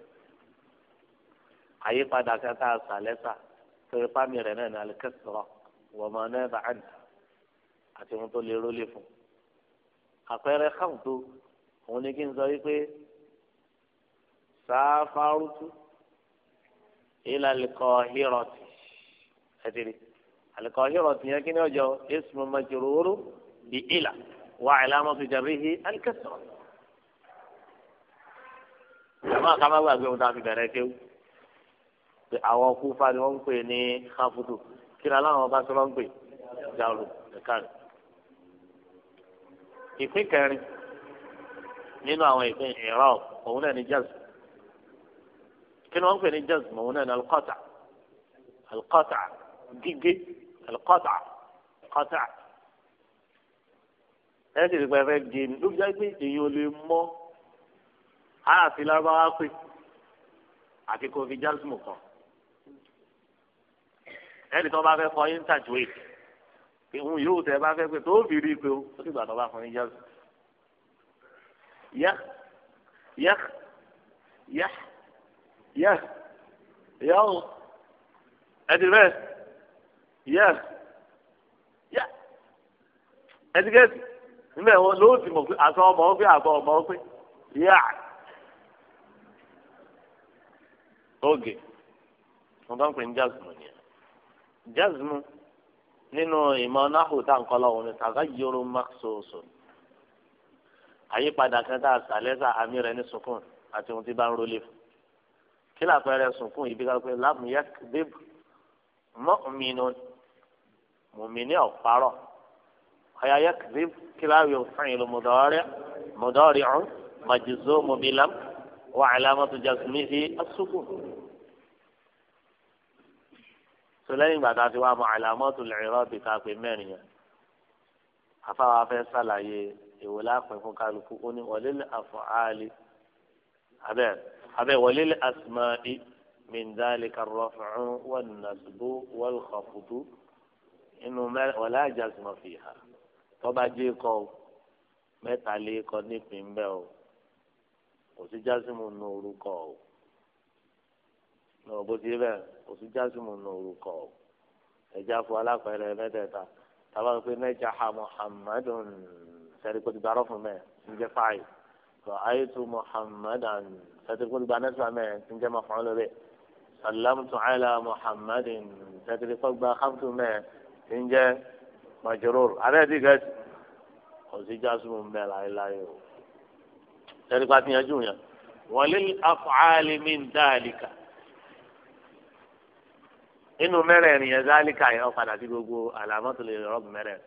[SPEAKER 1] àyípadà kẹta àṣàlẹ́sà torí pàmì rẹ̀ náà ní alikẹ́sọ̀rọ̀ wọ́n mọ̀ náà bá àná àti ohun tó lè rólé fún un àpẹẹrẹ káwùtó òun ni kí n sọ wípé sáfárùtù ìlàlìkọ hírọ̀tì ẹ̀dìrì àlìkọ hírọ̀tì yẹn kí ni ọjọ́ ismu majruru bí ìlà wà ìlànà tó jẹ̀rí hi alikẹ́sọ̀rọ̀ àmọ́ ká má gbàgbé ohun tá a fi bẹ̀rẹ̀ kéwù pé àwọn kúfà ni wọ́n ń pè ní káfùdù kí ni aláwọn bá sọ́lọ́ ń pè jàrú ẹ̀ka rẹ̀. ìpín kẹrin nínú àwọn ìpín ìrọ̀ òun náà ní jazm kí ni wọ́n ń pè ní jazm òun náà ní alqata alqata gígé alqata qata ẹ̀ sì rí pẹ́ẹ́rẹ́ gé ní ló fi pé èyí ò lè mọ́ aláàfin lárúbáwá pè àti kò fi jásùmù kan ẹnì kan bá fẹ́ kọ́ yín tàjúwe ìhun yóò tẹ bá fẹ́ pé tó fi rí i pé ó dìgbà tó bá fún yín jásùmù. yá yá yá yá yá o ẹdí bẹ́ẹ̀ yá yá ẹdí gẹ́sì níbẹ̀ ló ti mọ̀ pé àtọ́ ọmọ ó pé àbọ̀ ọmọ ó pé yá. oge wọn bá ń pè ní jazmu ni jazmu nínú ìmọ̀ náhù tá à ń kọ́ lọ́wọ́ ni tagayyuru maksusun àyípadà kan tá a sàlẹ́sà àmì rẹ̀ ní sukun àti ohun tí bá ń rólé fún kí làpẹẹrẹ sukun yìí ká pé lam yakdib mu'minun mu'mini ọ̀parọ̀ ọ̀yà yakdib kí láwìí fa'ilu mudari' mudari'un majzumun bi lam. وعلامة جزمه السكون سليم بعد ذلك وعلامات العراق تاكل مانيا أفا أفا سلاي يولا فهم قالوا كوني ولل أفعال أبين أبين ولل أسماء من ذلك الرفع والنسب والخفض إنه ولا جزم فيها طبعا جيكو متى ليكو نفهم بيه kò sí jásímù nù orúkọ o náà bó ti bẹ́ẹ̀ kò sí jásímù nù orúkọ o ẹ̀já fún alápẹ̀rẹ̀ mẹ́tẹ̀ẹ̀ta tábà pé mẹ́jà ha muhammadun sẹ́ríkò ti gbàrọ́ fún mẹ́ ń jẹ́ fáyì tó ayé tu muhammadan sẹ́ríkò ti gbà nẹ́sà mẹ́ ń jẹ́ mọ́ fún lórí sàlámtu ala muhammadin sẹ́ríkò gbà hàmtu mẹ́ ń jẹ́ alẹ́ ti gẹ̀ẹ́sì kò sí jásímù mẹ́ láéláé o ẹni pa ti yanjú yẹn wọlé afọ́álí mi ń dá àlìkà inú mẹ́rẹ̀ẹ̀rin yẹn zálìkà yẹn padà sí gbogbo àlàmọ́tò lè rọ́ọ̀bù mẹ́rẹ̀ẹ̀rin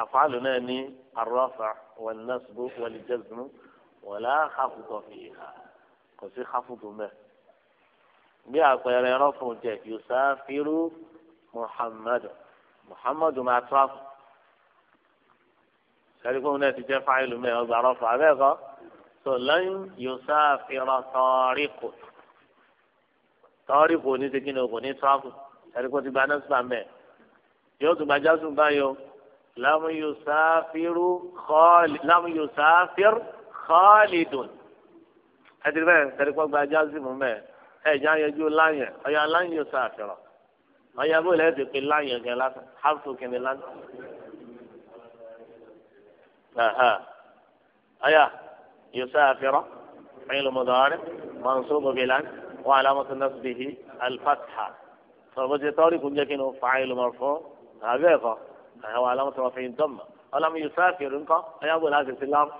[SPEAKER 1] afọ́álù náà ní arọ́fà wọn nọ́ọ̀sìbò wọn jẹ́sùn wọn là hàfùtọ̀ fi hà kò sí hàfùtọ̀ mẹ́ bí àpẹẹrẹ rọ́fùn jẹ yusafiru muhammadu muhammadu máa tó àfọ̀ sẹ́ni fún náà ti jẹ́ fáìlì mẹ́ ọgbà rọ́fà abẹ́ẹ̀kọ́ tó lẹ́yìn yóò sáfìrọ̀ tọ́ríkù tọ́ríkù ní ti kíni òkú ní tọ́kù sẹ́ni fún ti gba nọ́ọ̀sì mẹ́ yóò tún gbajà sùn báyò lámú yóò sáfìr kọ́ọ̀lìdùn ẹtì bẹ́ẹ̀ sẹ́ni fún gbajà sùn mẹ́ ẹ̀ jẹ́ àyẹ̀jú láyẹ̀ ọ̀yà láyẹ̀ yóò sáfìrọ̀ ọ̀yà bó lẹ́ẹ̀ ها أيا يسافر فعل مضارع منصوب بلا وعلامة نصبه الفتحة فوجه طوري كن كنو فعل مرفوع هذا هو هو علامة رفع الضمة ألم يسافر إنك أيا أقول في السلام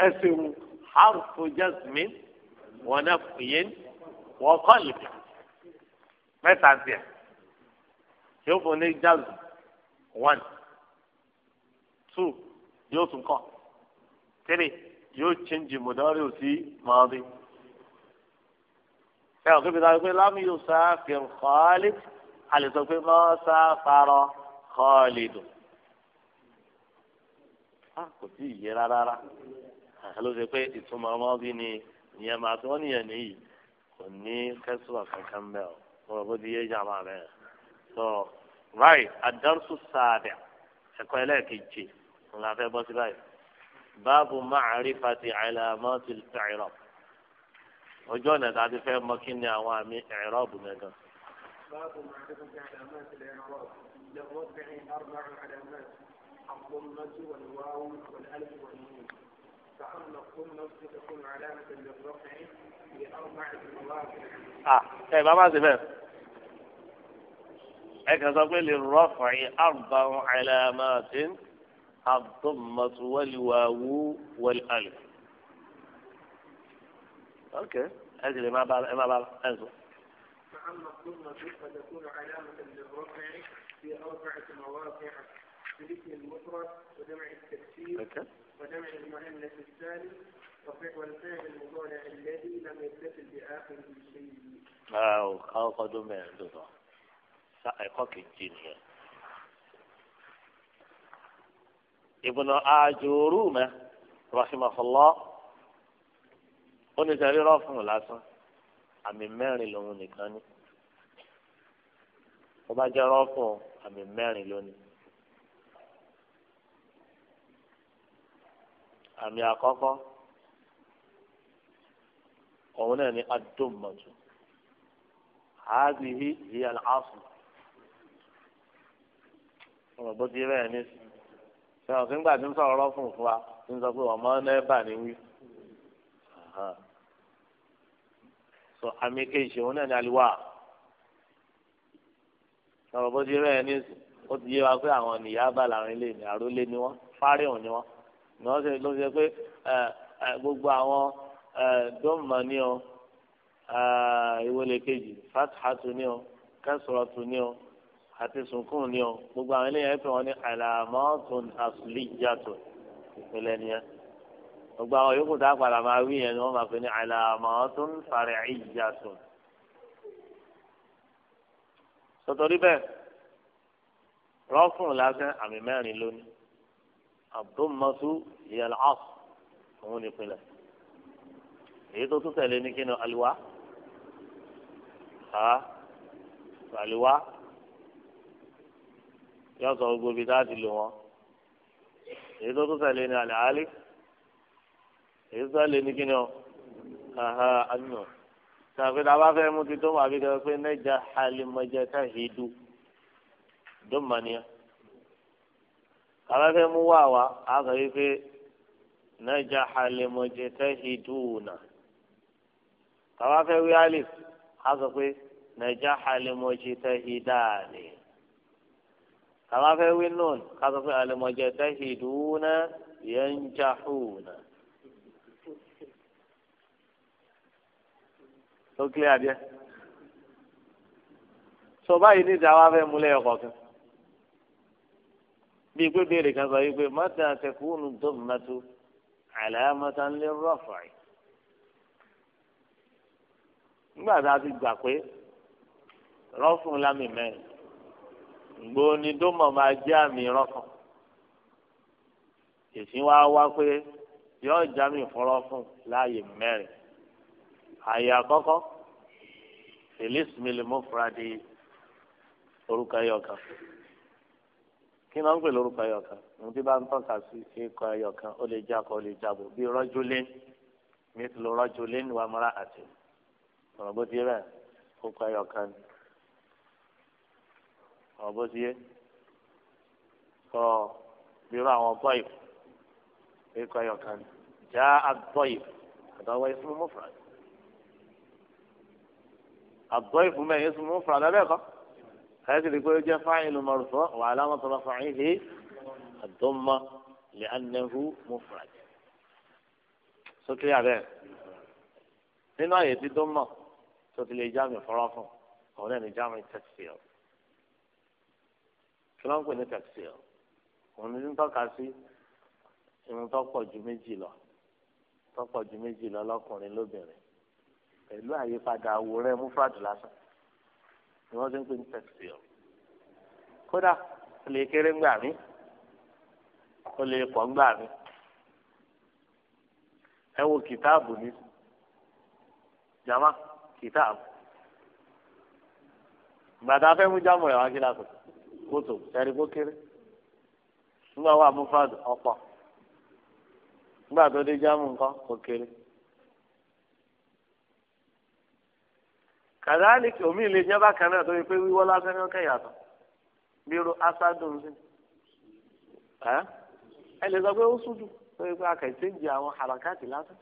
[SPEAKER 1] اسم حرف جزم ونفي وقلب ما تعرف شوفوا نيجي جزم 1 two yóò tún kọ́ three yóò change mọ̀dọ́rì sí mọ́ọ́dí. ẹ ò kébi dáa pé lámì yóò sá fi Khalid àlèsọ pé mọ́ sá farọ Khalid. a kò tí ì yé rárá rárá ló ṣe pé ìtumọ̀ mọ́ọ́dí ni ìyẹn máa tí wọ́n níyẹn nìyí kò ní kẹ́sùwà kankan bẹ́ẹ̀ o mo rò bó ti yé jàmbá bẹ́ẹ̀ so right adarsu sáadẹ̀ ẹ̀kọ́ ẹlẹ́ẹ̀kejì ńlá fẹ́ bọ́ sí báyìí báàbù ma'rifati alamati al-i'rab ojú ọ̀nà tá a ti fẹ́ mọ kí ni àwọn àmì i'rab nìkan.
[SPEAKER 2] باب معرفة علامات الإعراب للرفع أربع علامات الضمة والواو والألف والنون فأما الضمة فتكون علامة للرفع لأربع مواضع.
[SPEAKER 1] آه، إيه ما ماشي بس. إيه كذا للرفع أربع علامات الضمة والواو والألف أوكي أجل ما بعد ما بعد أنزل
[SPEAKER 2] فأما الضمة فتكون علامة للرفع في أربعة مواقع بالاسم المفرد وجمع التكسير okay. وجمع المؤنث الثاني والفعل المضارع الذي لم يتصل بآخره شيء.
[SPEAKER 1] أو أو قد ما يعدها. سأقاك الجنيه. ibùnà àjòrúmẹ rọṣìmọfọlọ oníṣẹrí rọfún lásán àmì mẹ́rin lòun nìkan ni ó bá jẹ rọfún àmì mẹ́rin lónìí. àmì àkọ́kọ́ òun náà ni adómọ̀tò hàbíhí ìyá àlàáfù ọ̀rọ̀ bó ti rẹ̀ ní sùn ṣe ọ̀sìn nígbà ń sọ̀rọ̀ ọlọ́fun fún wa ń sọ pé ọmọ nẹ́ẹ̀bà ni wí. sọ àmì kejì òun náà ní aliwa sọ̀rọ̀ bó ti rẹ̀ ẹ́ nísìn ó ti yé wa pé àwọn nìyá bá làwọn ilé ní àrólé ni wọ́n fárihàn ni wọ́n ni wọ́n ló ṣe pé gbogbo àwọn dọ́mọ̀ ni ọ ìwọlé kejì fatahatu ni ọ kẹsọ̀rọ̀tu ni ọ àti sùnkún ni ọ gbogbo àwọn eléyàn pè wọn ní àlàmọ́tún àsùlíjàtò ìpínlẹ̀ nìyẹn gbogbo àwọn yòókù tá a padà máa wí yẹn ni wọ́n máa pè ní àlàmọ́tún fàrẹ̀ẹ́jàtò. sọtọ́rí bẹ́ẹ̀ rọ́fùn lásán àmì mẹ́rin lónìí àbdùmọ́tú ìyàlá ọ̀f òun nìpínlẹ̀ èyí tó tún tẹ̀lé ní kí ni àlùwá àlùwá yóò sọ gbogbo ibi táà ti lò wọn èyí tó tún tẹ̀lé ní alẹ́ àálí èyí tó tẹ̀lé ní kíni ọ àdùnnà sàfihàn tá a bá fẹ́ mú ti tó màbí kan pé nẹ́jà alimọ̀jẹ táyì dù dùnmọ̀nìyà tá a bá fẹ́ mú wà wá a kàn yí pé nẹ́jà alimọ̀jẹ táyì dùnà tá a bá fẹ́ wí alif a sọ pé nẹ́jà alimọ̀jẹ táyì dàní tàbá fẹ́ wí nùn ká sọ pé àlùmọ̀jẹ tẹ́hìdúnà yẹn ń jà hùnà. tó kílẹ̀ adìẹ. sọ báyìí ní ìdáwà fẹ́ múlẹ̀ ọkọ̀ kan. bí pé béèrè kan sọ yìí pé mọ́tà tẹkùnù dọ́mọ́tò àlàámọ́tà ń lé rọ́fàì. nígbà tá a ti gbà pé rọ́fùn lámì mẹ́rin. gbogbo ni dómọ̀ máa jẹ́ àmì ìrọ́kàn èsìn wa wá pé yóò jámì fọ́rọ́ fún láàyè mẹ́rin àyè àkọ́kọ́ felix milimofradi orúkọ ẹyọkan kí náà ń pè lórúkọ ẹyọkan ohun tí bá ń tọ́ka sí ikọ̀ ẹyọkan ó lè jákọ̀ ó lè jábọ̀ bí àti ọ̀rọ̀ bó ti rẹ̀ ni. ọ̀bọ sí yé sọ bírò àwọn bọ́ìf ẹ̀kọ́ ayọ̀kan já àbọ̀ìf àtàwọn ìsúnmọ́ mọ́fra àbọ̀ìf mẹ́rin ìsúnmọ́ mọ́fra lábẹ́ ẹ̀kọ́ kàyẹ́sì ni pé ó jẹ́ fáìlì mọ̀rùfọ́ wà á láwọn tọ́lá fàáyìn hì àdọ́mọ́ lè ánẹ́hu mọ́fra sókè àbẹ́ nínú àyè tí dọ́mọ́ tó ti lè jáàmì fọ́rọ́ ọ̀rẹ́ ni jáàmì tẹ̀síọ̀ kí wọ́n ń pè ní tẹ̀síọ̀ òun ní tọ́ka sí irun tọ́pọ̀ ju méjì lọ tọ́pọ̀ ju méjì lọ lọ́kùnrin lóbìnrin pẹ̀lú àyípadà àwòrán mufrad lásán ni wọ́n ti ń pè ní tẹ̀síọ̀ kódà ó lè kéré ńgbà mí ó lè pọ̀ ńgbà mí ẹ wo kìtáàbù ní jama kìtáàbù gbàtà fẹ́ mú jámọ̀ ẹ̀ wá kí lásán. kótó ẹ̀rí kó kéré nígbà wà mufrad ọ̀pọ̀ nígbà tó dé jámù nǹkan kó kéré. omi lè jẹ́ bákan náà tó yẹ pé lásán ní asádùn sí ẹ lè sọ pé ó sùdù tó yẹ pé àwọn harakati lásán.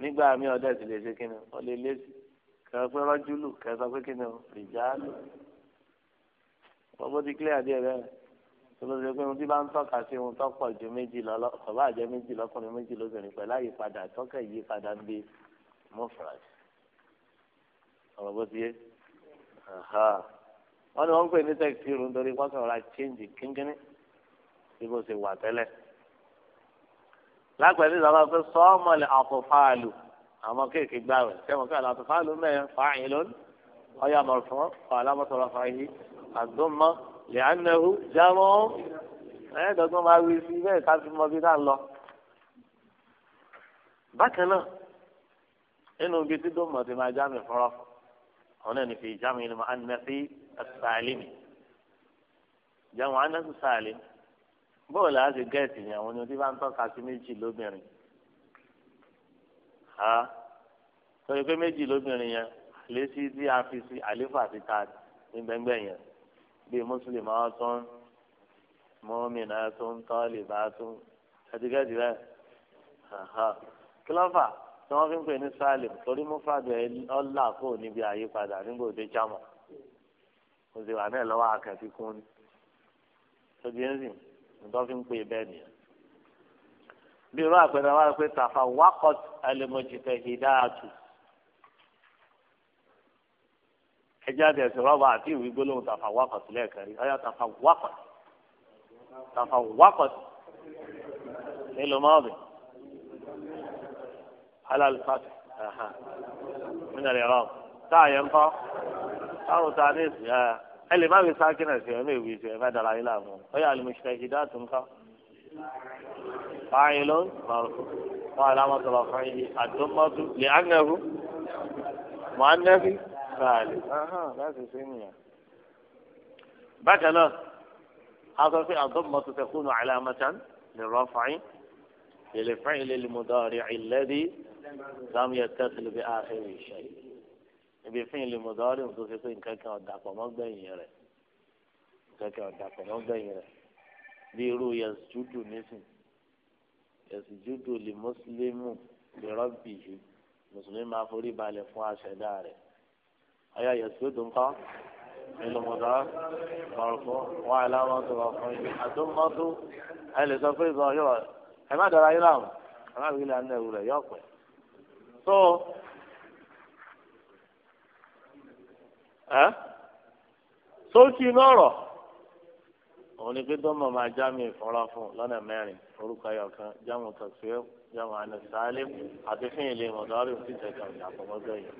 [SPEAKER 1] nígbà mi ti lè ṣe kí ni ọ lè lé sí kẹsàn pé rọjúlù kẹsàn pé kí ni o rìjálù gbogbo ti kílẹ̀ díẹ̀ bẹ́ẹ̀ tolóṣe pé ohun tí bá ń tọ́ka sí ohun tó pọ̀ ju méjì lọ bàbá àjẹ méjì lọ́kùnrin méjì lóbìnrin pẹ̀lú àyípadà tọ́ka ìyípadà ń bi mufrad ọ̀rọ̀ bó ti yé wọ́n ní wọ́n ń pè ní tẹ̀síìrù nítorí wọ́n sọ̀rọ̀ àchéǹjì kínkínní bí kò ṣe wà tẹ́lẹ̀ lápẹ̀lú ìjọba pé sọ́ọ́mọ̀lì àkọ́fáàlù àwọn kéèké gbáwẹ̀ sẹ́wọ̀n ká àlàtò fáàlù mẹ́rin fàáyìn lónìí ọ̀yà mọ̀rùfọ́ fàlámọ́sọ̀rọ̀ fàáyìn àdúmọ̀ lẹ́ánẹ́hù jámọ́ ẹ̀yẹ́ dọ́gbọ́n máa wí sí bẹ́ẹ̀ ká fi mọ bí dá lọ. bákan náà nínú ibi tí dómọ̀ ti máa jámì fọ́rọ́ àwọn náà ní fi jámì ní máa nà sí sàlìmì jámù anásù sàlìmì bóòlù àti gẹ̀ẹ́tì ni àwọn oní ha sọyìn pé méjì lóbìnrin yẹn àlésí tí a fi sí àléfà ti ta ní gbẹngbẹ yẹn bíi mùsùlùmí àwọn tó ń mọ́mìnà tó ń tọ́lì bá tó ń ẹtìkẹ́tì rẹ̀ kílọ́fà tí wọ́n fi ń pè ní salim torí mufadu ẹ ọ̀là kò níbi àyípadà nígbà òde jámà òsèwà náà lọ́wọ́ akẹ́kọ̀ọ́ ni tó di ẹ́ sìn nǹkan fi ń pè bẹ́ẹ̀ nìyẹn. bí irú àpẹẹrẹ wa pé tàfà wákọt al-mujtahidaatu ẹjẹ àti ẹsẹ rọba àti ìwé gbólóhùn tàfà wákọt lẹ́ẹ̀kan rí ọyọ tàfà wákọt tàfà wákọt nílùú mọ́ọ̀bì alálùfáàtì nínú ìrọ̀ táà ye ń kọ́ táwọn ta ní ìsìn ẹ lè má fi sáà kí náà sí ẹ má èwì sí ẹ fẹ́ dara yín láàmú ọyọ al-mujtahidaatu ń kọ́. فاعل مرفوع وعلامة رفعه الضمة لأنه مؤنث فاعل أها لازم سنية بكنا حصل في الضمة تكون علامة للرفع للفعل المضارع الذي لم يتصل بآخر شيء بفعل مضارع تصفين كاكا ودعقا مقدر يرى كاكا ودعقا مقدر يرى بيرو يسجد نسم yasjudu li muslimu li rabbihi mùsùlùmí máa forí balẹ̀ fún aṣẹ̀dá rẹ̀ ọ̀yà yasjudu nǹkan ìlùmọ̀dá mọ̀rùfọ́ wọn aláwọ̀ tó wà fún yìí àdúmọ́tò ẹ lè sọ pé ìgbà ọ̀yọ́ ẹ má dara yín láwọn ẹ má wílẹ̀ àná ẹ̀wù rẹ̀ yọ̀ pẹ̀ tó ẹ́ sókì náà òun ni pé dọ́mọ̀ máa jámi ìfọ́nrán fún lọ́nà mẹ́rin orúkọ ayọ̀kan jámu tọ̀síọ́ jámu anasálẹ̀ àti fún ilé mọ̀dọ́rì òsì tẹ̀ka ọ̀dà àpọ̀mọ́gbẹ́ yìí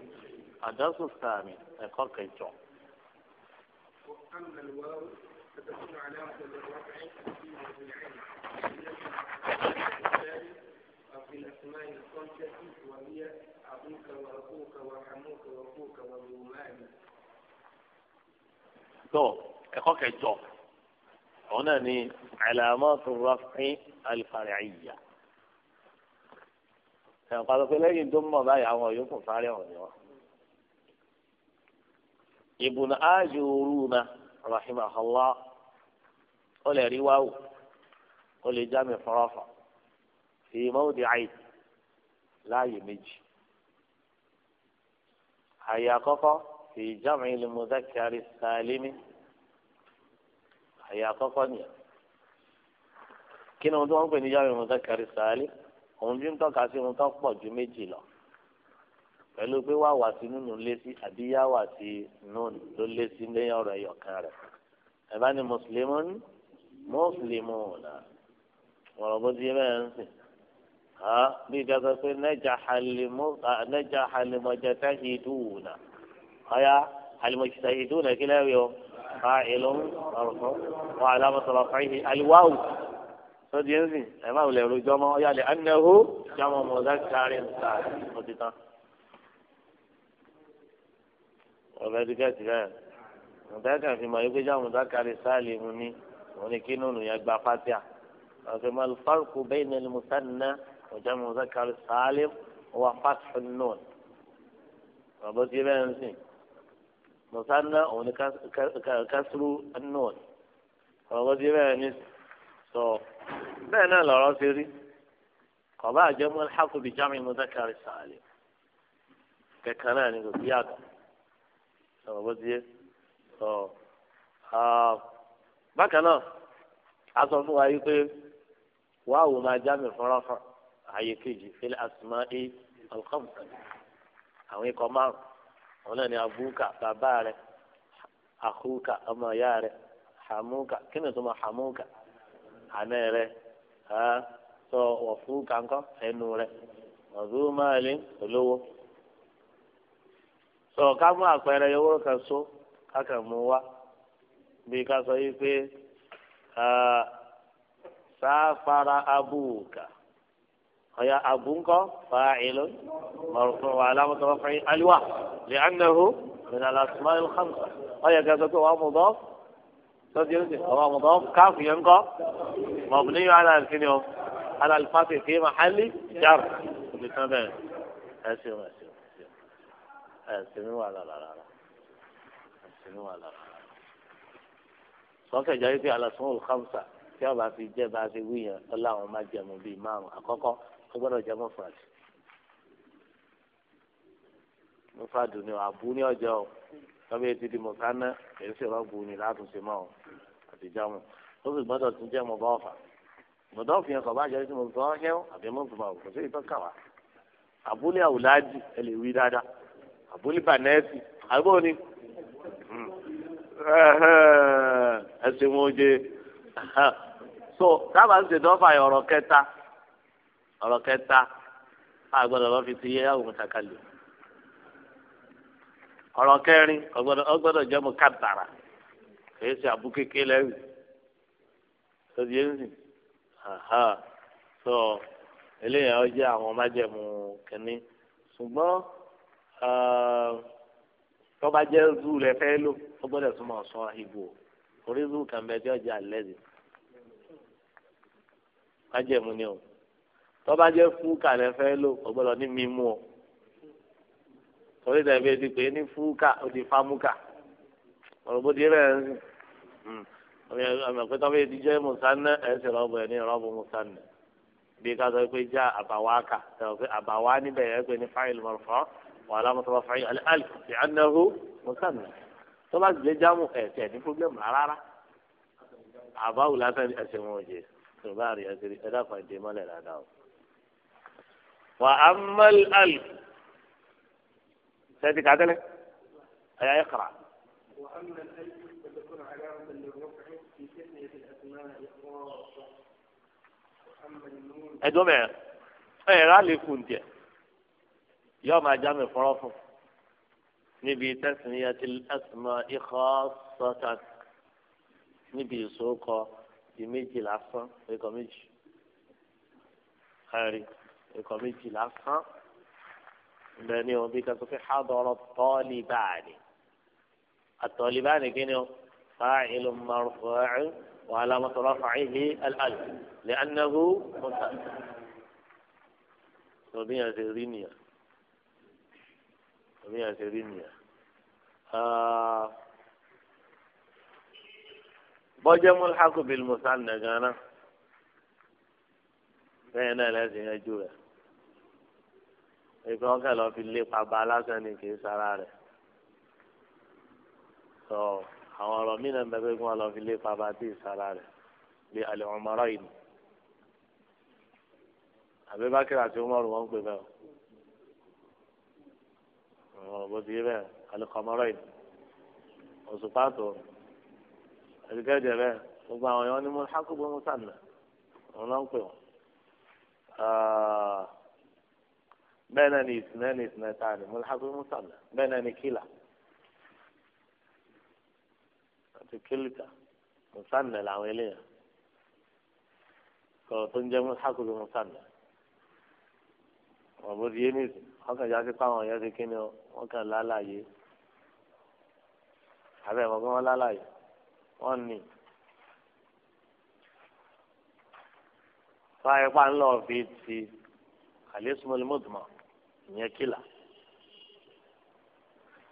[SPEAKER 1] àdásù sàmì ẹ̀kọ́ kẹjọ. في تو ẹ̀kọ́ kẹjọ òun náà ní àlàmọ́tò rọ́fín alifàrẹ́yà ẹ̀wọ̀n pàtó pé lẹ́yìn tó mọ̀ báyìí àwọn yòókù fárẹ́ ọ̀hún ni wọ́n. ibùn ájòrúna rahimahallá ó lè rí wáwù ó lè jámi fọlọ́fọ̀ fi mọ́wùdí àyè láàyè méjì. àyè àkọ́kọ́ fi jámi lè mú dákìárì sálímì ẹ̀yà àkọ́kọ́ nìyẹn kí ni ohun tí wọ́n ń pè ní yàrá ìmọ̀tá kárí sáálí òun bí ń tọ́ka sí ohun tó pọ̀ ju méjì lọ pẹ̀lú pé wà wá sí nínú lésì àbí yá wà sí nínú ló lésì lẹ́yìn ọ̀rọ̀ ẹ̀yọ̀kan rẹ̀ ẹ̀ bá ní mùsùlùmí ní mùsùlùmí ọ̀nà ọ̀rọ̀ bó ti yẹ bẹ́ẹ̀ ń sìn ha bí kẹsàn pé nẹ́jà halimọ̀jẹ̀tẹ̀ hìdúùnà ọ̀yá halimọ̀jẹ̀tẹ̀ hìdúùnà kílẹ̀ wí o. فاعل مرفوع وعلامة رفعه الواو sọdí ẹnsìn ẹ má wulẹ̀ rojọ́ mọ́ ọyá lẹ anahu jámọ́ mọ̀dákàrí nta ọ̀dìtà ọ̀bẹ dúkẹ́tì rẹ̀ mọ̀dákàrí fi mọ̀ ẹgbẹ́ jámọ́ mọ̀dákàrí sáàlì mu ní wọn ni kí nínú yẹn gba pátíà ọ̀sẹ̀ mọ̀ alfarku bẹ́ẹ̀ ní ẹlẹ́mùsánná ọ̀jámọ́ mọ̀dákàrí sáàlì wà fàtúnù ọ̀bọ̀ tí bẹ́ẹ̀ ń sìn musanna òun ni kásírù nùn ọ̀rọ̀ ti bẹ́ẹ̀ ni sọ bẹ́ẹ̀ náà lọ́rọ́ ti rí kọ̀ọ̀bá àjẹmọ́ alḥakubi jami mudakari sàlẹ̀ kẹ̀kẹ́ náà ni kò sí yàtọ̀ sọ̀rọ̀ bó ti yẹ sọ bákan náà a sọ fún wa yìí pé wàá wò máa jámi fọlọ́fọ́ àyè kejì fílẹ̀ asùnmọ́ ẹ̀ ọ̀kọ́ mùsàlẹ̀ àwọn ikọ̀ márùn-ún àwọn náà ni abúkà bàbá rẹ àkúkà ọmọ ìyá rẹ hàmúkà kí ni tó máa hàmúkà àná rẹ sọ wọ̀fúkà ńkọ́ ẹnu rẹ mọ̀dúnmáàlì olówó sọ ká mú àpẹẹrẹ owó kan só kákà mú wá bí ká sọ yìí pé sáfara abúkà. فيا أبوك فاعل مرفوع وعلامة رفعه الواو لأنه من الأسماء الخمسة فيا كذا هو مضاف هو مضاف كاف ينقى مبني على الكنيوم على الفاتح في محل جر بتمام أسيو أسيو أسيو ولا لا لا لا أسيو ولا لا sọ́kè jẹ́ pé alásùn olùkọ́mùsà الخمسة ọba fi jẹ́ bá a ti wí yẹn ọláwọn máa jẹun bíi márùn-ún àkọ́kọ́ ó gbọ́dọ̀ jẹ́ mufrad mufrad ni ọ àbú ní ọjọ́ ọ tọ́bí etí di mọ̀sánná èyí sì rọ́ọ̀bù ni látúnṣe mọ́ ọ àti jámù ó sì gbọ́dọ̀ tún jẹ́ mọ́ bọ́ọ̀fà mọ̀dọ́ fi hàn kọ̀ọ̀bá jẹ́ sí mo sọ ọ́ hẹ́ọ́ àbí mo sọ ọ́ kò sí ìtọ́ka wa àbúlé àwùlájì ẹ lè wí dáadáa àbúlé bànẹ́ẹ̀sì àbúrò ni ẹsẹ̀ wọn jẹ so dábàá ń ṣe dọ́fà ọ̀rọ̀ kẹta ọ̀rọ̀ kẹta àgbọ́dọ̀ lọ fi ti yé àwọn mùtàkàlì ọ̀rọ̀ kẹrin ọgbọ́dọ̀ jẹ́ mu kàbàrà kìí ṣe àbúkéké lẹ́rù lọ́dí yẹn sì sọ eléyà ó jẹ́ àwọn májẹ̀mú kìnní ṣùgbọ́n ah, tọ́ba jẹ́ zuu rẹ fẹ́ lò ó gbọ́dọ̀ súnmọ́ sọ ìbò orí zuu kàn bẹ́ẹ̀ tí ó jẹ́ májẹ̀mú ni o tọ́ba jẹ́ fúkà lẹ fẹ́ lò ó gbọ́dọ̀ ní mímú ọ torí dàbí ẹni pé ní fúkà ó di fámúkà ọ̀rọ̀ bó di rẹ̀ ń hmm. ọmọ pé tọ́ba ti jẹ́ mùsànnà ẹ̀ sì rọ́ọ̀bù ẹ̀ ní rọ́ọ̀bù mùsànnà bí ká sọ pé já àbáwáka sọ pé àbáwá níbẹ̀ yẹ pé ní fáìlì mọ̀rọ̀fọ́ wàhálà mọ̀tọ́ba fáìlì alẹ́ ti ànáhó mùsànnà tọ́ba ti jẹ́ jámù ẹ̀ tẹ̀ ní fúgbẹ́mù rárá àbáwò lásán ẹ̀sìn wọn ò jẹ́ tòbá rí ẹ̀sìn ẹ̀dá kan dé mọ́lẹ̀ dáadáa وأما الألف سيدك عدلة أي اقرأ
[SPEAKER 2] وأما الألف فتكون علامة للرفع في تثنية الأسماء إقرار وأما النون
[SPEAKER 1] أدوم إيه أي يكون كنت يوم أجام الفرافة نبي تثنية الأسماء خاصة نبي سوقا بميجي العصا ويقا إيه ميجي خيري ikọ̀ méjì lásán فاعل مرفوع وعلامة رفعه الألف لأنه متأخر ربيع سيرينيا ربيع سيرينيا آه بجم الحق بالمثنى كان بين لازم ètò ọkẹ lọ fi lépa ba lásán ni kì í sara rẹ sọ àwọn ọ̀rọ̀ mí náà bẹbẹ kí wọn lọ fi lépa ba tí ì sara rẹ bí alẹ wọn mọrọ yìí àbí bákìrì àti umaru wọn ń pè bẹ́ẹ̀ ọ̀rọ̀ bó ti yé bẹ́ẹ̀ alikọmọrọ yìí òṣùpáàtò àdìgẹ́jẹ bẹ́ẹ̀ gbogbo àwọn yẹn wọn ni mo hákùbọ musanna wọn lọ ń pè wọn bẹ́ẹ̀ náà ni ìsìnlẹ̀ ni ìsìnlẹ̀ tá a ní mọ́láhábí mùsàlẹ̀ bẹ́ẹ̀ náà ni kílà àti kílìkà mùsàlẹ̀ làwọn eléyàn kọ̀ tó ń jẹ́ mọ́láhábí mùsàlẹ̀ ọ̀bọ̀ di yénìsì wọ́n kàn já sí páwọn ọ̀yẹ́ ti kíni o wọ́n kàn lálàyé àbẹ̀ wọ́n kàn wọ́n lálàyé wọ́n nì. fáyipá ńlọ fi ti àlẹ́ sùnmọ́lẹ́mọ́tò ìyẹn kìlà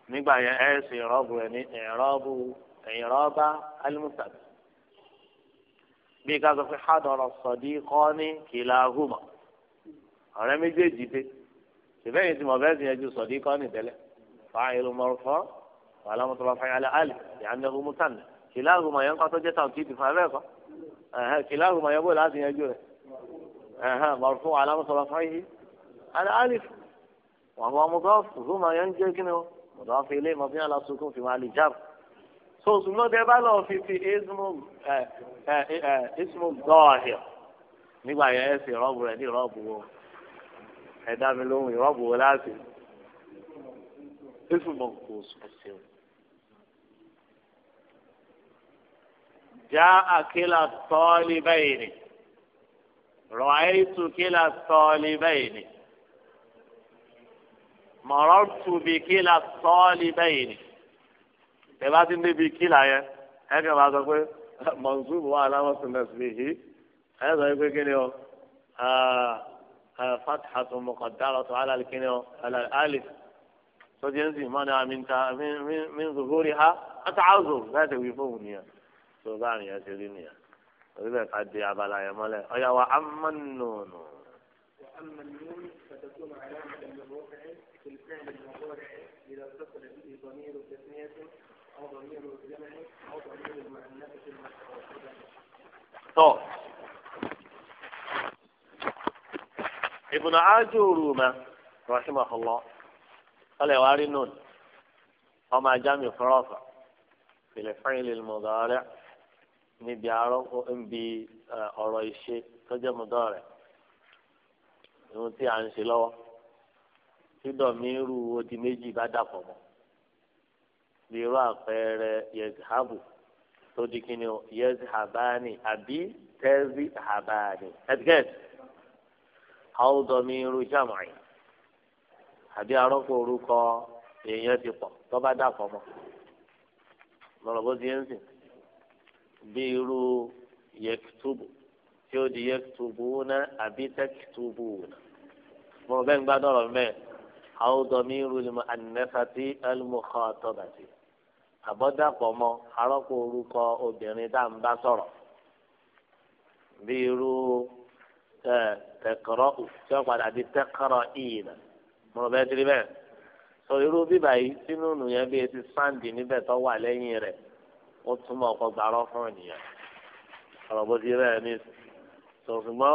[SPEAKER 1] nígbà yẹn ẹ ṣe ìrọ́bù rẹ ní ìrọ́bù ìrọ́bà alimusabi bí ká sọ pé hadọ̀rọ̀ sọ̀dí kọ́ ní kìlà hùmà ọ̀rẹ́ méjèèjì dé ṣùgbọ́n èyí tí mo fẹ́ sìn yẹn ju sọ̀dí kọ́ ní tẹ́lẹ̀ fàáyìlú mọ̀rọ̀fọ́ wàhálà mọ̀tò bá fàáyìlá àlì ìyànnẹ́hu mùtánì kìlà hùmà yẹn kọ́ tó jẹ́ tàwọn kìdì fún kìlà hùmà yẹn bó láti yẹn ju rẹ̀ mọ̀rọ̀fọ́ wàhálà mọ̀tò bá fàáyìlá àlì وهو مضاف هما ينجي كنو مضاف إليه مبني على السكون في محل جر so sùnmọ́ tẹ bá lọ fi fi ismu zahir nígbà yẹn ẹ sì rọ́ọ̀bù rẹ̀ ní ìrọ́ọ̀bù wo ẹ dá mi lóhùn ìrọ́ọ̀bù wo láti ismu mọ̀kòsù ẹ̀sìn. جاء كلا الطالبين رأيت كلا الطالبين mọ̀rọ́tù bí kílà sọ́ọ́lì bẹ́yìí ni tẹ̀bá ti ń débi kílà yẹn ẹ̀kẹ́ máa sọ pé mọ̀nsúbù wà láwọn sinẹ́sì bí yìí ẹ̀ sọ pé kí ni o ah, ah, fatihatu muqaddaratu ala kí ni o ala alif sọ́jà ń sìn mọ́ni àmìta min zuhuri ha àtàwùzù láti wí fóun nìyẹn tó bá àrùn yẹn rí nìyẹn orí bẹ́ẹ̀ ká di abala yẹn mọ́lẹ̀ ọ̀yà amánùnù.
[SPEAKER 2] في الفعل المضارع إذا اتصل به ضمير تثنية أو ضمير جمع أو ضمير المؤنثة المتقاعدة.
[SPEAKER 1] طب ابن عجرومة رحمه الله قال يا واري النون وما جامع فراسة في الفعل المضارع نبي àárọ̀ níbi ọ̀rọ̀ ìṣe tó jẹ́ mọ̀dọ́rẹ̀ ìhun tí à ń ṣe lọ́wọ́. tídọ̀ mi rú odi méjì bá dàpọ̀ mọ́ bí irú àpẹẹrẹ yezhabu tó di kí ni o yezhabani àbí tẹ́sí habani ẹ̀dgẹ́t àwùjọ mi rú jàmọ̀rin àbí arọ́pò orúkọ èèyàn ti pọ̀ tó bá dàpọ̀ mọ́ lọ́rọ̀ bó ti ń sìn bí irú yẹkitubu tí ó di yẹkitubu náà àbí tẹkitubu náà mo bẹ́ẹ̀ ń gbádùn ọ̀rọ̀ mẹ́ẹ̀. أو ضمير المؤنثة المخاطبة àbọ̀dàpọ̀ mọ́ arọ́pò orúkọ obìnrin tá à ń bá sọ̀rọ̀ bi irú tẹkọrọ tí wọ́n padà di tẹkọrọ ìyìn náà mo rò bẹ́ẹ̀ tiri bẹ́ẹ̀ sọ irú bíbà yìí sínú nìyẹn bí etí sáǹdì níbẹ̀ tó wà lẹ́yìn rẹ̀ bó ti rẹ̀ ní sọ ṣùgbọ́n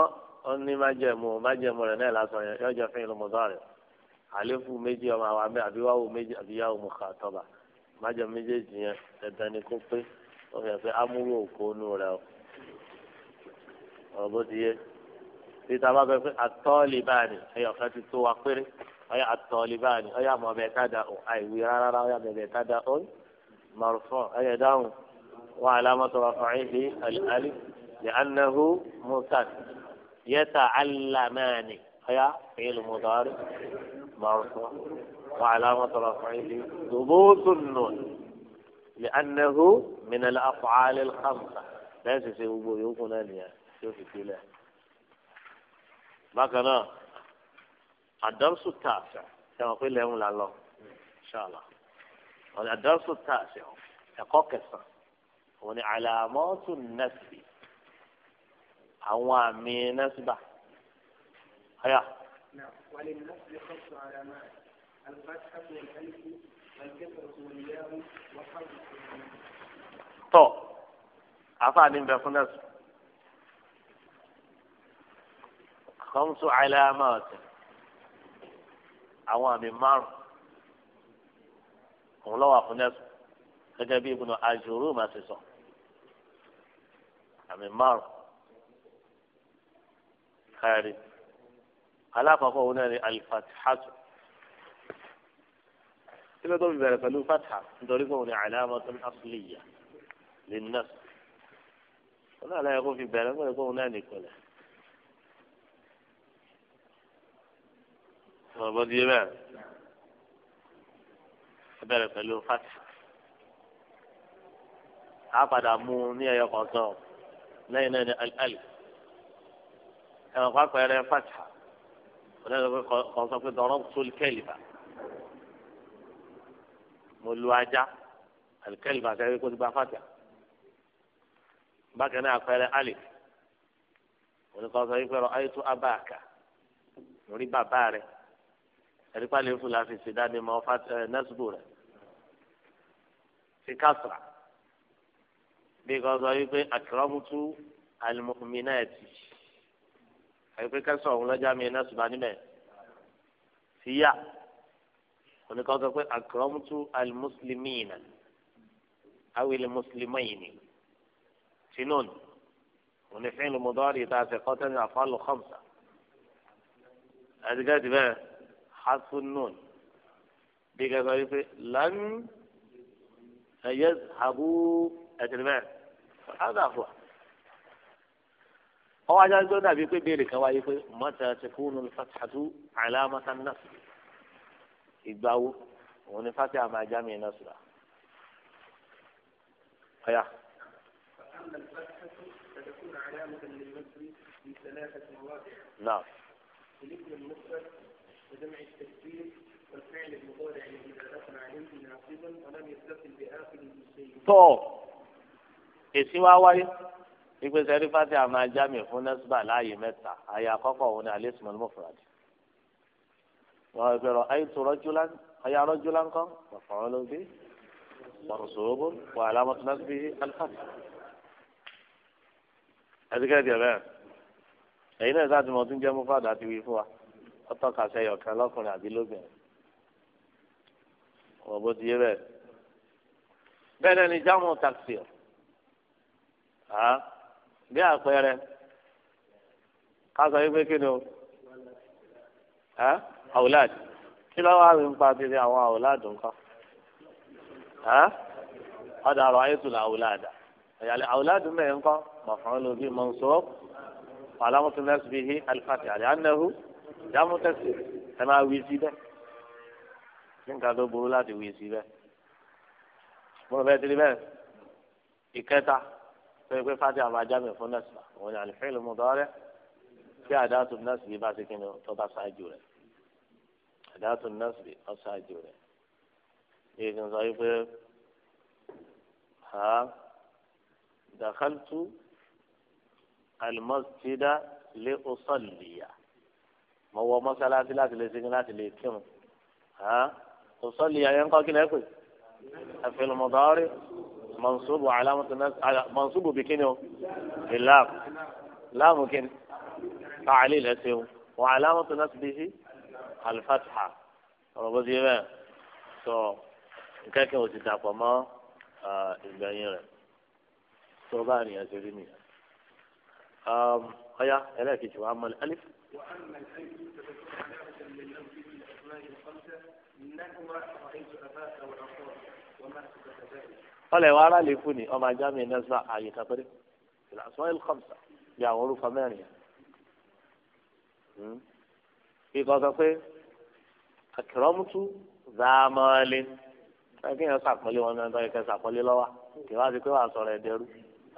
[SPEAKER 1] ó ní májẹ̀mú májẹ̀mú rẹ̀ náà lásán yọjọ́ fún ìlú mọ́tò àléfù méjì ọmọ àwọn abẹ àbíwáwò méjì àbíyáwò mo kà tọba májọ méjèèjì yẹn dandan ni kó pé ó fi hàn pé amúrò òkú nù rẹ o ọ̀rọ̀ bó ti yé títa bá fẹ́ pé àtọ́ọ̀lì báyìí ẹ̀yọ̀ kan ti tó wa péré ọ̀yà àtọ́ọ̀lì báyìí ọ̀yà mọ̀ bẹ́ẹ̀ ká da o àìwí rárá ọ̀yà bẹ́ẹ̀ ká da o màrúfọ̀ ẹ̀yẹ dáhùn wà á lámọ́tò wà fún ẹ̀hí àlì lẹ́ànáhù mùsàlì yẹ́ta àlámẹ́ni ọ̀yà fẹ́ẹ́lì mùsàlì. مرفوع وعلامة رفعه ثبوت النون لأنه من الأفعال الخمسة لا تسيبوا يوقنا لها شوف كلا بقنا الدرس التاسع كما قلنا لهم الله إن شاء الله والدرس التاسع يقوكسا وني علامات النسب أو من نسبة هيا
[SPEAKER 2] نعم وللنصب خص الفتحة والألف والكسرة والياء وحرف
[SPEAKER 1] طو عفاني بفن نصب خمس علامات عوامل مارو òun lọ́wọ́ àfúnẹ́sù gẹ́gẹ́ bí ibùdó àjòrò máa ṣe sọ àmì خلافه هنا الفتحة إذا دوم ذلك له فتحة دوركم علامة أصلية للنصر ولا لا يقول في بالك ولا يقول هنا كله فبد يبان ذلك له فتحة عقد أموني يا لا ينال الألف أنا كما قال فتحة kò sọ pé dọ̀rọ̀ tul kẹ́lìbà mo lu ajá alikẹ́lìbà kẹ́lẹ́ kó ti gba fàtà bákan náà àpẹẹrẹ alif oníkọ́sọ yìí pẹ̀lú ayétu abáàkà lórí bàbá rẹ ẹ̀rípa lè fún láti ṣèdáni mọ́ nẹ́sùbù rẹ ti kásra bí kọ́sọ yìí pé àkìrọ́mùtú almu'minati àyíkpé kẹsàn ọ̀hún lọ́jà mi iná sùnmọ́ níbẹ̀ síyà oníkan sọ pé àkàràmùtù alimusulimina awele muslimayini tinon onífẹ̀yìn lomodori ìtàsẹ̀ kọ́tẹ́nì àfọlù khamsa àdìgá ti bẹ́ẹ̀ hasunun bí kẹsàn yìí pé lan ayé habu ẹ̀tẹ̀lẹ̀ bẹ́ẹ̀ fún wa. ọwọ́ ajá tó dàbí pé béèrè kan wáyé pé mọ́tà ti fún un fatahatu alámọ́tà náà ìgbà wo òun ni fati àmà ajá mi náà sùrà.
[SPEAKER 2] ọ̀yà. نعم بالنسبة للمفرد وجمع التكبير والفعل المضارع الذي دخل عليه ناقصا ولم يتصل بآخره شيء.
[SPEAKER 1] طب. èsì wá wáyé ìgbésẹ̀ rí fati àmà jami fún nẹ́sùbà láàyè mẹ́ta àyè àkọ́kọ́ òun ni al-ismul mufrad wọ́n rẹ̀ bẹ̀rọ ayétu rajulan ayé rajulan ńkọ́ ọ̀fọ̀rọ̀ ló bí mọ̀rùsọ̀rọ̀bù wà alámọ̀tò náà bí alifásitì. ẹ̀dígẹ́ díẹ̀ bẹ́ẹ̀ ẹ̀yin náà sáà tí mo tún jẹ́ mufrad àti wí fún wa ó tọ́ka sí ẹyọ̀kan lọ́kùnrin àbí lóbìnrin wọ́n bí àpẹẹrẹ ká sọ wípé kí ni o ẹ àwòláàdì kí ló wá rí nípa ti di àwọn àwòláàdì nǹkan ẹ ọdọ àrò ayétùlọ àwòláàdì ẹyàlẹ àwòláàdì mẹ́rin nǹkan mọ̀fọ́n ló bí mọ̀nsọ́ alámùtú nẹ́sì bíi hí alifati àlẹ́ anáhu yàmú tẹ́sí ẹ máa wí sí bẹ́ẹ̀ nǹkan tó burú láti wí sí bẹ́ẹ̀ mo rò bẹ́ẹ̀ tiri bẹ́ẹ̀ ìkẹta fẹ́ẹ́ pé fati àwọn ajá mi fún nọ́ọ̀sì òun ni àlùfẹ́ẹ́ ló mú dọ́rẹ́ tí àdáàtú nọ́ọ̀sì yìí bá ti kí ni tó bá ṣáájú rẹ̀ àdáàtú nọ́ọ̀sì yìí bá ṣáájú rẹ̀ yìí kì í sọ wípé ha dàkàltú alimọ́sídá lé ọ̀sọ́lìyà mo wọ mọ́sálásí láti lè segin láti lè kírun ha ọ̀sọ́lìyà yẹn ń kọ́ kí lẹ́pẹ́ àfẹnumọ̀dọ́rẹ́. منصوب وعلامة الناس على منصوب بكنه اللام لا ممكن تعليل اسمه وعلامة به الفتحة ربما ما آه، so nǹkan kan ò ti dàpọ̀ mọ́ ìgbà yẹn rẹ̀ tó bá rìn àti rí mi. ọ̀ya ẹlẹ́ẹ̀kejì wa mọ̀ alif.
[SPEAKER 2] منهما رأيت أباك وعقاب وما سكت ذلك
[SPEAKER 1] ọlẹ wa ara lè fún ni ọmọ ajá mi nẹsà ààyè kápẹrẹ
[SPEAKER 2] ìlàsọ́yìn kọ́msà
[SPEAKER 1] bí àwọn orúkọ mẹ́rin yẹn. ikọ̀ hmm. sọ pé àkìrọ́mùtú zàmọ́lé kí yẹn sàpọ́nlé wọn náà lọ́yẹ̀ kẹ́ sàpọ́nlé lọ́wọ́ kí wọ́n á ti pé wàá sọ̀rọ̀ ẹ̀dẹ́rú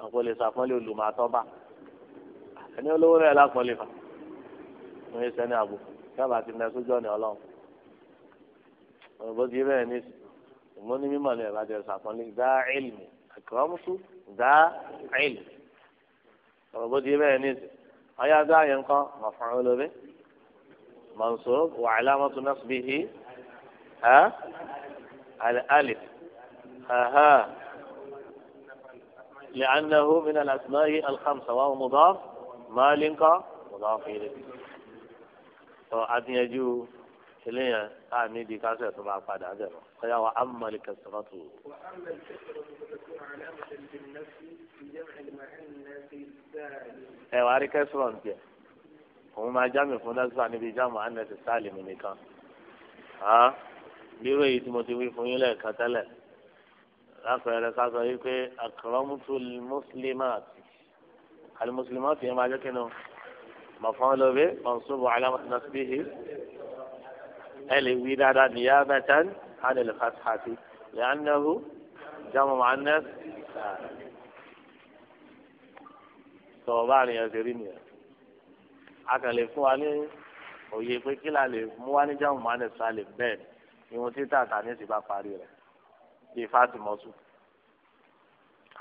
[SPEAKER 1] àpò lè sàpọ́nlé olùmọ̀tọ́ba ẹni olówó náà lápọ́nlé fà wọ́n yé àbò kí wọ́n bá ti mẹ́ sójú ọ̀nà ọlọ́run òbó ti bẹ́ẹ̀ ní ìmọ̀ ní mímọ̀ ní ẹ̀rọ àti ẹ̀sà kan ní dá ilmi àkàràmùtù dá ilmi ọ̀rọ̀ bó di bẹ́ẹ̀ ní ìsìn ọ̀yá dá yẹn kan maf'ul bihi mansub wa alamatu nasbihi al-alif لأنه من الأسماء الخمسة وهو مضاف مالك مضاف إليه. أدنيجو eléyàn a ní di kásẹ̀ tó máa padà bẹ̀ lọ ọ̀yà wa amali kẹsàn-án tó. ẹ wàá rí kẹsàn-án jẹ òun máa jámì fún nẹ́sà níbi jámù anẹ́sì sálìmù nìkan bírò èyí tí mo ti wí fún yín lẹ́ẹ̀kan tẹ́lẹ̀ lápẹẹrẹ ká sọ yìí pé àkàràmùtù mùsùlùmáàtì àlùmùsùlùmáàtì yẹn máa jẹ́ kí ẹ lè wí dáadáa nìyá mẹ́tẹ́n hàn lè fà tààtì lẹ́yìnàhù jámọ̀ máa nẹ́ sọ̀rọ̀ bá àrùn yẹn ṣe rí nìyẹn a kàn lè fún wa ní òye pé kí la lè mú wa ní jámọ̀ máa nẹ́ sọ̀rọ̀ lè bẹ́ẹ̀ ìwọ̀n títà tàní ti bá parí rẹ̀ bíi fásimọ́sù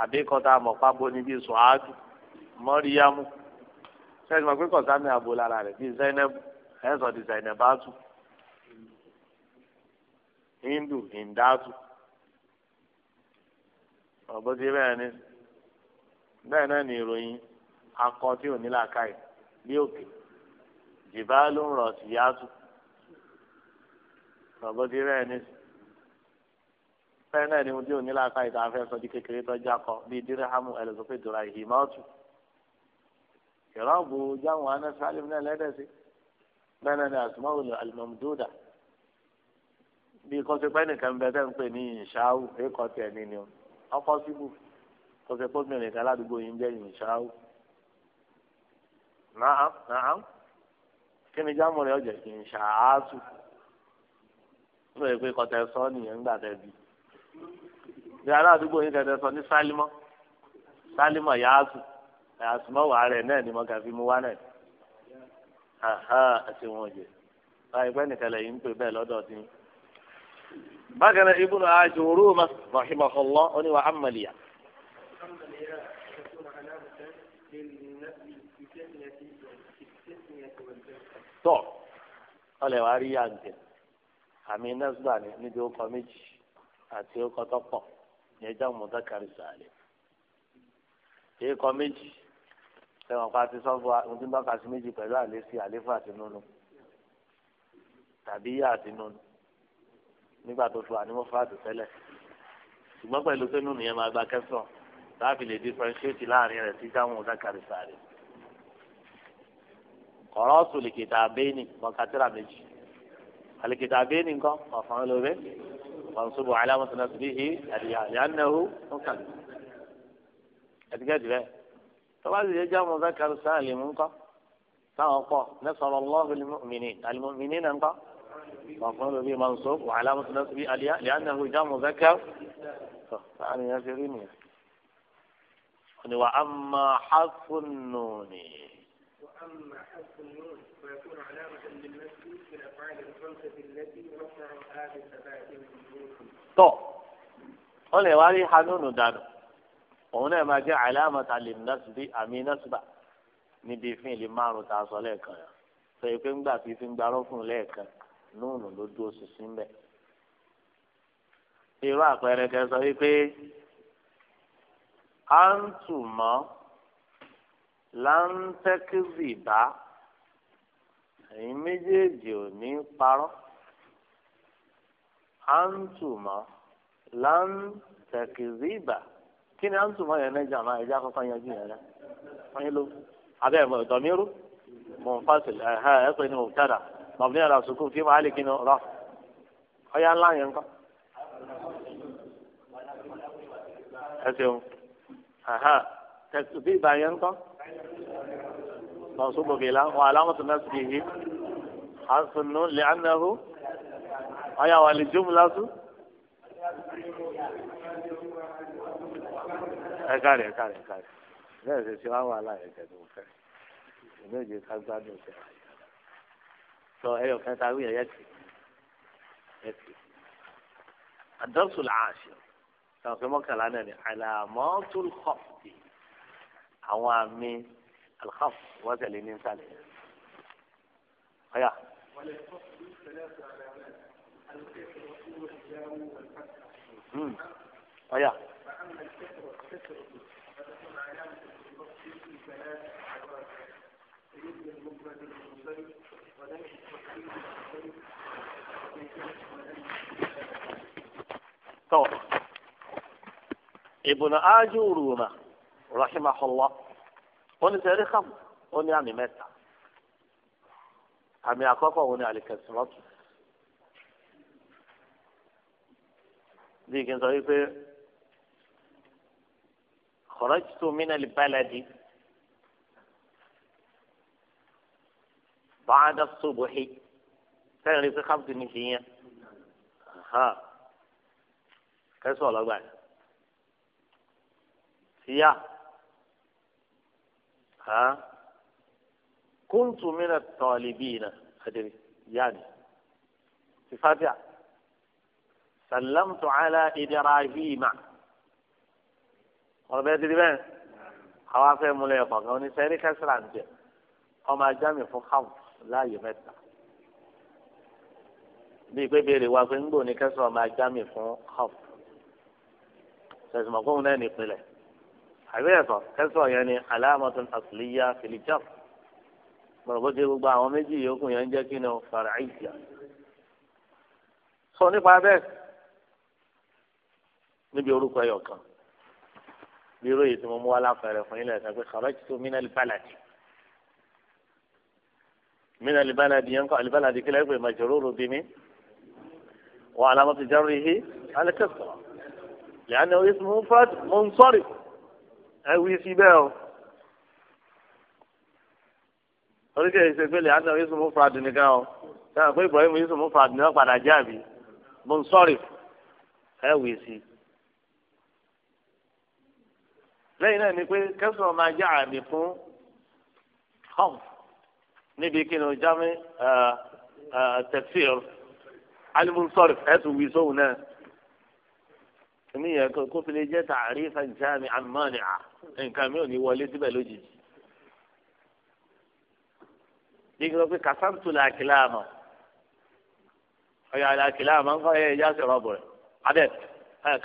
[SPEAKER 1] àbí kọ́tà mọ̀pábó ní bíi sùhàdù mọ́ríyámù sẹ́yìn mọ̀ pé kọ̀sánmi àbò lára rẹ̀ bíi zainab ẹ̀ sọ di zainabatu hindu hindatu ọ̀bọ̀n ti bẹ́ẹ̀ ni bẹ́ẹ̀ náà ni ìròyìn akọ tí ò ní làákàyè ní òkè jìbá ló ń rọ̀ sí yàtú ọ̀bọ̀n ti bẹ́ẹ̀ ni bẹ́ẹ̀ náà ni mo tí ò ní làákàyè tá a fẹ́ sọ di kékeré tó já kọ bíi díríhàmù ẹlẹ́sọ̀pẹ̀ dùrà ìhìmọ́tù ìrọ̀bù jáwọn anásálẹ̀ náà lẹ́dẹ̀ẹ́sì bẹ́ẹ̀ náà ni àtúmọ̀wò alimọ̀mùdúdà. bí kọ́sípẹ́ nìkan bẹ ń pè ní síbù obìnrin kan ládùúgbò yìí ń kí ni jámù rẹ̀ ọ̀jẹ̀ kì í kọ́tẹ́ sọ nìyẹn ńgbà bí. bí aládùúgbò yìí kẹ́tẹ́ sọ ní sálímọ́ sálímọ́ rẹ̀ náà ni mo kà fi mu wá náà. àti wọn jẹ báyìí pẹ́ nìkan lẹ́yìn ń pè bẹ́ẹ̀ lọ́dọ̀ bákan náà ibùdó a rahimahullah oníwà amàlìyà. tọ́ ọlẹ̀ wá rí yàǹtẹ̀ àmì nasba ni níbi méjì àti ní méjì pa nígbà tó tó àníwọ́ fáàtì tẹ́lẹ̀ ṣùgbọ́n pẹ̀lú pé nínú yẹn máa gba kẹsàn láàbì lè differentiate láàrin rẹ̀ sí jáwọn ọ̀dàkàrí sáré kọ̀rọ̀ sùn lèkìtà abéènì mọ̀kátìrà méjì àlèkìtà abéènì nǹkan ọ̀fọ̀n lóore wàǹsóbò alámọ̀tánà sí bíi àdìyà àdìyànnẹ́hó nǹkan ẹ̀dígẹ́dì rẹ̀ tọ́ba sì yẹ jáwọn ọ̀dàkàrí sáré mú nǹkan táwọn pọ̀ مفعول به منصوب وعلامة نصبه الياء لأنه جاء مذكر فأنا يجريني وأما حذف النون
[SPEAKER 2] وأما حذف النون فيكون علامة للنسب في الأفعال الخمسة التي رفعها بالثبات tó
[SPEAKER 1] ó lè wá rí hanunu dànù òun náà máa jẹ́ àlámọ̀tà lè násìbí àmì násìbà níbi ìfín ìlú márùn tá a sọ lẹ́ẹ̀kan yẹn lóònù ló dúró ṣinṣin bẹ irú àpẹẹrẹ kẹ sọ wípé à ń tù mọ́ láńtẹ́kìzì bá ẹ̀yin méjèèjì ò ní parọ́ à ń tù mọ́ láńtẹ́kìzì bá kí ni à ń tù mọ́ yẹn náà jàmá ẹ̀já kọ́kọ́ yanjú yẹn rẹ̀ wọ́n yín ló abẹ́ ẹ̀ mọ̀ ìtọ́ mi rú mọ̀ nfàṣẹ̀ ẹ̀ ẹ̀ ẹ̀ pé ní mọ̀ tẹ́lá mọ̀bí ọ̀rọ̀ sùkúù fí máa lè kí ni rọ ọyá ńlá yẹn ńkọ. ẹ ṣeun tẹsibí ìgbà yẹn ńkọ mọ̀sùn bòbí wọn aláwọ̀tò náà sì yìí asùnú lẹ́ànàhù
[SPEAKER 2] ọyá wà lè jóun lásù. ẹ káàrẹ̀ ẹ káàrẹ̀ ẹ káàrẹ̀
[SPEAKER 1] bẹ́ẹ̀ ṣe ṣe wá wà láyé ẹ̀jẹ̀ tó fẹ́ ẹ̀ ní òye ká gbádùn fẹ́. سؤالي وكانت عاوية يكفي يكفي الدرس العاشر كان في سأقوم العناني علامات الخفض عوامي الخفض وزي اللي ننسال هيا
[SPEAKER 2] ولكن ثلاثة علامات الكسر والفتح هيا فأما الكسر والكسر فتكون علامة الخفض في ثلاث علامات يجب المبرد المبرد
[SPEAKER 1] to ibùnà ájúrùmà rahimahullah oníṣẹ́rí kàm ó ní àmì mẹ́ta àmì àkọ́kọ́ òun ni àlìkẹ́sìmọ́tò bí kì í sọ wípé kọ̀rọ̀jìtò mínà lè bá lẹ́dí. بعد الصبح كان في خمس نسية ها كيف سؤال أقول هي ها كنت من الطالبين خدري يعني صفات سلمت على إبراهيم ربي أدري بين نعم. حواسي مليطة كوني سيري كسران أو وما جامع في خفض láàyè mẹ́ta bíi pé béèrè wa pé ń gbò ní kẹsàn-án máa já mi fún hop tẹ̀sùmọ̀ fóun náà nípìnlẹ̀ àbí kẹsàn-án yẹn ni aláàmọ̀tún àṣìlíyá fìlíjàm gbọ̀dọ̀gbọ́dé gbogbo àwọn méjì yòókù yẹn ń jẹ́ kí ni fara àìsíà sọ nípa bẹ́ẹ̀ níbi orúkọ ẹyọ kan bí irú èyí tí mo mú wá láfẹ̀rẹ̀ fún yín lẹ́sẹ̀ pé kàrọ́ọ̀tì tó mí náà lè bàlàjì من البلد ينقع البلد كلا يقول مجرور بمن وعلامة جره على كسرة لأنه اسمه مفرد منصرف أو يسيبه oríṣi ìṣe pé lèyàn náà yéṣu mufrad nìkan o sáà pé Ibrahim yéṣu mufrad ni wọn padà jáàbí monsori ẹ wì sí. lẹ́yìn náà ni pé kẹsàn-án máa jẹ́ àmì fún họ́ọ̀fù níbi kí ni jami tẹfsir alimusọrif ẹsùn wí sóhun náà níyẹn kó fi lè jẹ tààrífà jami amani a nǹkan mi ò ní wọlé síbẹ̀ lójijì dígbà lọ pé kasantu la kìláàmà ọyọ àlà kìláàmà ńkọ ẹ ẹjá sọ̀rọ̀ bọrẹ abẹ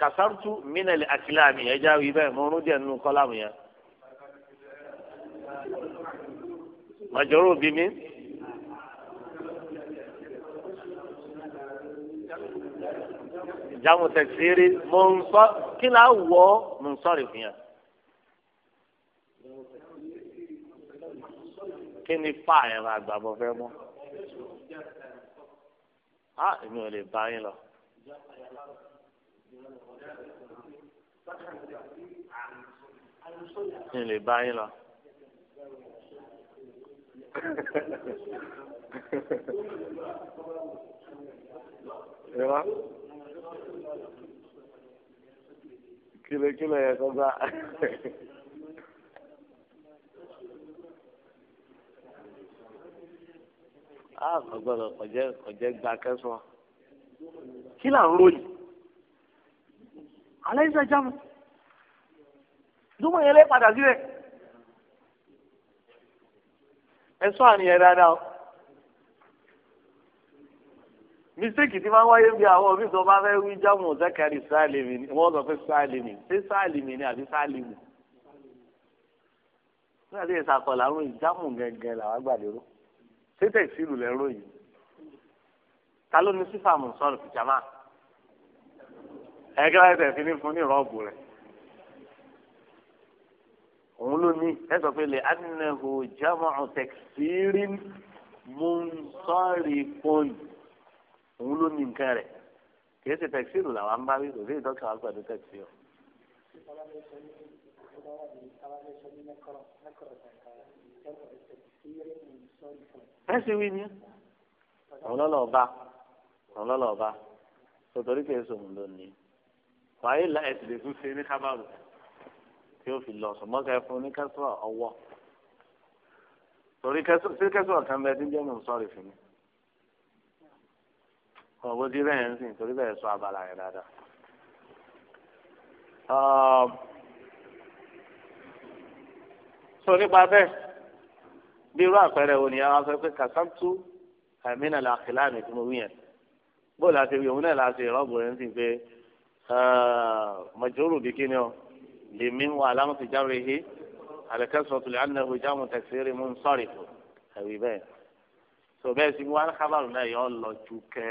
[SPEAKER 1] kasantu minali akilami ẹjá wí bẹ́ẹ̀ mọ ọrùn díẹ̀ nínú kọlámù yẹn. màjọrò bí mi. jamu tẹsiri mo ń sọ kí la wọ mo ń sọ̀rọ̀ fún yà. kí ni fa yẹn máa gbà bọ fẹ́ mọ.
[SPEAKER 2] a èmi ò lè bá yín lọ. mi ò lè bá lọ ẹ̀rọ
[SPEAKER 1] kílẹ̀kílẹ̀ yẹn kọ́ bá. a kò gbọ́dọ̀ kọjẹ kọjẹ gba kẹsàn kí là ń ròyìn alẹ́ ìsẹ̀jámu dúmọ̀ yẹn lé padà sílẹ̀ ẹ sọ àrùn yẹn dáadáa o mistake ti máa ń wáyé bí àwọn òbí tó bá fẹ́ wí jámù zakari sálẹ̀mì ni wọ́n sọ pé sálẹ̀mì ṣé sálẹ̀mì ni àbí sálẹ̀mì nígbà tí èsì àkọlà ń ròyìn jámù gẹ́gẹ́ làwọn gbàdérò ṣé tẹ̀sílù lẹ́ ròyìn ta ló ní sífàmù sọ̀rọ̀ fìjàmá ẹ̀ẹ́dẹ́gbẹ́sẹ̀ fi ní fún ní rọ́ọ̀bù rẹ̀ òun ló ní ẹ sọ pé lè anahu jama'u takfirin munsarifun òun ló ní nǹkan rẹ̀ kì í ṣe takfiru làwọn ń bá wí kò sí ìtọ́ka wà pẹ̀lú takfiru. ẹsẹ̀ wí ni òun lọ́lọ́ ọba òun lọ́lọ́ ọba sọ̀tọ́rí kìí sọ̀hún lónìí wàá yìí la ẹ̀sìn lè tún ṣe ní kábàrù tí ó fi lọ ṣùgbọ́n ká fún ní kẹsàn ọwọ́ torí kẹsàn kan bẹ tí ń jẹ́ mi sọ́ọ̀rì fún mi ọ̀wọ́ tí bẹ́ẹ̀ ń sìn torí bẹ́ẹ̀ sọ abala yẹn dáadáa. sọ nípa bẹ́ẹ̀ bí irú àpẹẹrẹ wo ni a wá sọ pé kàtàntú àmínà làkìlá mi tí mo wí yẹn bóòlù àti ìwé òun náà láti ìrọ́bù rẹ̀ ń sìn pé mọ̀jọ́rù bí kíni o lèmi wà aláǹfì jáwé he àlẹ́kẹ́sọ̀ tó lè ànà ìwé jáwé tẹ̀síìrì mú sọ̀rì fún ẹ̀wì bẹ́ẹ̀ tó bẹ́ẹ̀ sì wà kábàrún náà yọ lọ ju kẹ́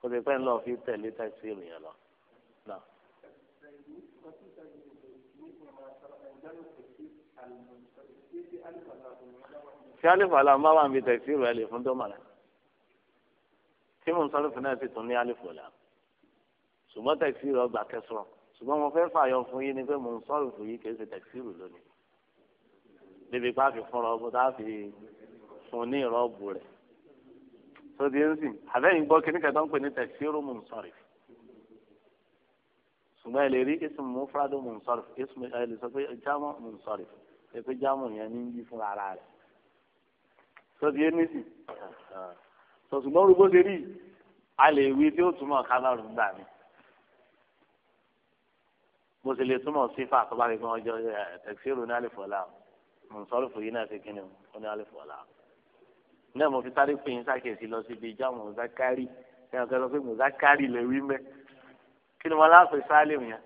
[SPEAKER 1] kó ti pẹ́ ń lọ fi tẹ̀lé tẹ̀síìrì yẹn lọ. tí alifu alama wà níbi tẹ̀síìrì ẹ̀ lè fún tó mọ̀ rẹ̀ tí mo ń sọ̀rọ̀ fún náà sì tún ní alifu ọ̀la ṣùgbọ́n tẹ̀síìrì ọgbà kẹsàn-án ṣùgbọ́n mo fẹ́ fààyàn fún yín ni pé mò ń sọ̀rọ̀ fún yín kì í ṣe tẹ̀síìrù lónìí níbi ipá fi fún rọ́ọ̀bù tá a fi fún ní rọ́ọ̀bù rẹ̀ tó di ń sìn àbẹ́yìn gbọ́ kí nìkan tó ń pè ní tẹ̀síìrù mò ń sọ̀rọ̀ ṣùgbọ́n ẹ lè rí ismu mufradu mò ń sọ̀rọ̀ ismu ẹ lè sọ pé jámọ̀ mò ń sọ̀rọ̀ ẹ pé jámọ̀ yẹn ní yí fún ara rẹ̀ tó di ń sìn ṣùgbọ́n rúgbó ṣe rí a bó ṣe lè túmọ̀ sífà tó bá rí fún ọjọ́ tẹ̀síìrù ní àlìfọ̀lá mùsọ̀rùfù yìí náà ti kíni ó ní àlìfọ̀lá. náà mo fi sáré pé yín sákèsí lọ síbi jáàmù mùsákárì ẹ̀ ọ̀gá lọ pé mùsákárì lè wí mẹ́ kí ni wọn láàpẹ̀ sálẹ̀mù yẹn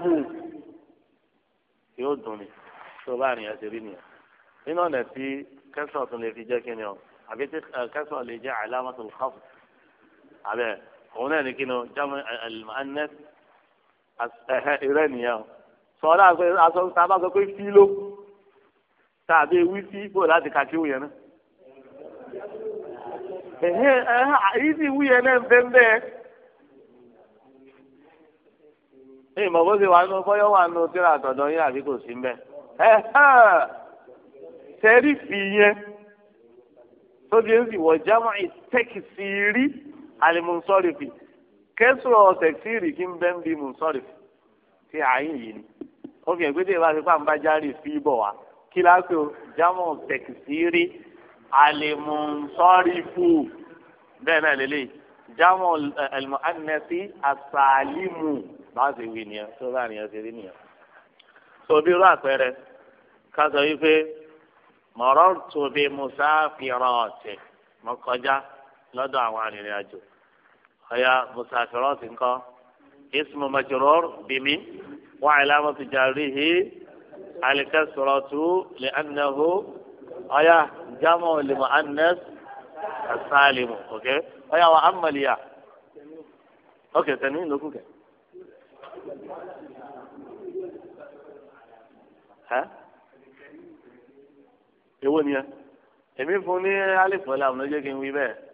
[SPEAKER 1] mú yóò dùn ni tó bá rìn ẹsẹ̀ rí nìyẹn. nínú ọ̀nà tí kẹsàn tún lè fi jẹ́ kíni o àbí tí kẹsàn lè jẹ́ àlámọ́tò ìrẹ́ eh, eh, nìyẹn o sọ sọ pé ló tàbí ewì láti kí náà. èyí sì wúyẹn náà bẹ́ẹ̀ ìmọ̀ bó ṣe wà nù wà nù tíra àtọ̀dọ̀ yín àbí kò sí ń tẹ́rí fi yẹn tó ń sì wọ̀ jámọ́ kẹsùrọ̀ tẹ̀síìrì kí n bẹ́ ń bí mu sọ́ọ̀rì tí àyìn yìí ni ó fi hàn pé tí ìbáṣe pàm bá járe sí ibọ̀ wá kí lásìkò jámọ̀ tẹ̀síìrì alimusọ́rìfù bẹ́ẹ̀ náà lélẹ̀ jámọ̀ eh, alimuhanẹ́sì asàlímù bá ṣe wí nìyẹn tó bá nìyẹn ṣe rí nìyẹn. sọ bí irú àpẹẹrẹ ká sọ wípé mọ̀rọ́ tóbi musáfìrọ̀ọ̀tì mọ̀kọjá lọ́dọ̀ àwọn arìnrìn àjò. هيا مسافرات إنقا اسم مجرور بمي وعلامة جاره الكسرة لأنه هيا جمع لمؤنث السالم أوكي هيا وأما ليا أوكي تنوين لكوكا ها إيه يا èmi فوني ní ولا ọlá àwọn ọjọ́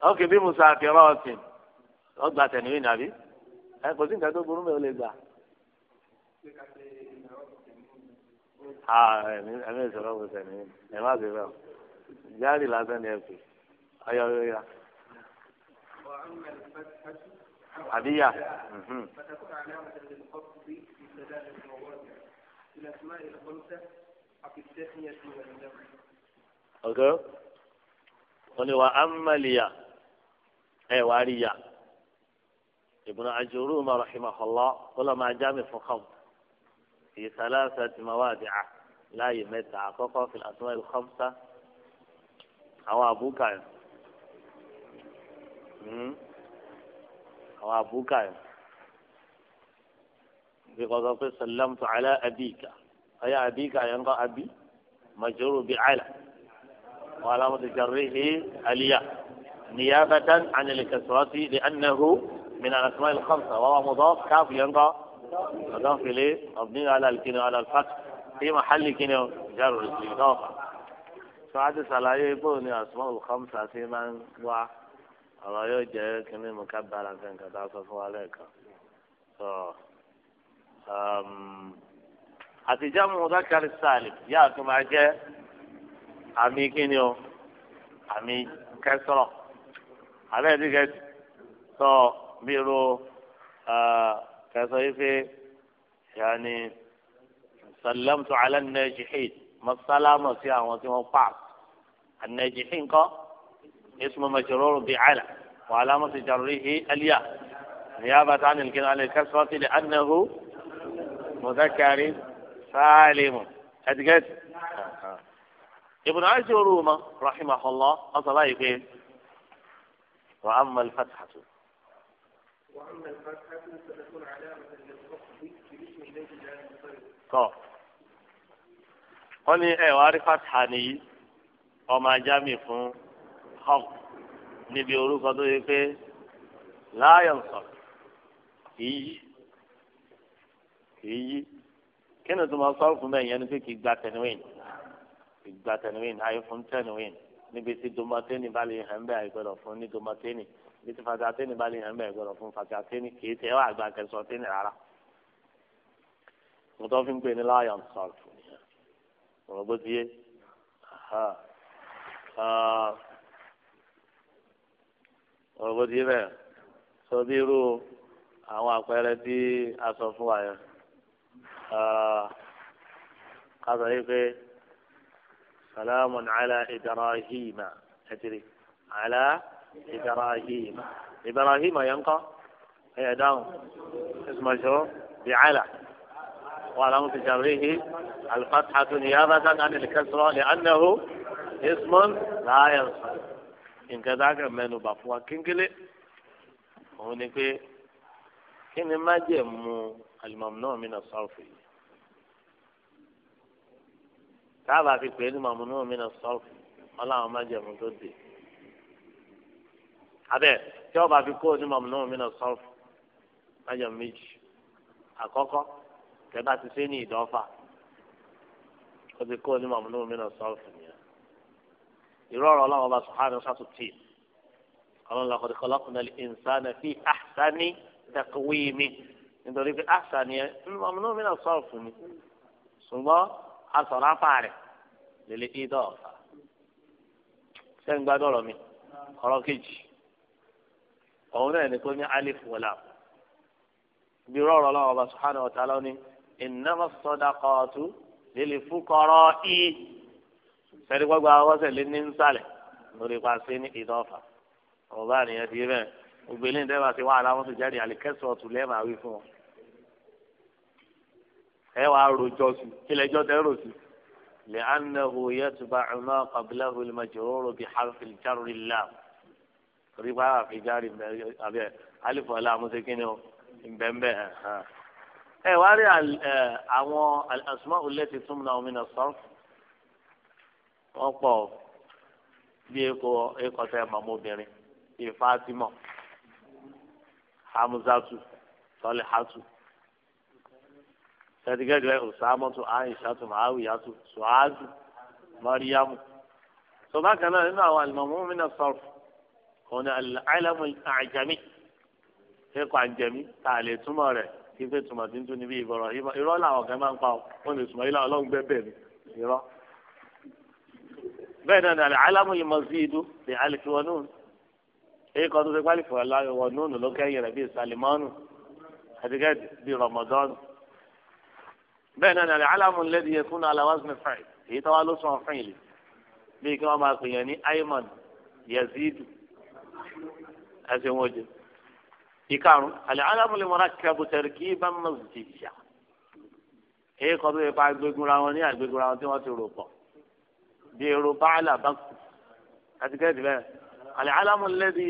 [SPEAKER 1] ọkè bí musa akẹrọ ọsìn ọgbà tẹnuwìn nàbí ẹ kò sí nǹkan tó burú mi ò lè gbà. ẹmí ìṣòro kò tẹnuwìn ẹ má ṣe bẹ́ẹ̀ jáde lásán ni ẹ pè ọyọ yóyá. àbíyá. ọ̀gá wọn ni wà á ń ẹ wàá rí ya Ibn Ajuruma rahimahullah kọlọ máa já mi fún kàn fi salasati mawadi'a láàyè mẹ́ta àkọ́kọ́ fil asma'il khamsa àwọn àbúkà yẹn àwọn àbúkà yẹn bí kọ́sọ́ pé sallamtu ala abika ọ̀yà abika yẹn kọ́ abi majuru bi ala wàlámù tìjàrí hi aliya. نيابة عن الكسرة لأنه من الأسماء الخمسة وهو مضاف كاف ينقى مضاف إليه مبني على الكنو على الفتح في محل كنو جر الإضافة سعد سلاية يقول أسماء الخمسة في من وع الله يوجه كنو مكبر عن كنك تعصف عليك so, um, àti jáàmù mudakari sálì yáa tó máa عمي àmì kíni àbẹ́ ẹ̀dí kẹ́sì sọ bí ro kẹsàn yìí pé yanni sàlámtu alẹ́ nàìjíríì mọ́sálámù sí àwọn tí wọ́n pààkì ànàìjíríì ńkọ́ ismu majrur bi ala wa alamatu jarrihi aliya niyabata anil kina anil kasrati li annahu mudhakkarin salimu ẹdigẹti ibùdó àìsí orúmọ rahimahullah ọsọ báyìí pé. وأما الفتحة
[SPEAKER 2] وأما الفتحة فتكون علامة للحكم بإسم الله تعالى المصرف. طيب.
[SPEAKER 1] قل لي إيه وما جامي فون حق نبي أروف أدويفي لا ينصر. إي إي كانت مصرف من ينفك يعني إجبار تنوين. إجبار تنوين أي فون تنوين. níbi tí domateni bá lè hàn bẹ́ẹ̀ àìgbọ́dọ̀ fún ní domateni níbi tí fatateni bá lè hàn bẹ́ẹ̀ àìgbọ́dọ̀ fún fatateni kì í tẹ́ wà gba kẹsọ̀teni rárá. mo tọ́ fi ń pè ní láàyò sọ̀rọ̀ fún yẹn mo gbọ́ ti mo gbọ́ ti bẹ́ẹ̀ sọ bí irú àwọn àpẹẹrẹ tí a sọ fún wa yẹn ká sọ yìí pé. سلام على إبراهيم تدري على إبراهيم إبراهيم ينقى هي داون اسمه شو بعلى في جره الفتحة نيابة عن الكسرة لأنه اسم لا ينصرف إن كذاك من بفوا كنكلي هونيكي كن ما جمو الممنوع من الصرف táàbà fi pè é ní màmú náà mìíràn sọ́ọ̀fù wọn làwọn májẹ̀mú tó dé abẹ tí ọba fi kó ní màmú náà mìíràn sọ́ọ̀fù májẹ̀mú méjì àkọ́kọ́ tẹ́bá ti ṣe ní ìdọ́fà ó ti kó ní màmú náà mìíràn sọ́ọ̀fù nìyẹn ìrọ̀rọ̀ ọlọ́run ọba sùhánù sátútì ọlọ́run laqad khalaqna al-insana fi ahsani taqwimi nítorí pé àṣà nìyẹn màmú náà mìíràn sọ́ọ̀fù ni asọ̀rọ̀ afa rẹ̀ lèlè ìdọ̀ ọ̀fà sẹ́yìn mi ọ̀rọ̀ kejì òun náà ní kó alif wọlá bí rọrọ lọ́wọ́ ọba subhanahu wa ta'ala ní innama sadaqatu lil fuqara'i sẹ́ni gbọ́gbọ́ awọ́sẹ̀ lé ní nsàlẹ̀ lórí ni ní ìdọ̀ ọ̀fà ọ̀bá nìyẹn ti bẹ́ẹ̀ ògbélé ní ti wá aláwọ̀ sọ̀jáde àlìkẹ́sọ̀ ọ̀tún lẹ́ẹ̀ máa wí fún wọn. ẹ wàá rojọ́ sí kílẹ̀jọ́ tẹ́ rò sí. لأنه يتبع ما قبله المجرور بحرف الجر اللام ربا في جار أبي ألف ولا مسكين بمبه إيه واري أو الأسماء التي تمنع من الصرف ọ̀pọ̀ bí ekò ekọtẹ mọmọbìnrin bíi fatima hamzatu sọlẹ hatu tẹtigẹdẹ ọsàmọtò àyíṣàtò màáwìyàtò sùhàdù mọríyàmù sọba kan náà nínú àwọn àlùmọ̀mọ́ mi náà sọ̀rọ̀ òun ni àìlẹ́mù àjẹmí ẹ̀kọ́ àjẹmí tá a lè túmọ̀ rẹ̀ kí n fẹ́ túmọ̀ tí ń tún níbi ìbọ̀rọ̀ irọ́ làwọn kan máa ń pa ọ́ wọ́n lè túmọ̀ ilé ọlọ́run gbẹ́bẹ̀ mi irọ́. bẹ́ẹ̀ náà ni àlẹ́ àìlẹ́mù yìí ní àlìfi wọn nùn ẹ̀kọ́ tó ti pálí fún bẹ́ẹ̀ náà nàlẹ́ alamu lẹ́dí yẹ fún ala wazn fẹ́ẹ̀ èyí tó wá ló sọ fún ìlú bíi kí wọ́n máa pè yàn ní ayman yazidu ẹsẹ̀ wọn jẹ. ìkarùn alẹ́ alamu lè mọ̀ra kẹ́bù tẹ̀rìkì bá mọ̀ jìjà èyí kan tó yẹ kó agbégunra wọn ní agbégunra wọn tí wọ́n ti rò pọ̀ bíi èrò báàlà bákù àti kẹ́ẹ̀dì bẹ́ẹ̀ alẹ́ lẹ́dí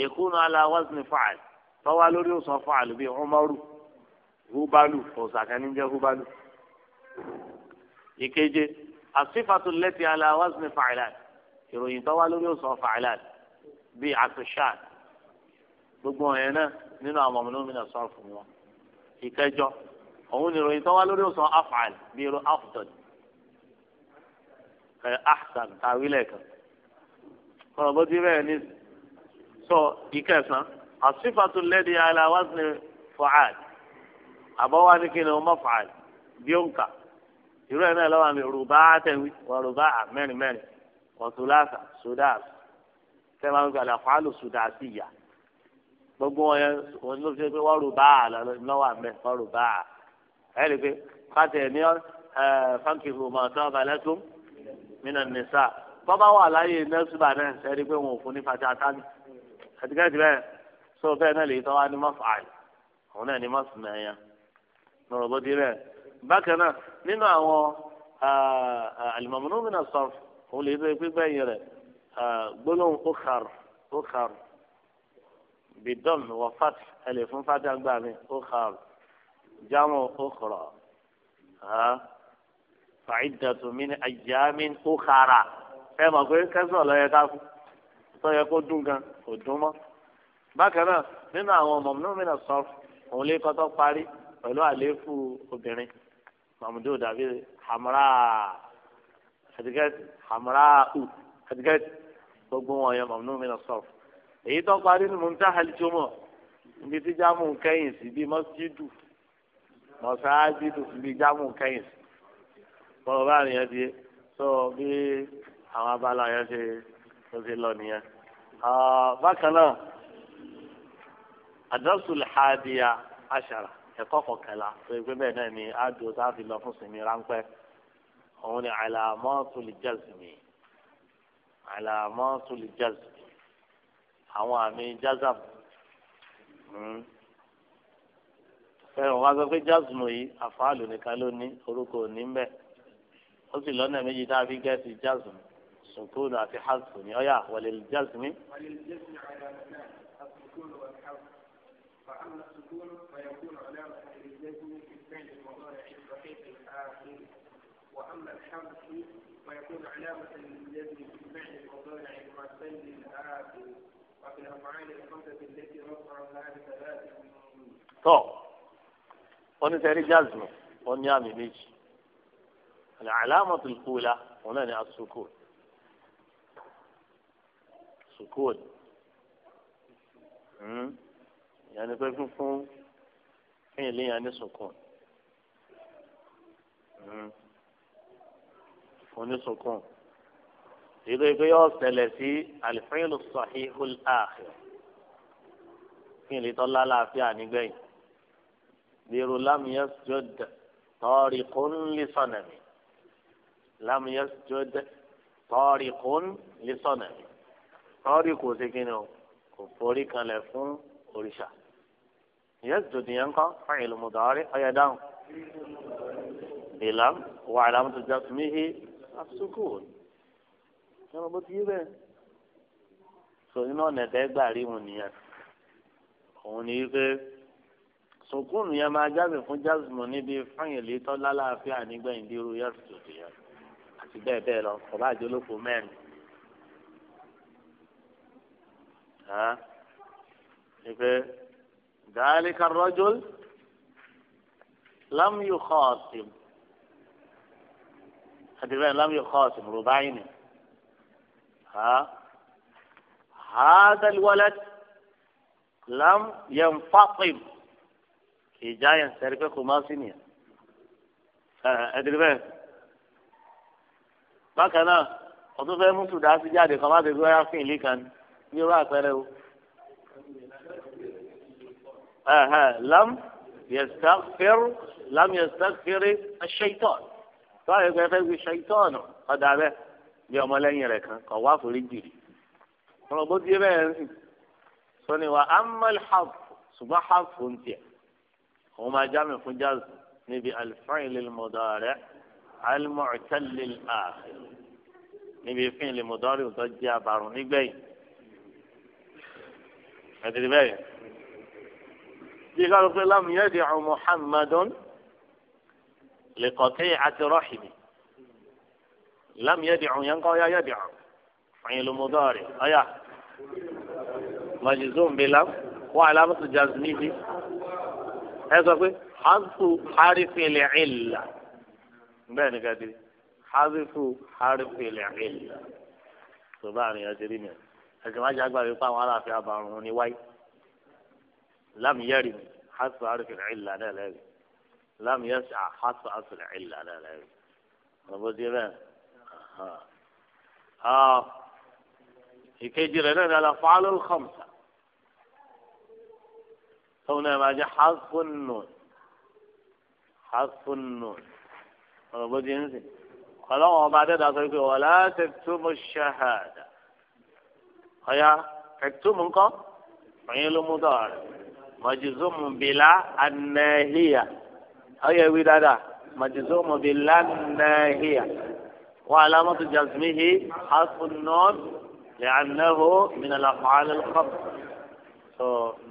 [SPEAKER 1] yẹ fún ala wazn fẹ́ẹ̀ tọ́wá lórí òsàn fún àlùbí ọmọrù húbálù ìkeje àsìfàtú lẹ́tì aláwásìmí fàìlàn ìròyìn tó wá lórí òsàn fàìlàn bíi àtúnṣàn gbogbo ọ̀yẹ́ náà nínú àwọn ọmọ nínú sọ̀rọ̀ fún wọn. ìkẹjọ òun ni ìròyìn tó wá lórí òsàn afàìl bíi irú afdal ẹ ahsan tàwílẹ̀ kan kọ̀rọ̀ bó ti bẹ́ẹ̀ ní sọ ìkẹsàn àsìfàtú lẹ́tì aláwásìmí fàìl àbọ̀wá ní kí ni wọ́n mọ̀ fàìl bí ó ń kà irú ẹ̀ náà lọ́wọ́ àmì rúbá tẹ̀wí wọ́n rúbá mẹ́rin mẹ́rin kọ̀tùláṣà sudas tẹ́lá ń gbàdá fàálù sudasi yá gbogbo wọn yẹn wọn ló fi pé wọ́n rúbá lọ́wọ́ àmì wọ́n rúbá ẹ̀ rí pé káàtẹ̀ ní fáńkìfù mọ̀tọ́ balẹ̀tún mínà nìsa bọ́bá wà láyé nẹ́sùbà náà ẹ̀ rí pé wọn ò fún ní fati atami àtikẹ́tì bẹ́ẹ̀ sọ bẹ́ẹ̀ náà lè tọ́ wá ní mọ́fà àyè òun náà ní mọ́sùn nínú àwọn alimamunu mina sọf òun lè fẹ́ pípẹ́ yẹn rẹ̀ gbólóhùn okar okar bidon wọ fat ẹlẹ fún fati agba mi okar jamu okra fàìdàtú mi ni ajámi okara ẹ mọ̀ pé kẹsàn-án lọ yẹ ká kú tó yẹ kó dùn gan kò dùn mọ́ bákan náà nínú àwọn mọ̀mọ́nú mi òun lè kọ́tọ́ parí pẹ̀lú àlééfù obìnrin mamudu dàbí hamra àtìkẹ́ hamra u àtìkẹ́ gbogbo wọn yẹn mamudu mi náà sọ̀rọ̀ èyí tó parí ni muntaha al-jumu'a níbi tí jámù kẹ́yìn sí bíi mọ́sídù mọ́sáájídù bíi jámù kẹ́yìn sí bọ́lá bá rìn yẹn di sọ bí àwọn abala yẹn ẹ̀kọ́ kọkànlá tó ẹgbẹ́ bẹ́ẹ̀ náà ni ádùn tá a fi lọ fún sinmi ráńpẹ́ òun ni àlàmọ́tòlì jazmi àlàmọ́tòlì jazmi àwọn àmì jazam fẹ́ràn hmm. wá sọ pé jazmu yìí àfáàlù nìkan ló ní orúkọ òní ń bẹ ó sì lọ́nà méjì tá a fi gẹ́sì jazmu sùkúrù àti hasùn ni ọ̀yà wọlé jazmi.
[SPEAKER 2] فأما السكون فيكون علامة للجزم في الفعل المضارع الصحيح الآخر وأما الحذف فيكون علامة للجزم في الفعل المضارع المعتل الآخر وفي الأفعال الخمسة التي رفعها بثلاث
[SPEAKER 1] طب wọ́n ti rí jazmu wọ́n ní àmì العلامة الأولى kula wọ́n السكون. سكون. ìyẹn ni pé fífún fíyìn léyìn ní sùkùn hmm. fún ní sùkùn èyí tó yẹ pé yọ ṣẹlẹ̀ sí àlìfẹ́yìn sọ̀hí hul ààfẹ́ fíyìn lè tọ́lá láàfíà nígbẹ̀yìn bírú lámìyàn jọdẹ tọ́ọ̀rì kún lè sọ̀nàmì lámìyàn jọdẹ tọ́ọ̀rì kún lè sọ̀nàmì tọ́ọ̀rì kò sí kí ni o kò forí kanlẹ̀ fún òrìṣà. يسجد ينقى فعل مضارع أيدان إلم وعلامة جسمه السكون
[SPEAKER 2] كما بطيبه
[SPEAKER 1] so inú ọ̀nà ẹ̀dẹ́gbà rí wọn nìyẹn òun ni pé sùkúùnù yẹn máa jáde fún jásùmù níbi fáyìnlì tó lálàáfíà nígbẹ̀yìn dírú yẹ́sù tòdì yẹn àti bẹ́ẹ̀ bẹ́ẹ̀ lọ kò bá jólókò mẹ́rin ni ذلك الرجل لم يخاصم حديثين لم يخاصم ربعين. ها هذا الولد لم ينفطم في جاي سرقة خماسينية أدربين بكنا ọdún fẹẹ mú sùdá sí jáde kọ má ti gbé ọyá fún ìlí kan lam yastakfir lam yastakfir ṣaitan tó àyè pé fẹ́ fi ṣaitan ọ̀dà bẹ́ẹ̀ bí ọmọlẹ́yìn rẹ̀ kan kọ̀ wá foríjì rí ọ̀rọ̀ bó ti bẹ́ẹ̀ ń sìn sọ́ni wa amal haf ṣùgbọ́n haf fún tiẹ̀ òun máa jáme fún jazz níbi alifáìn lè mọ̀dọ̀rẹ́ alimọ̀tẹ́lẹ̀ ààfẹ́ níbi fíìn lè mọ̀dọ̀rẹ́ òtọ́ jẹ́ àbàrùn nígbẹ̀yìn ẹ̀dẹ̀rẹ̀ bẹ́ẹ̀ yẹn bí ká ló pé lámù yẹ di àwọn muhammadun lè kọ̀tẹ́ àti rọ́ọ̀hìmì lámù yẹ di àwọn yẹn kọ́ ya yẹ di àwọn fàyìn lomodọ́ọ̀rì ọ̀yà majizum bilam wà alámùsù jazmíbi ẹ sọ pé hasu harifilẹ̀ ìlà bẹ́ẹ̀ ni ká dé hasu harifilẹ̀ tó bá àrùn yẹn ti mi ẹ̀sìn má agbára wípé àwọn aláàfin àbàrùn ni wáyé. لم يرم حتى حرف العلة لا لا لم يسع حذف حرف العلة لا لا ربط ها آه. كي جرنا على الأفعال الخمسة هنا ما جاء حذف النون حذف النون ربط ينزل خلاص بعد ذلك ولا تكتم الشهادة هيا تكتم انقا فعل مضارب مجزوم بلا الناهية أي أيوة ودادا مجزوم بلا الناهية وعلامة جزمه حرف النون لأنه من الأفعال الخمس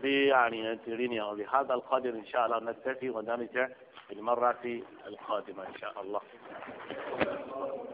[SPEAKER 1] دي يعني تريني بهذا القدر إن شاء الله نكتفي ونرجع المرة القادمة إن شاء الله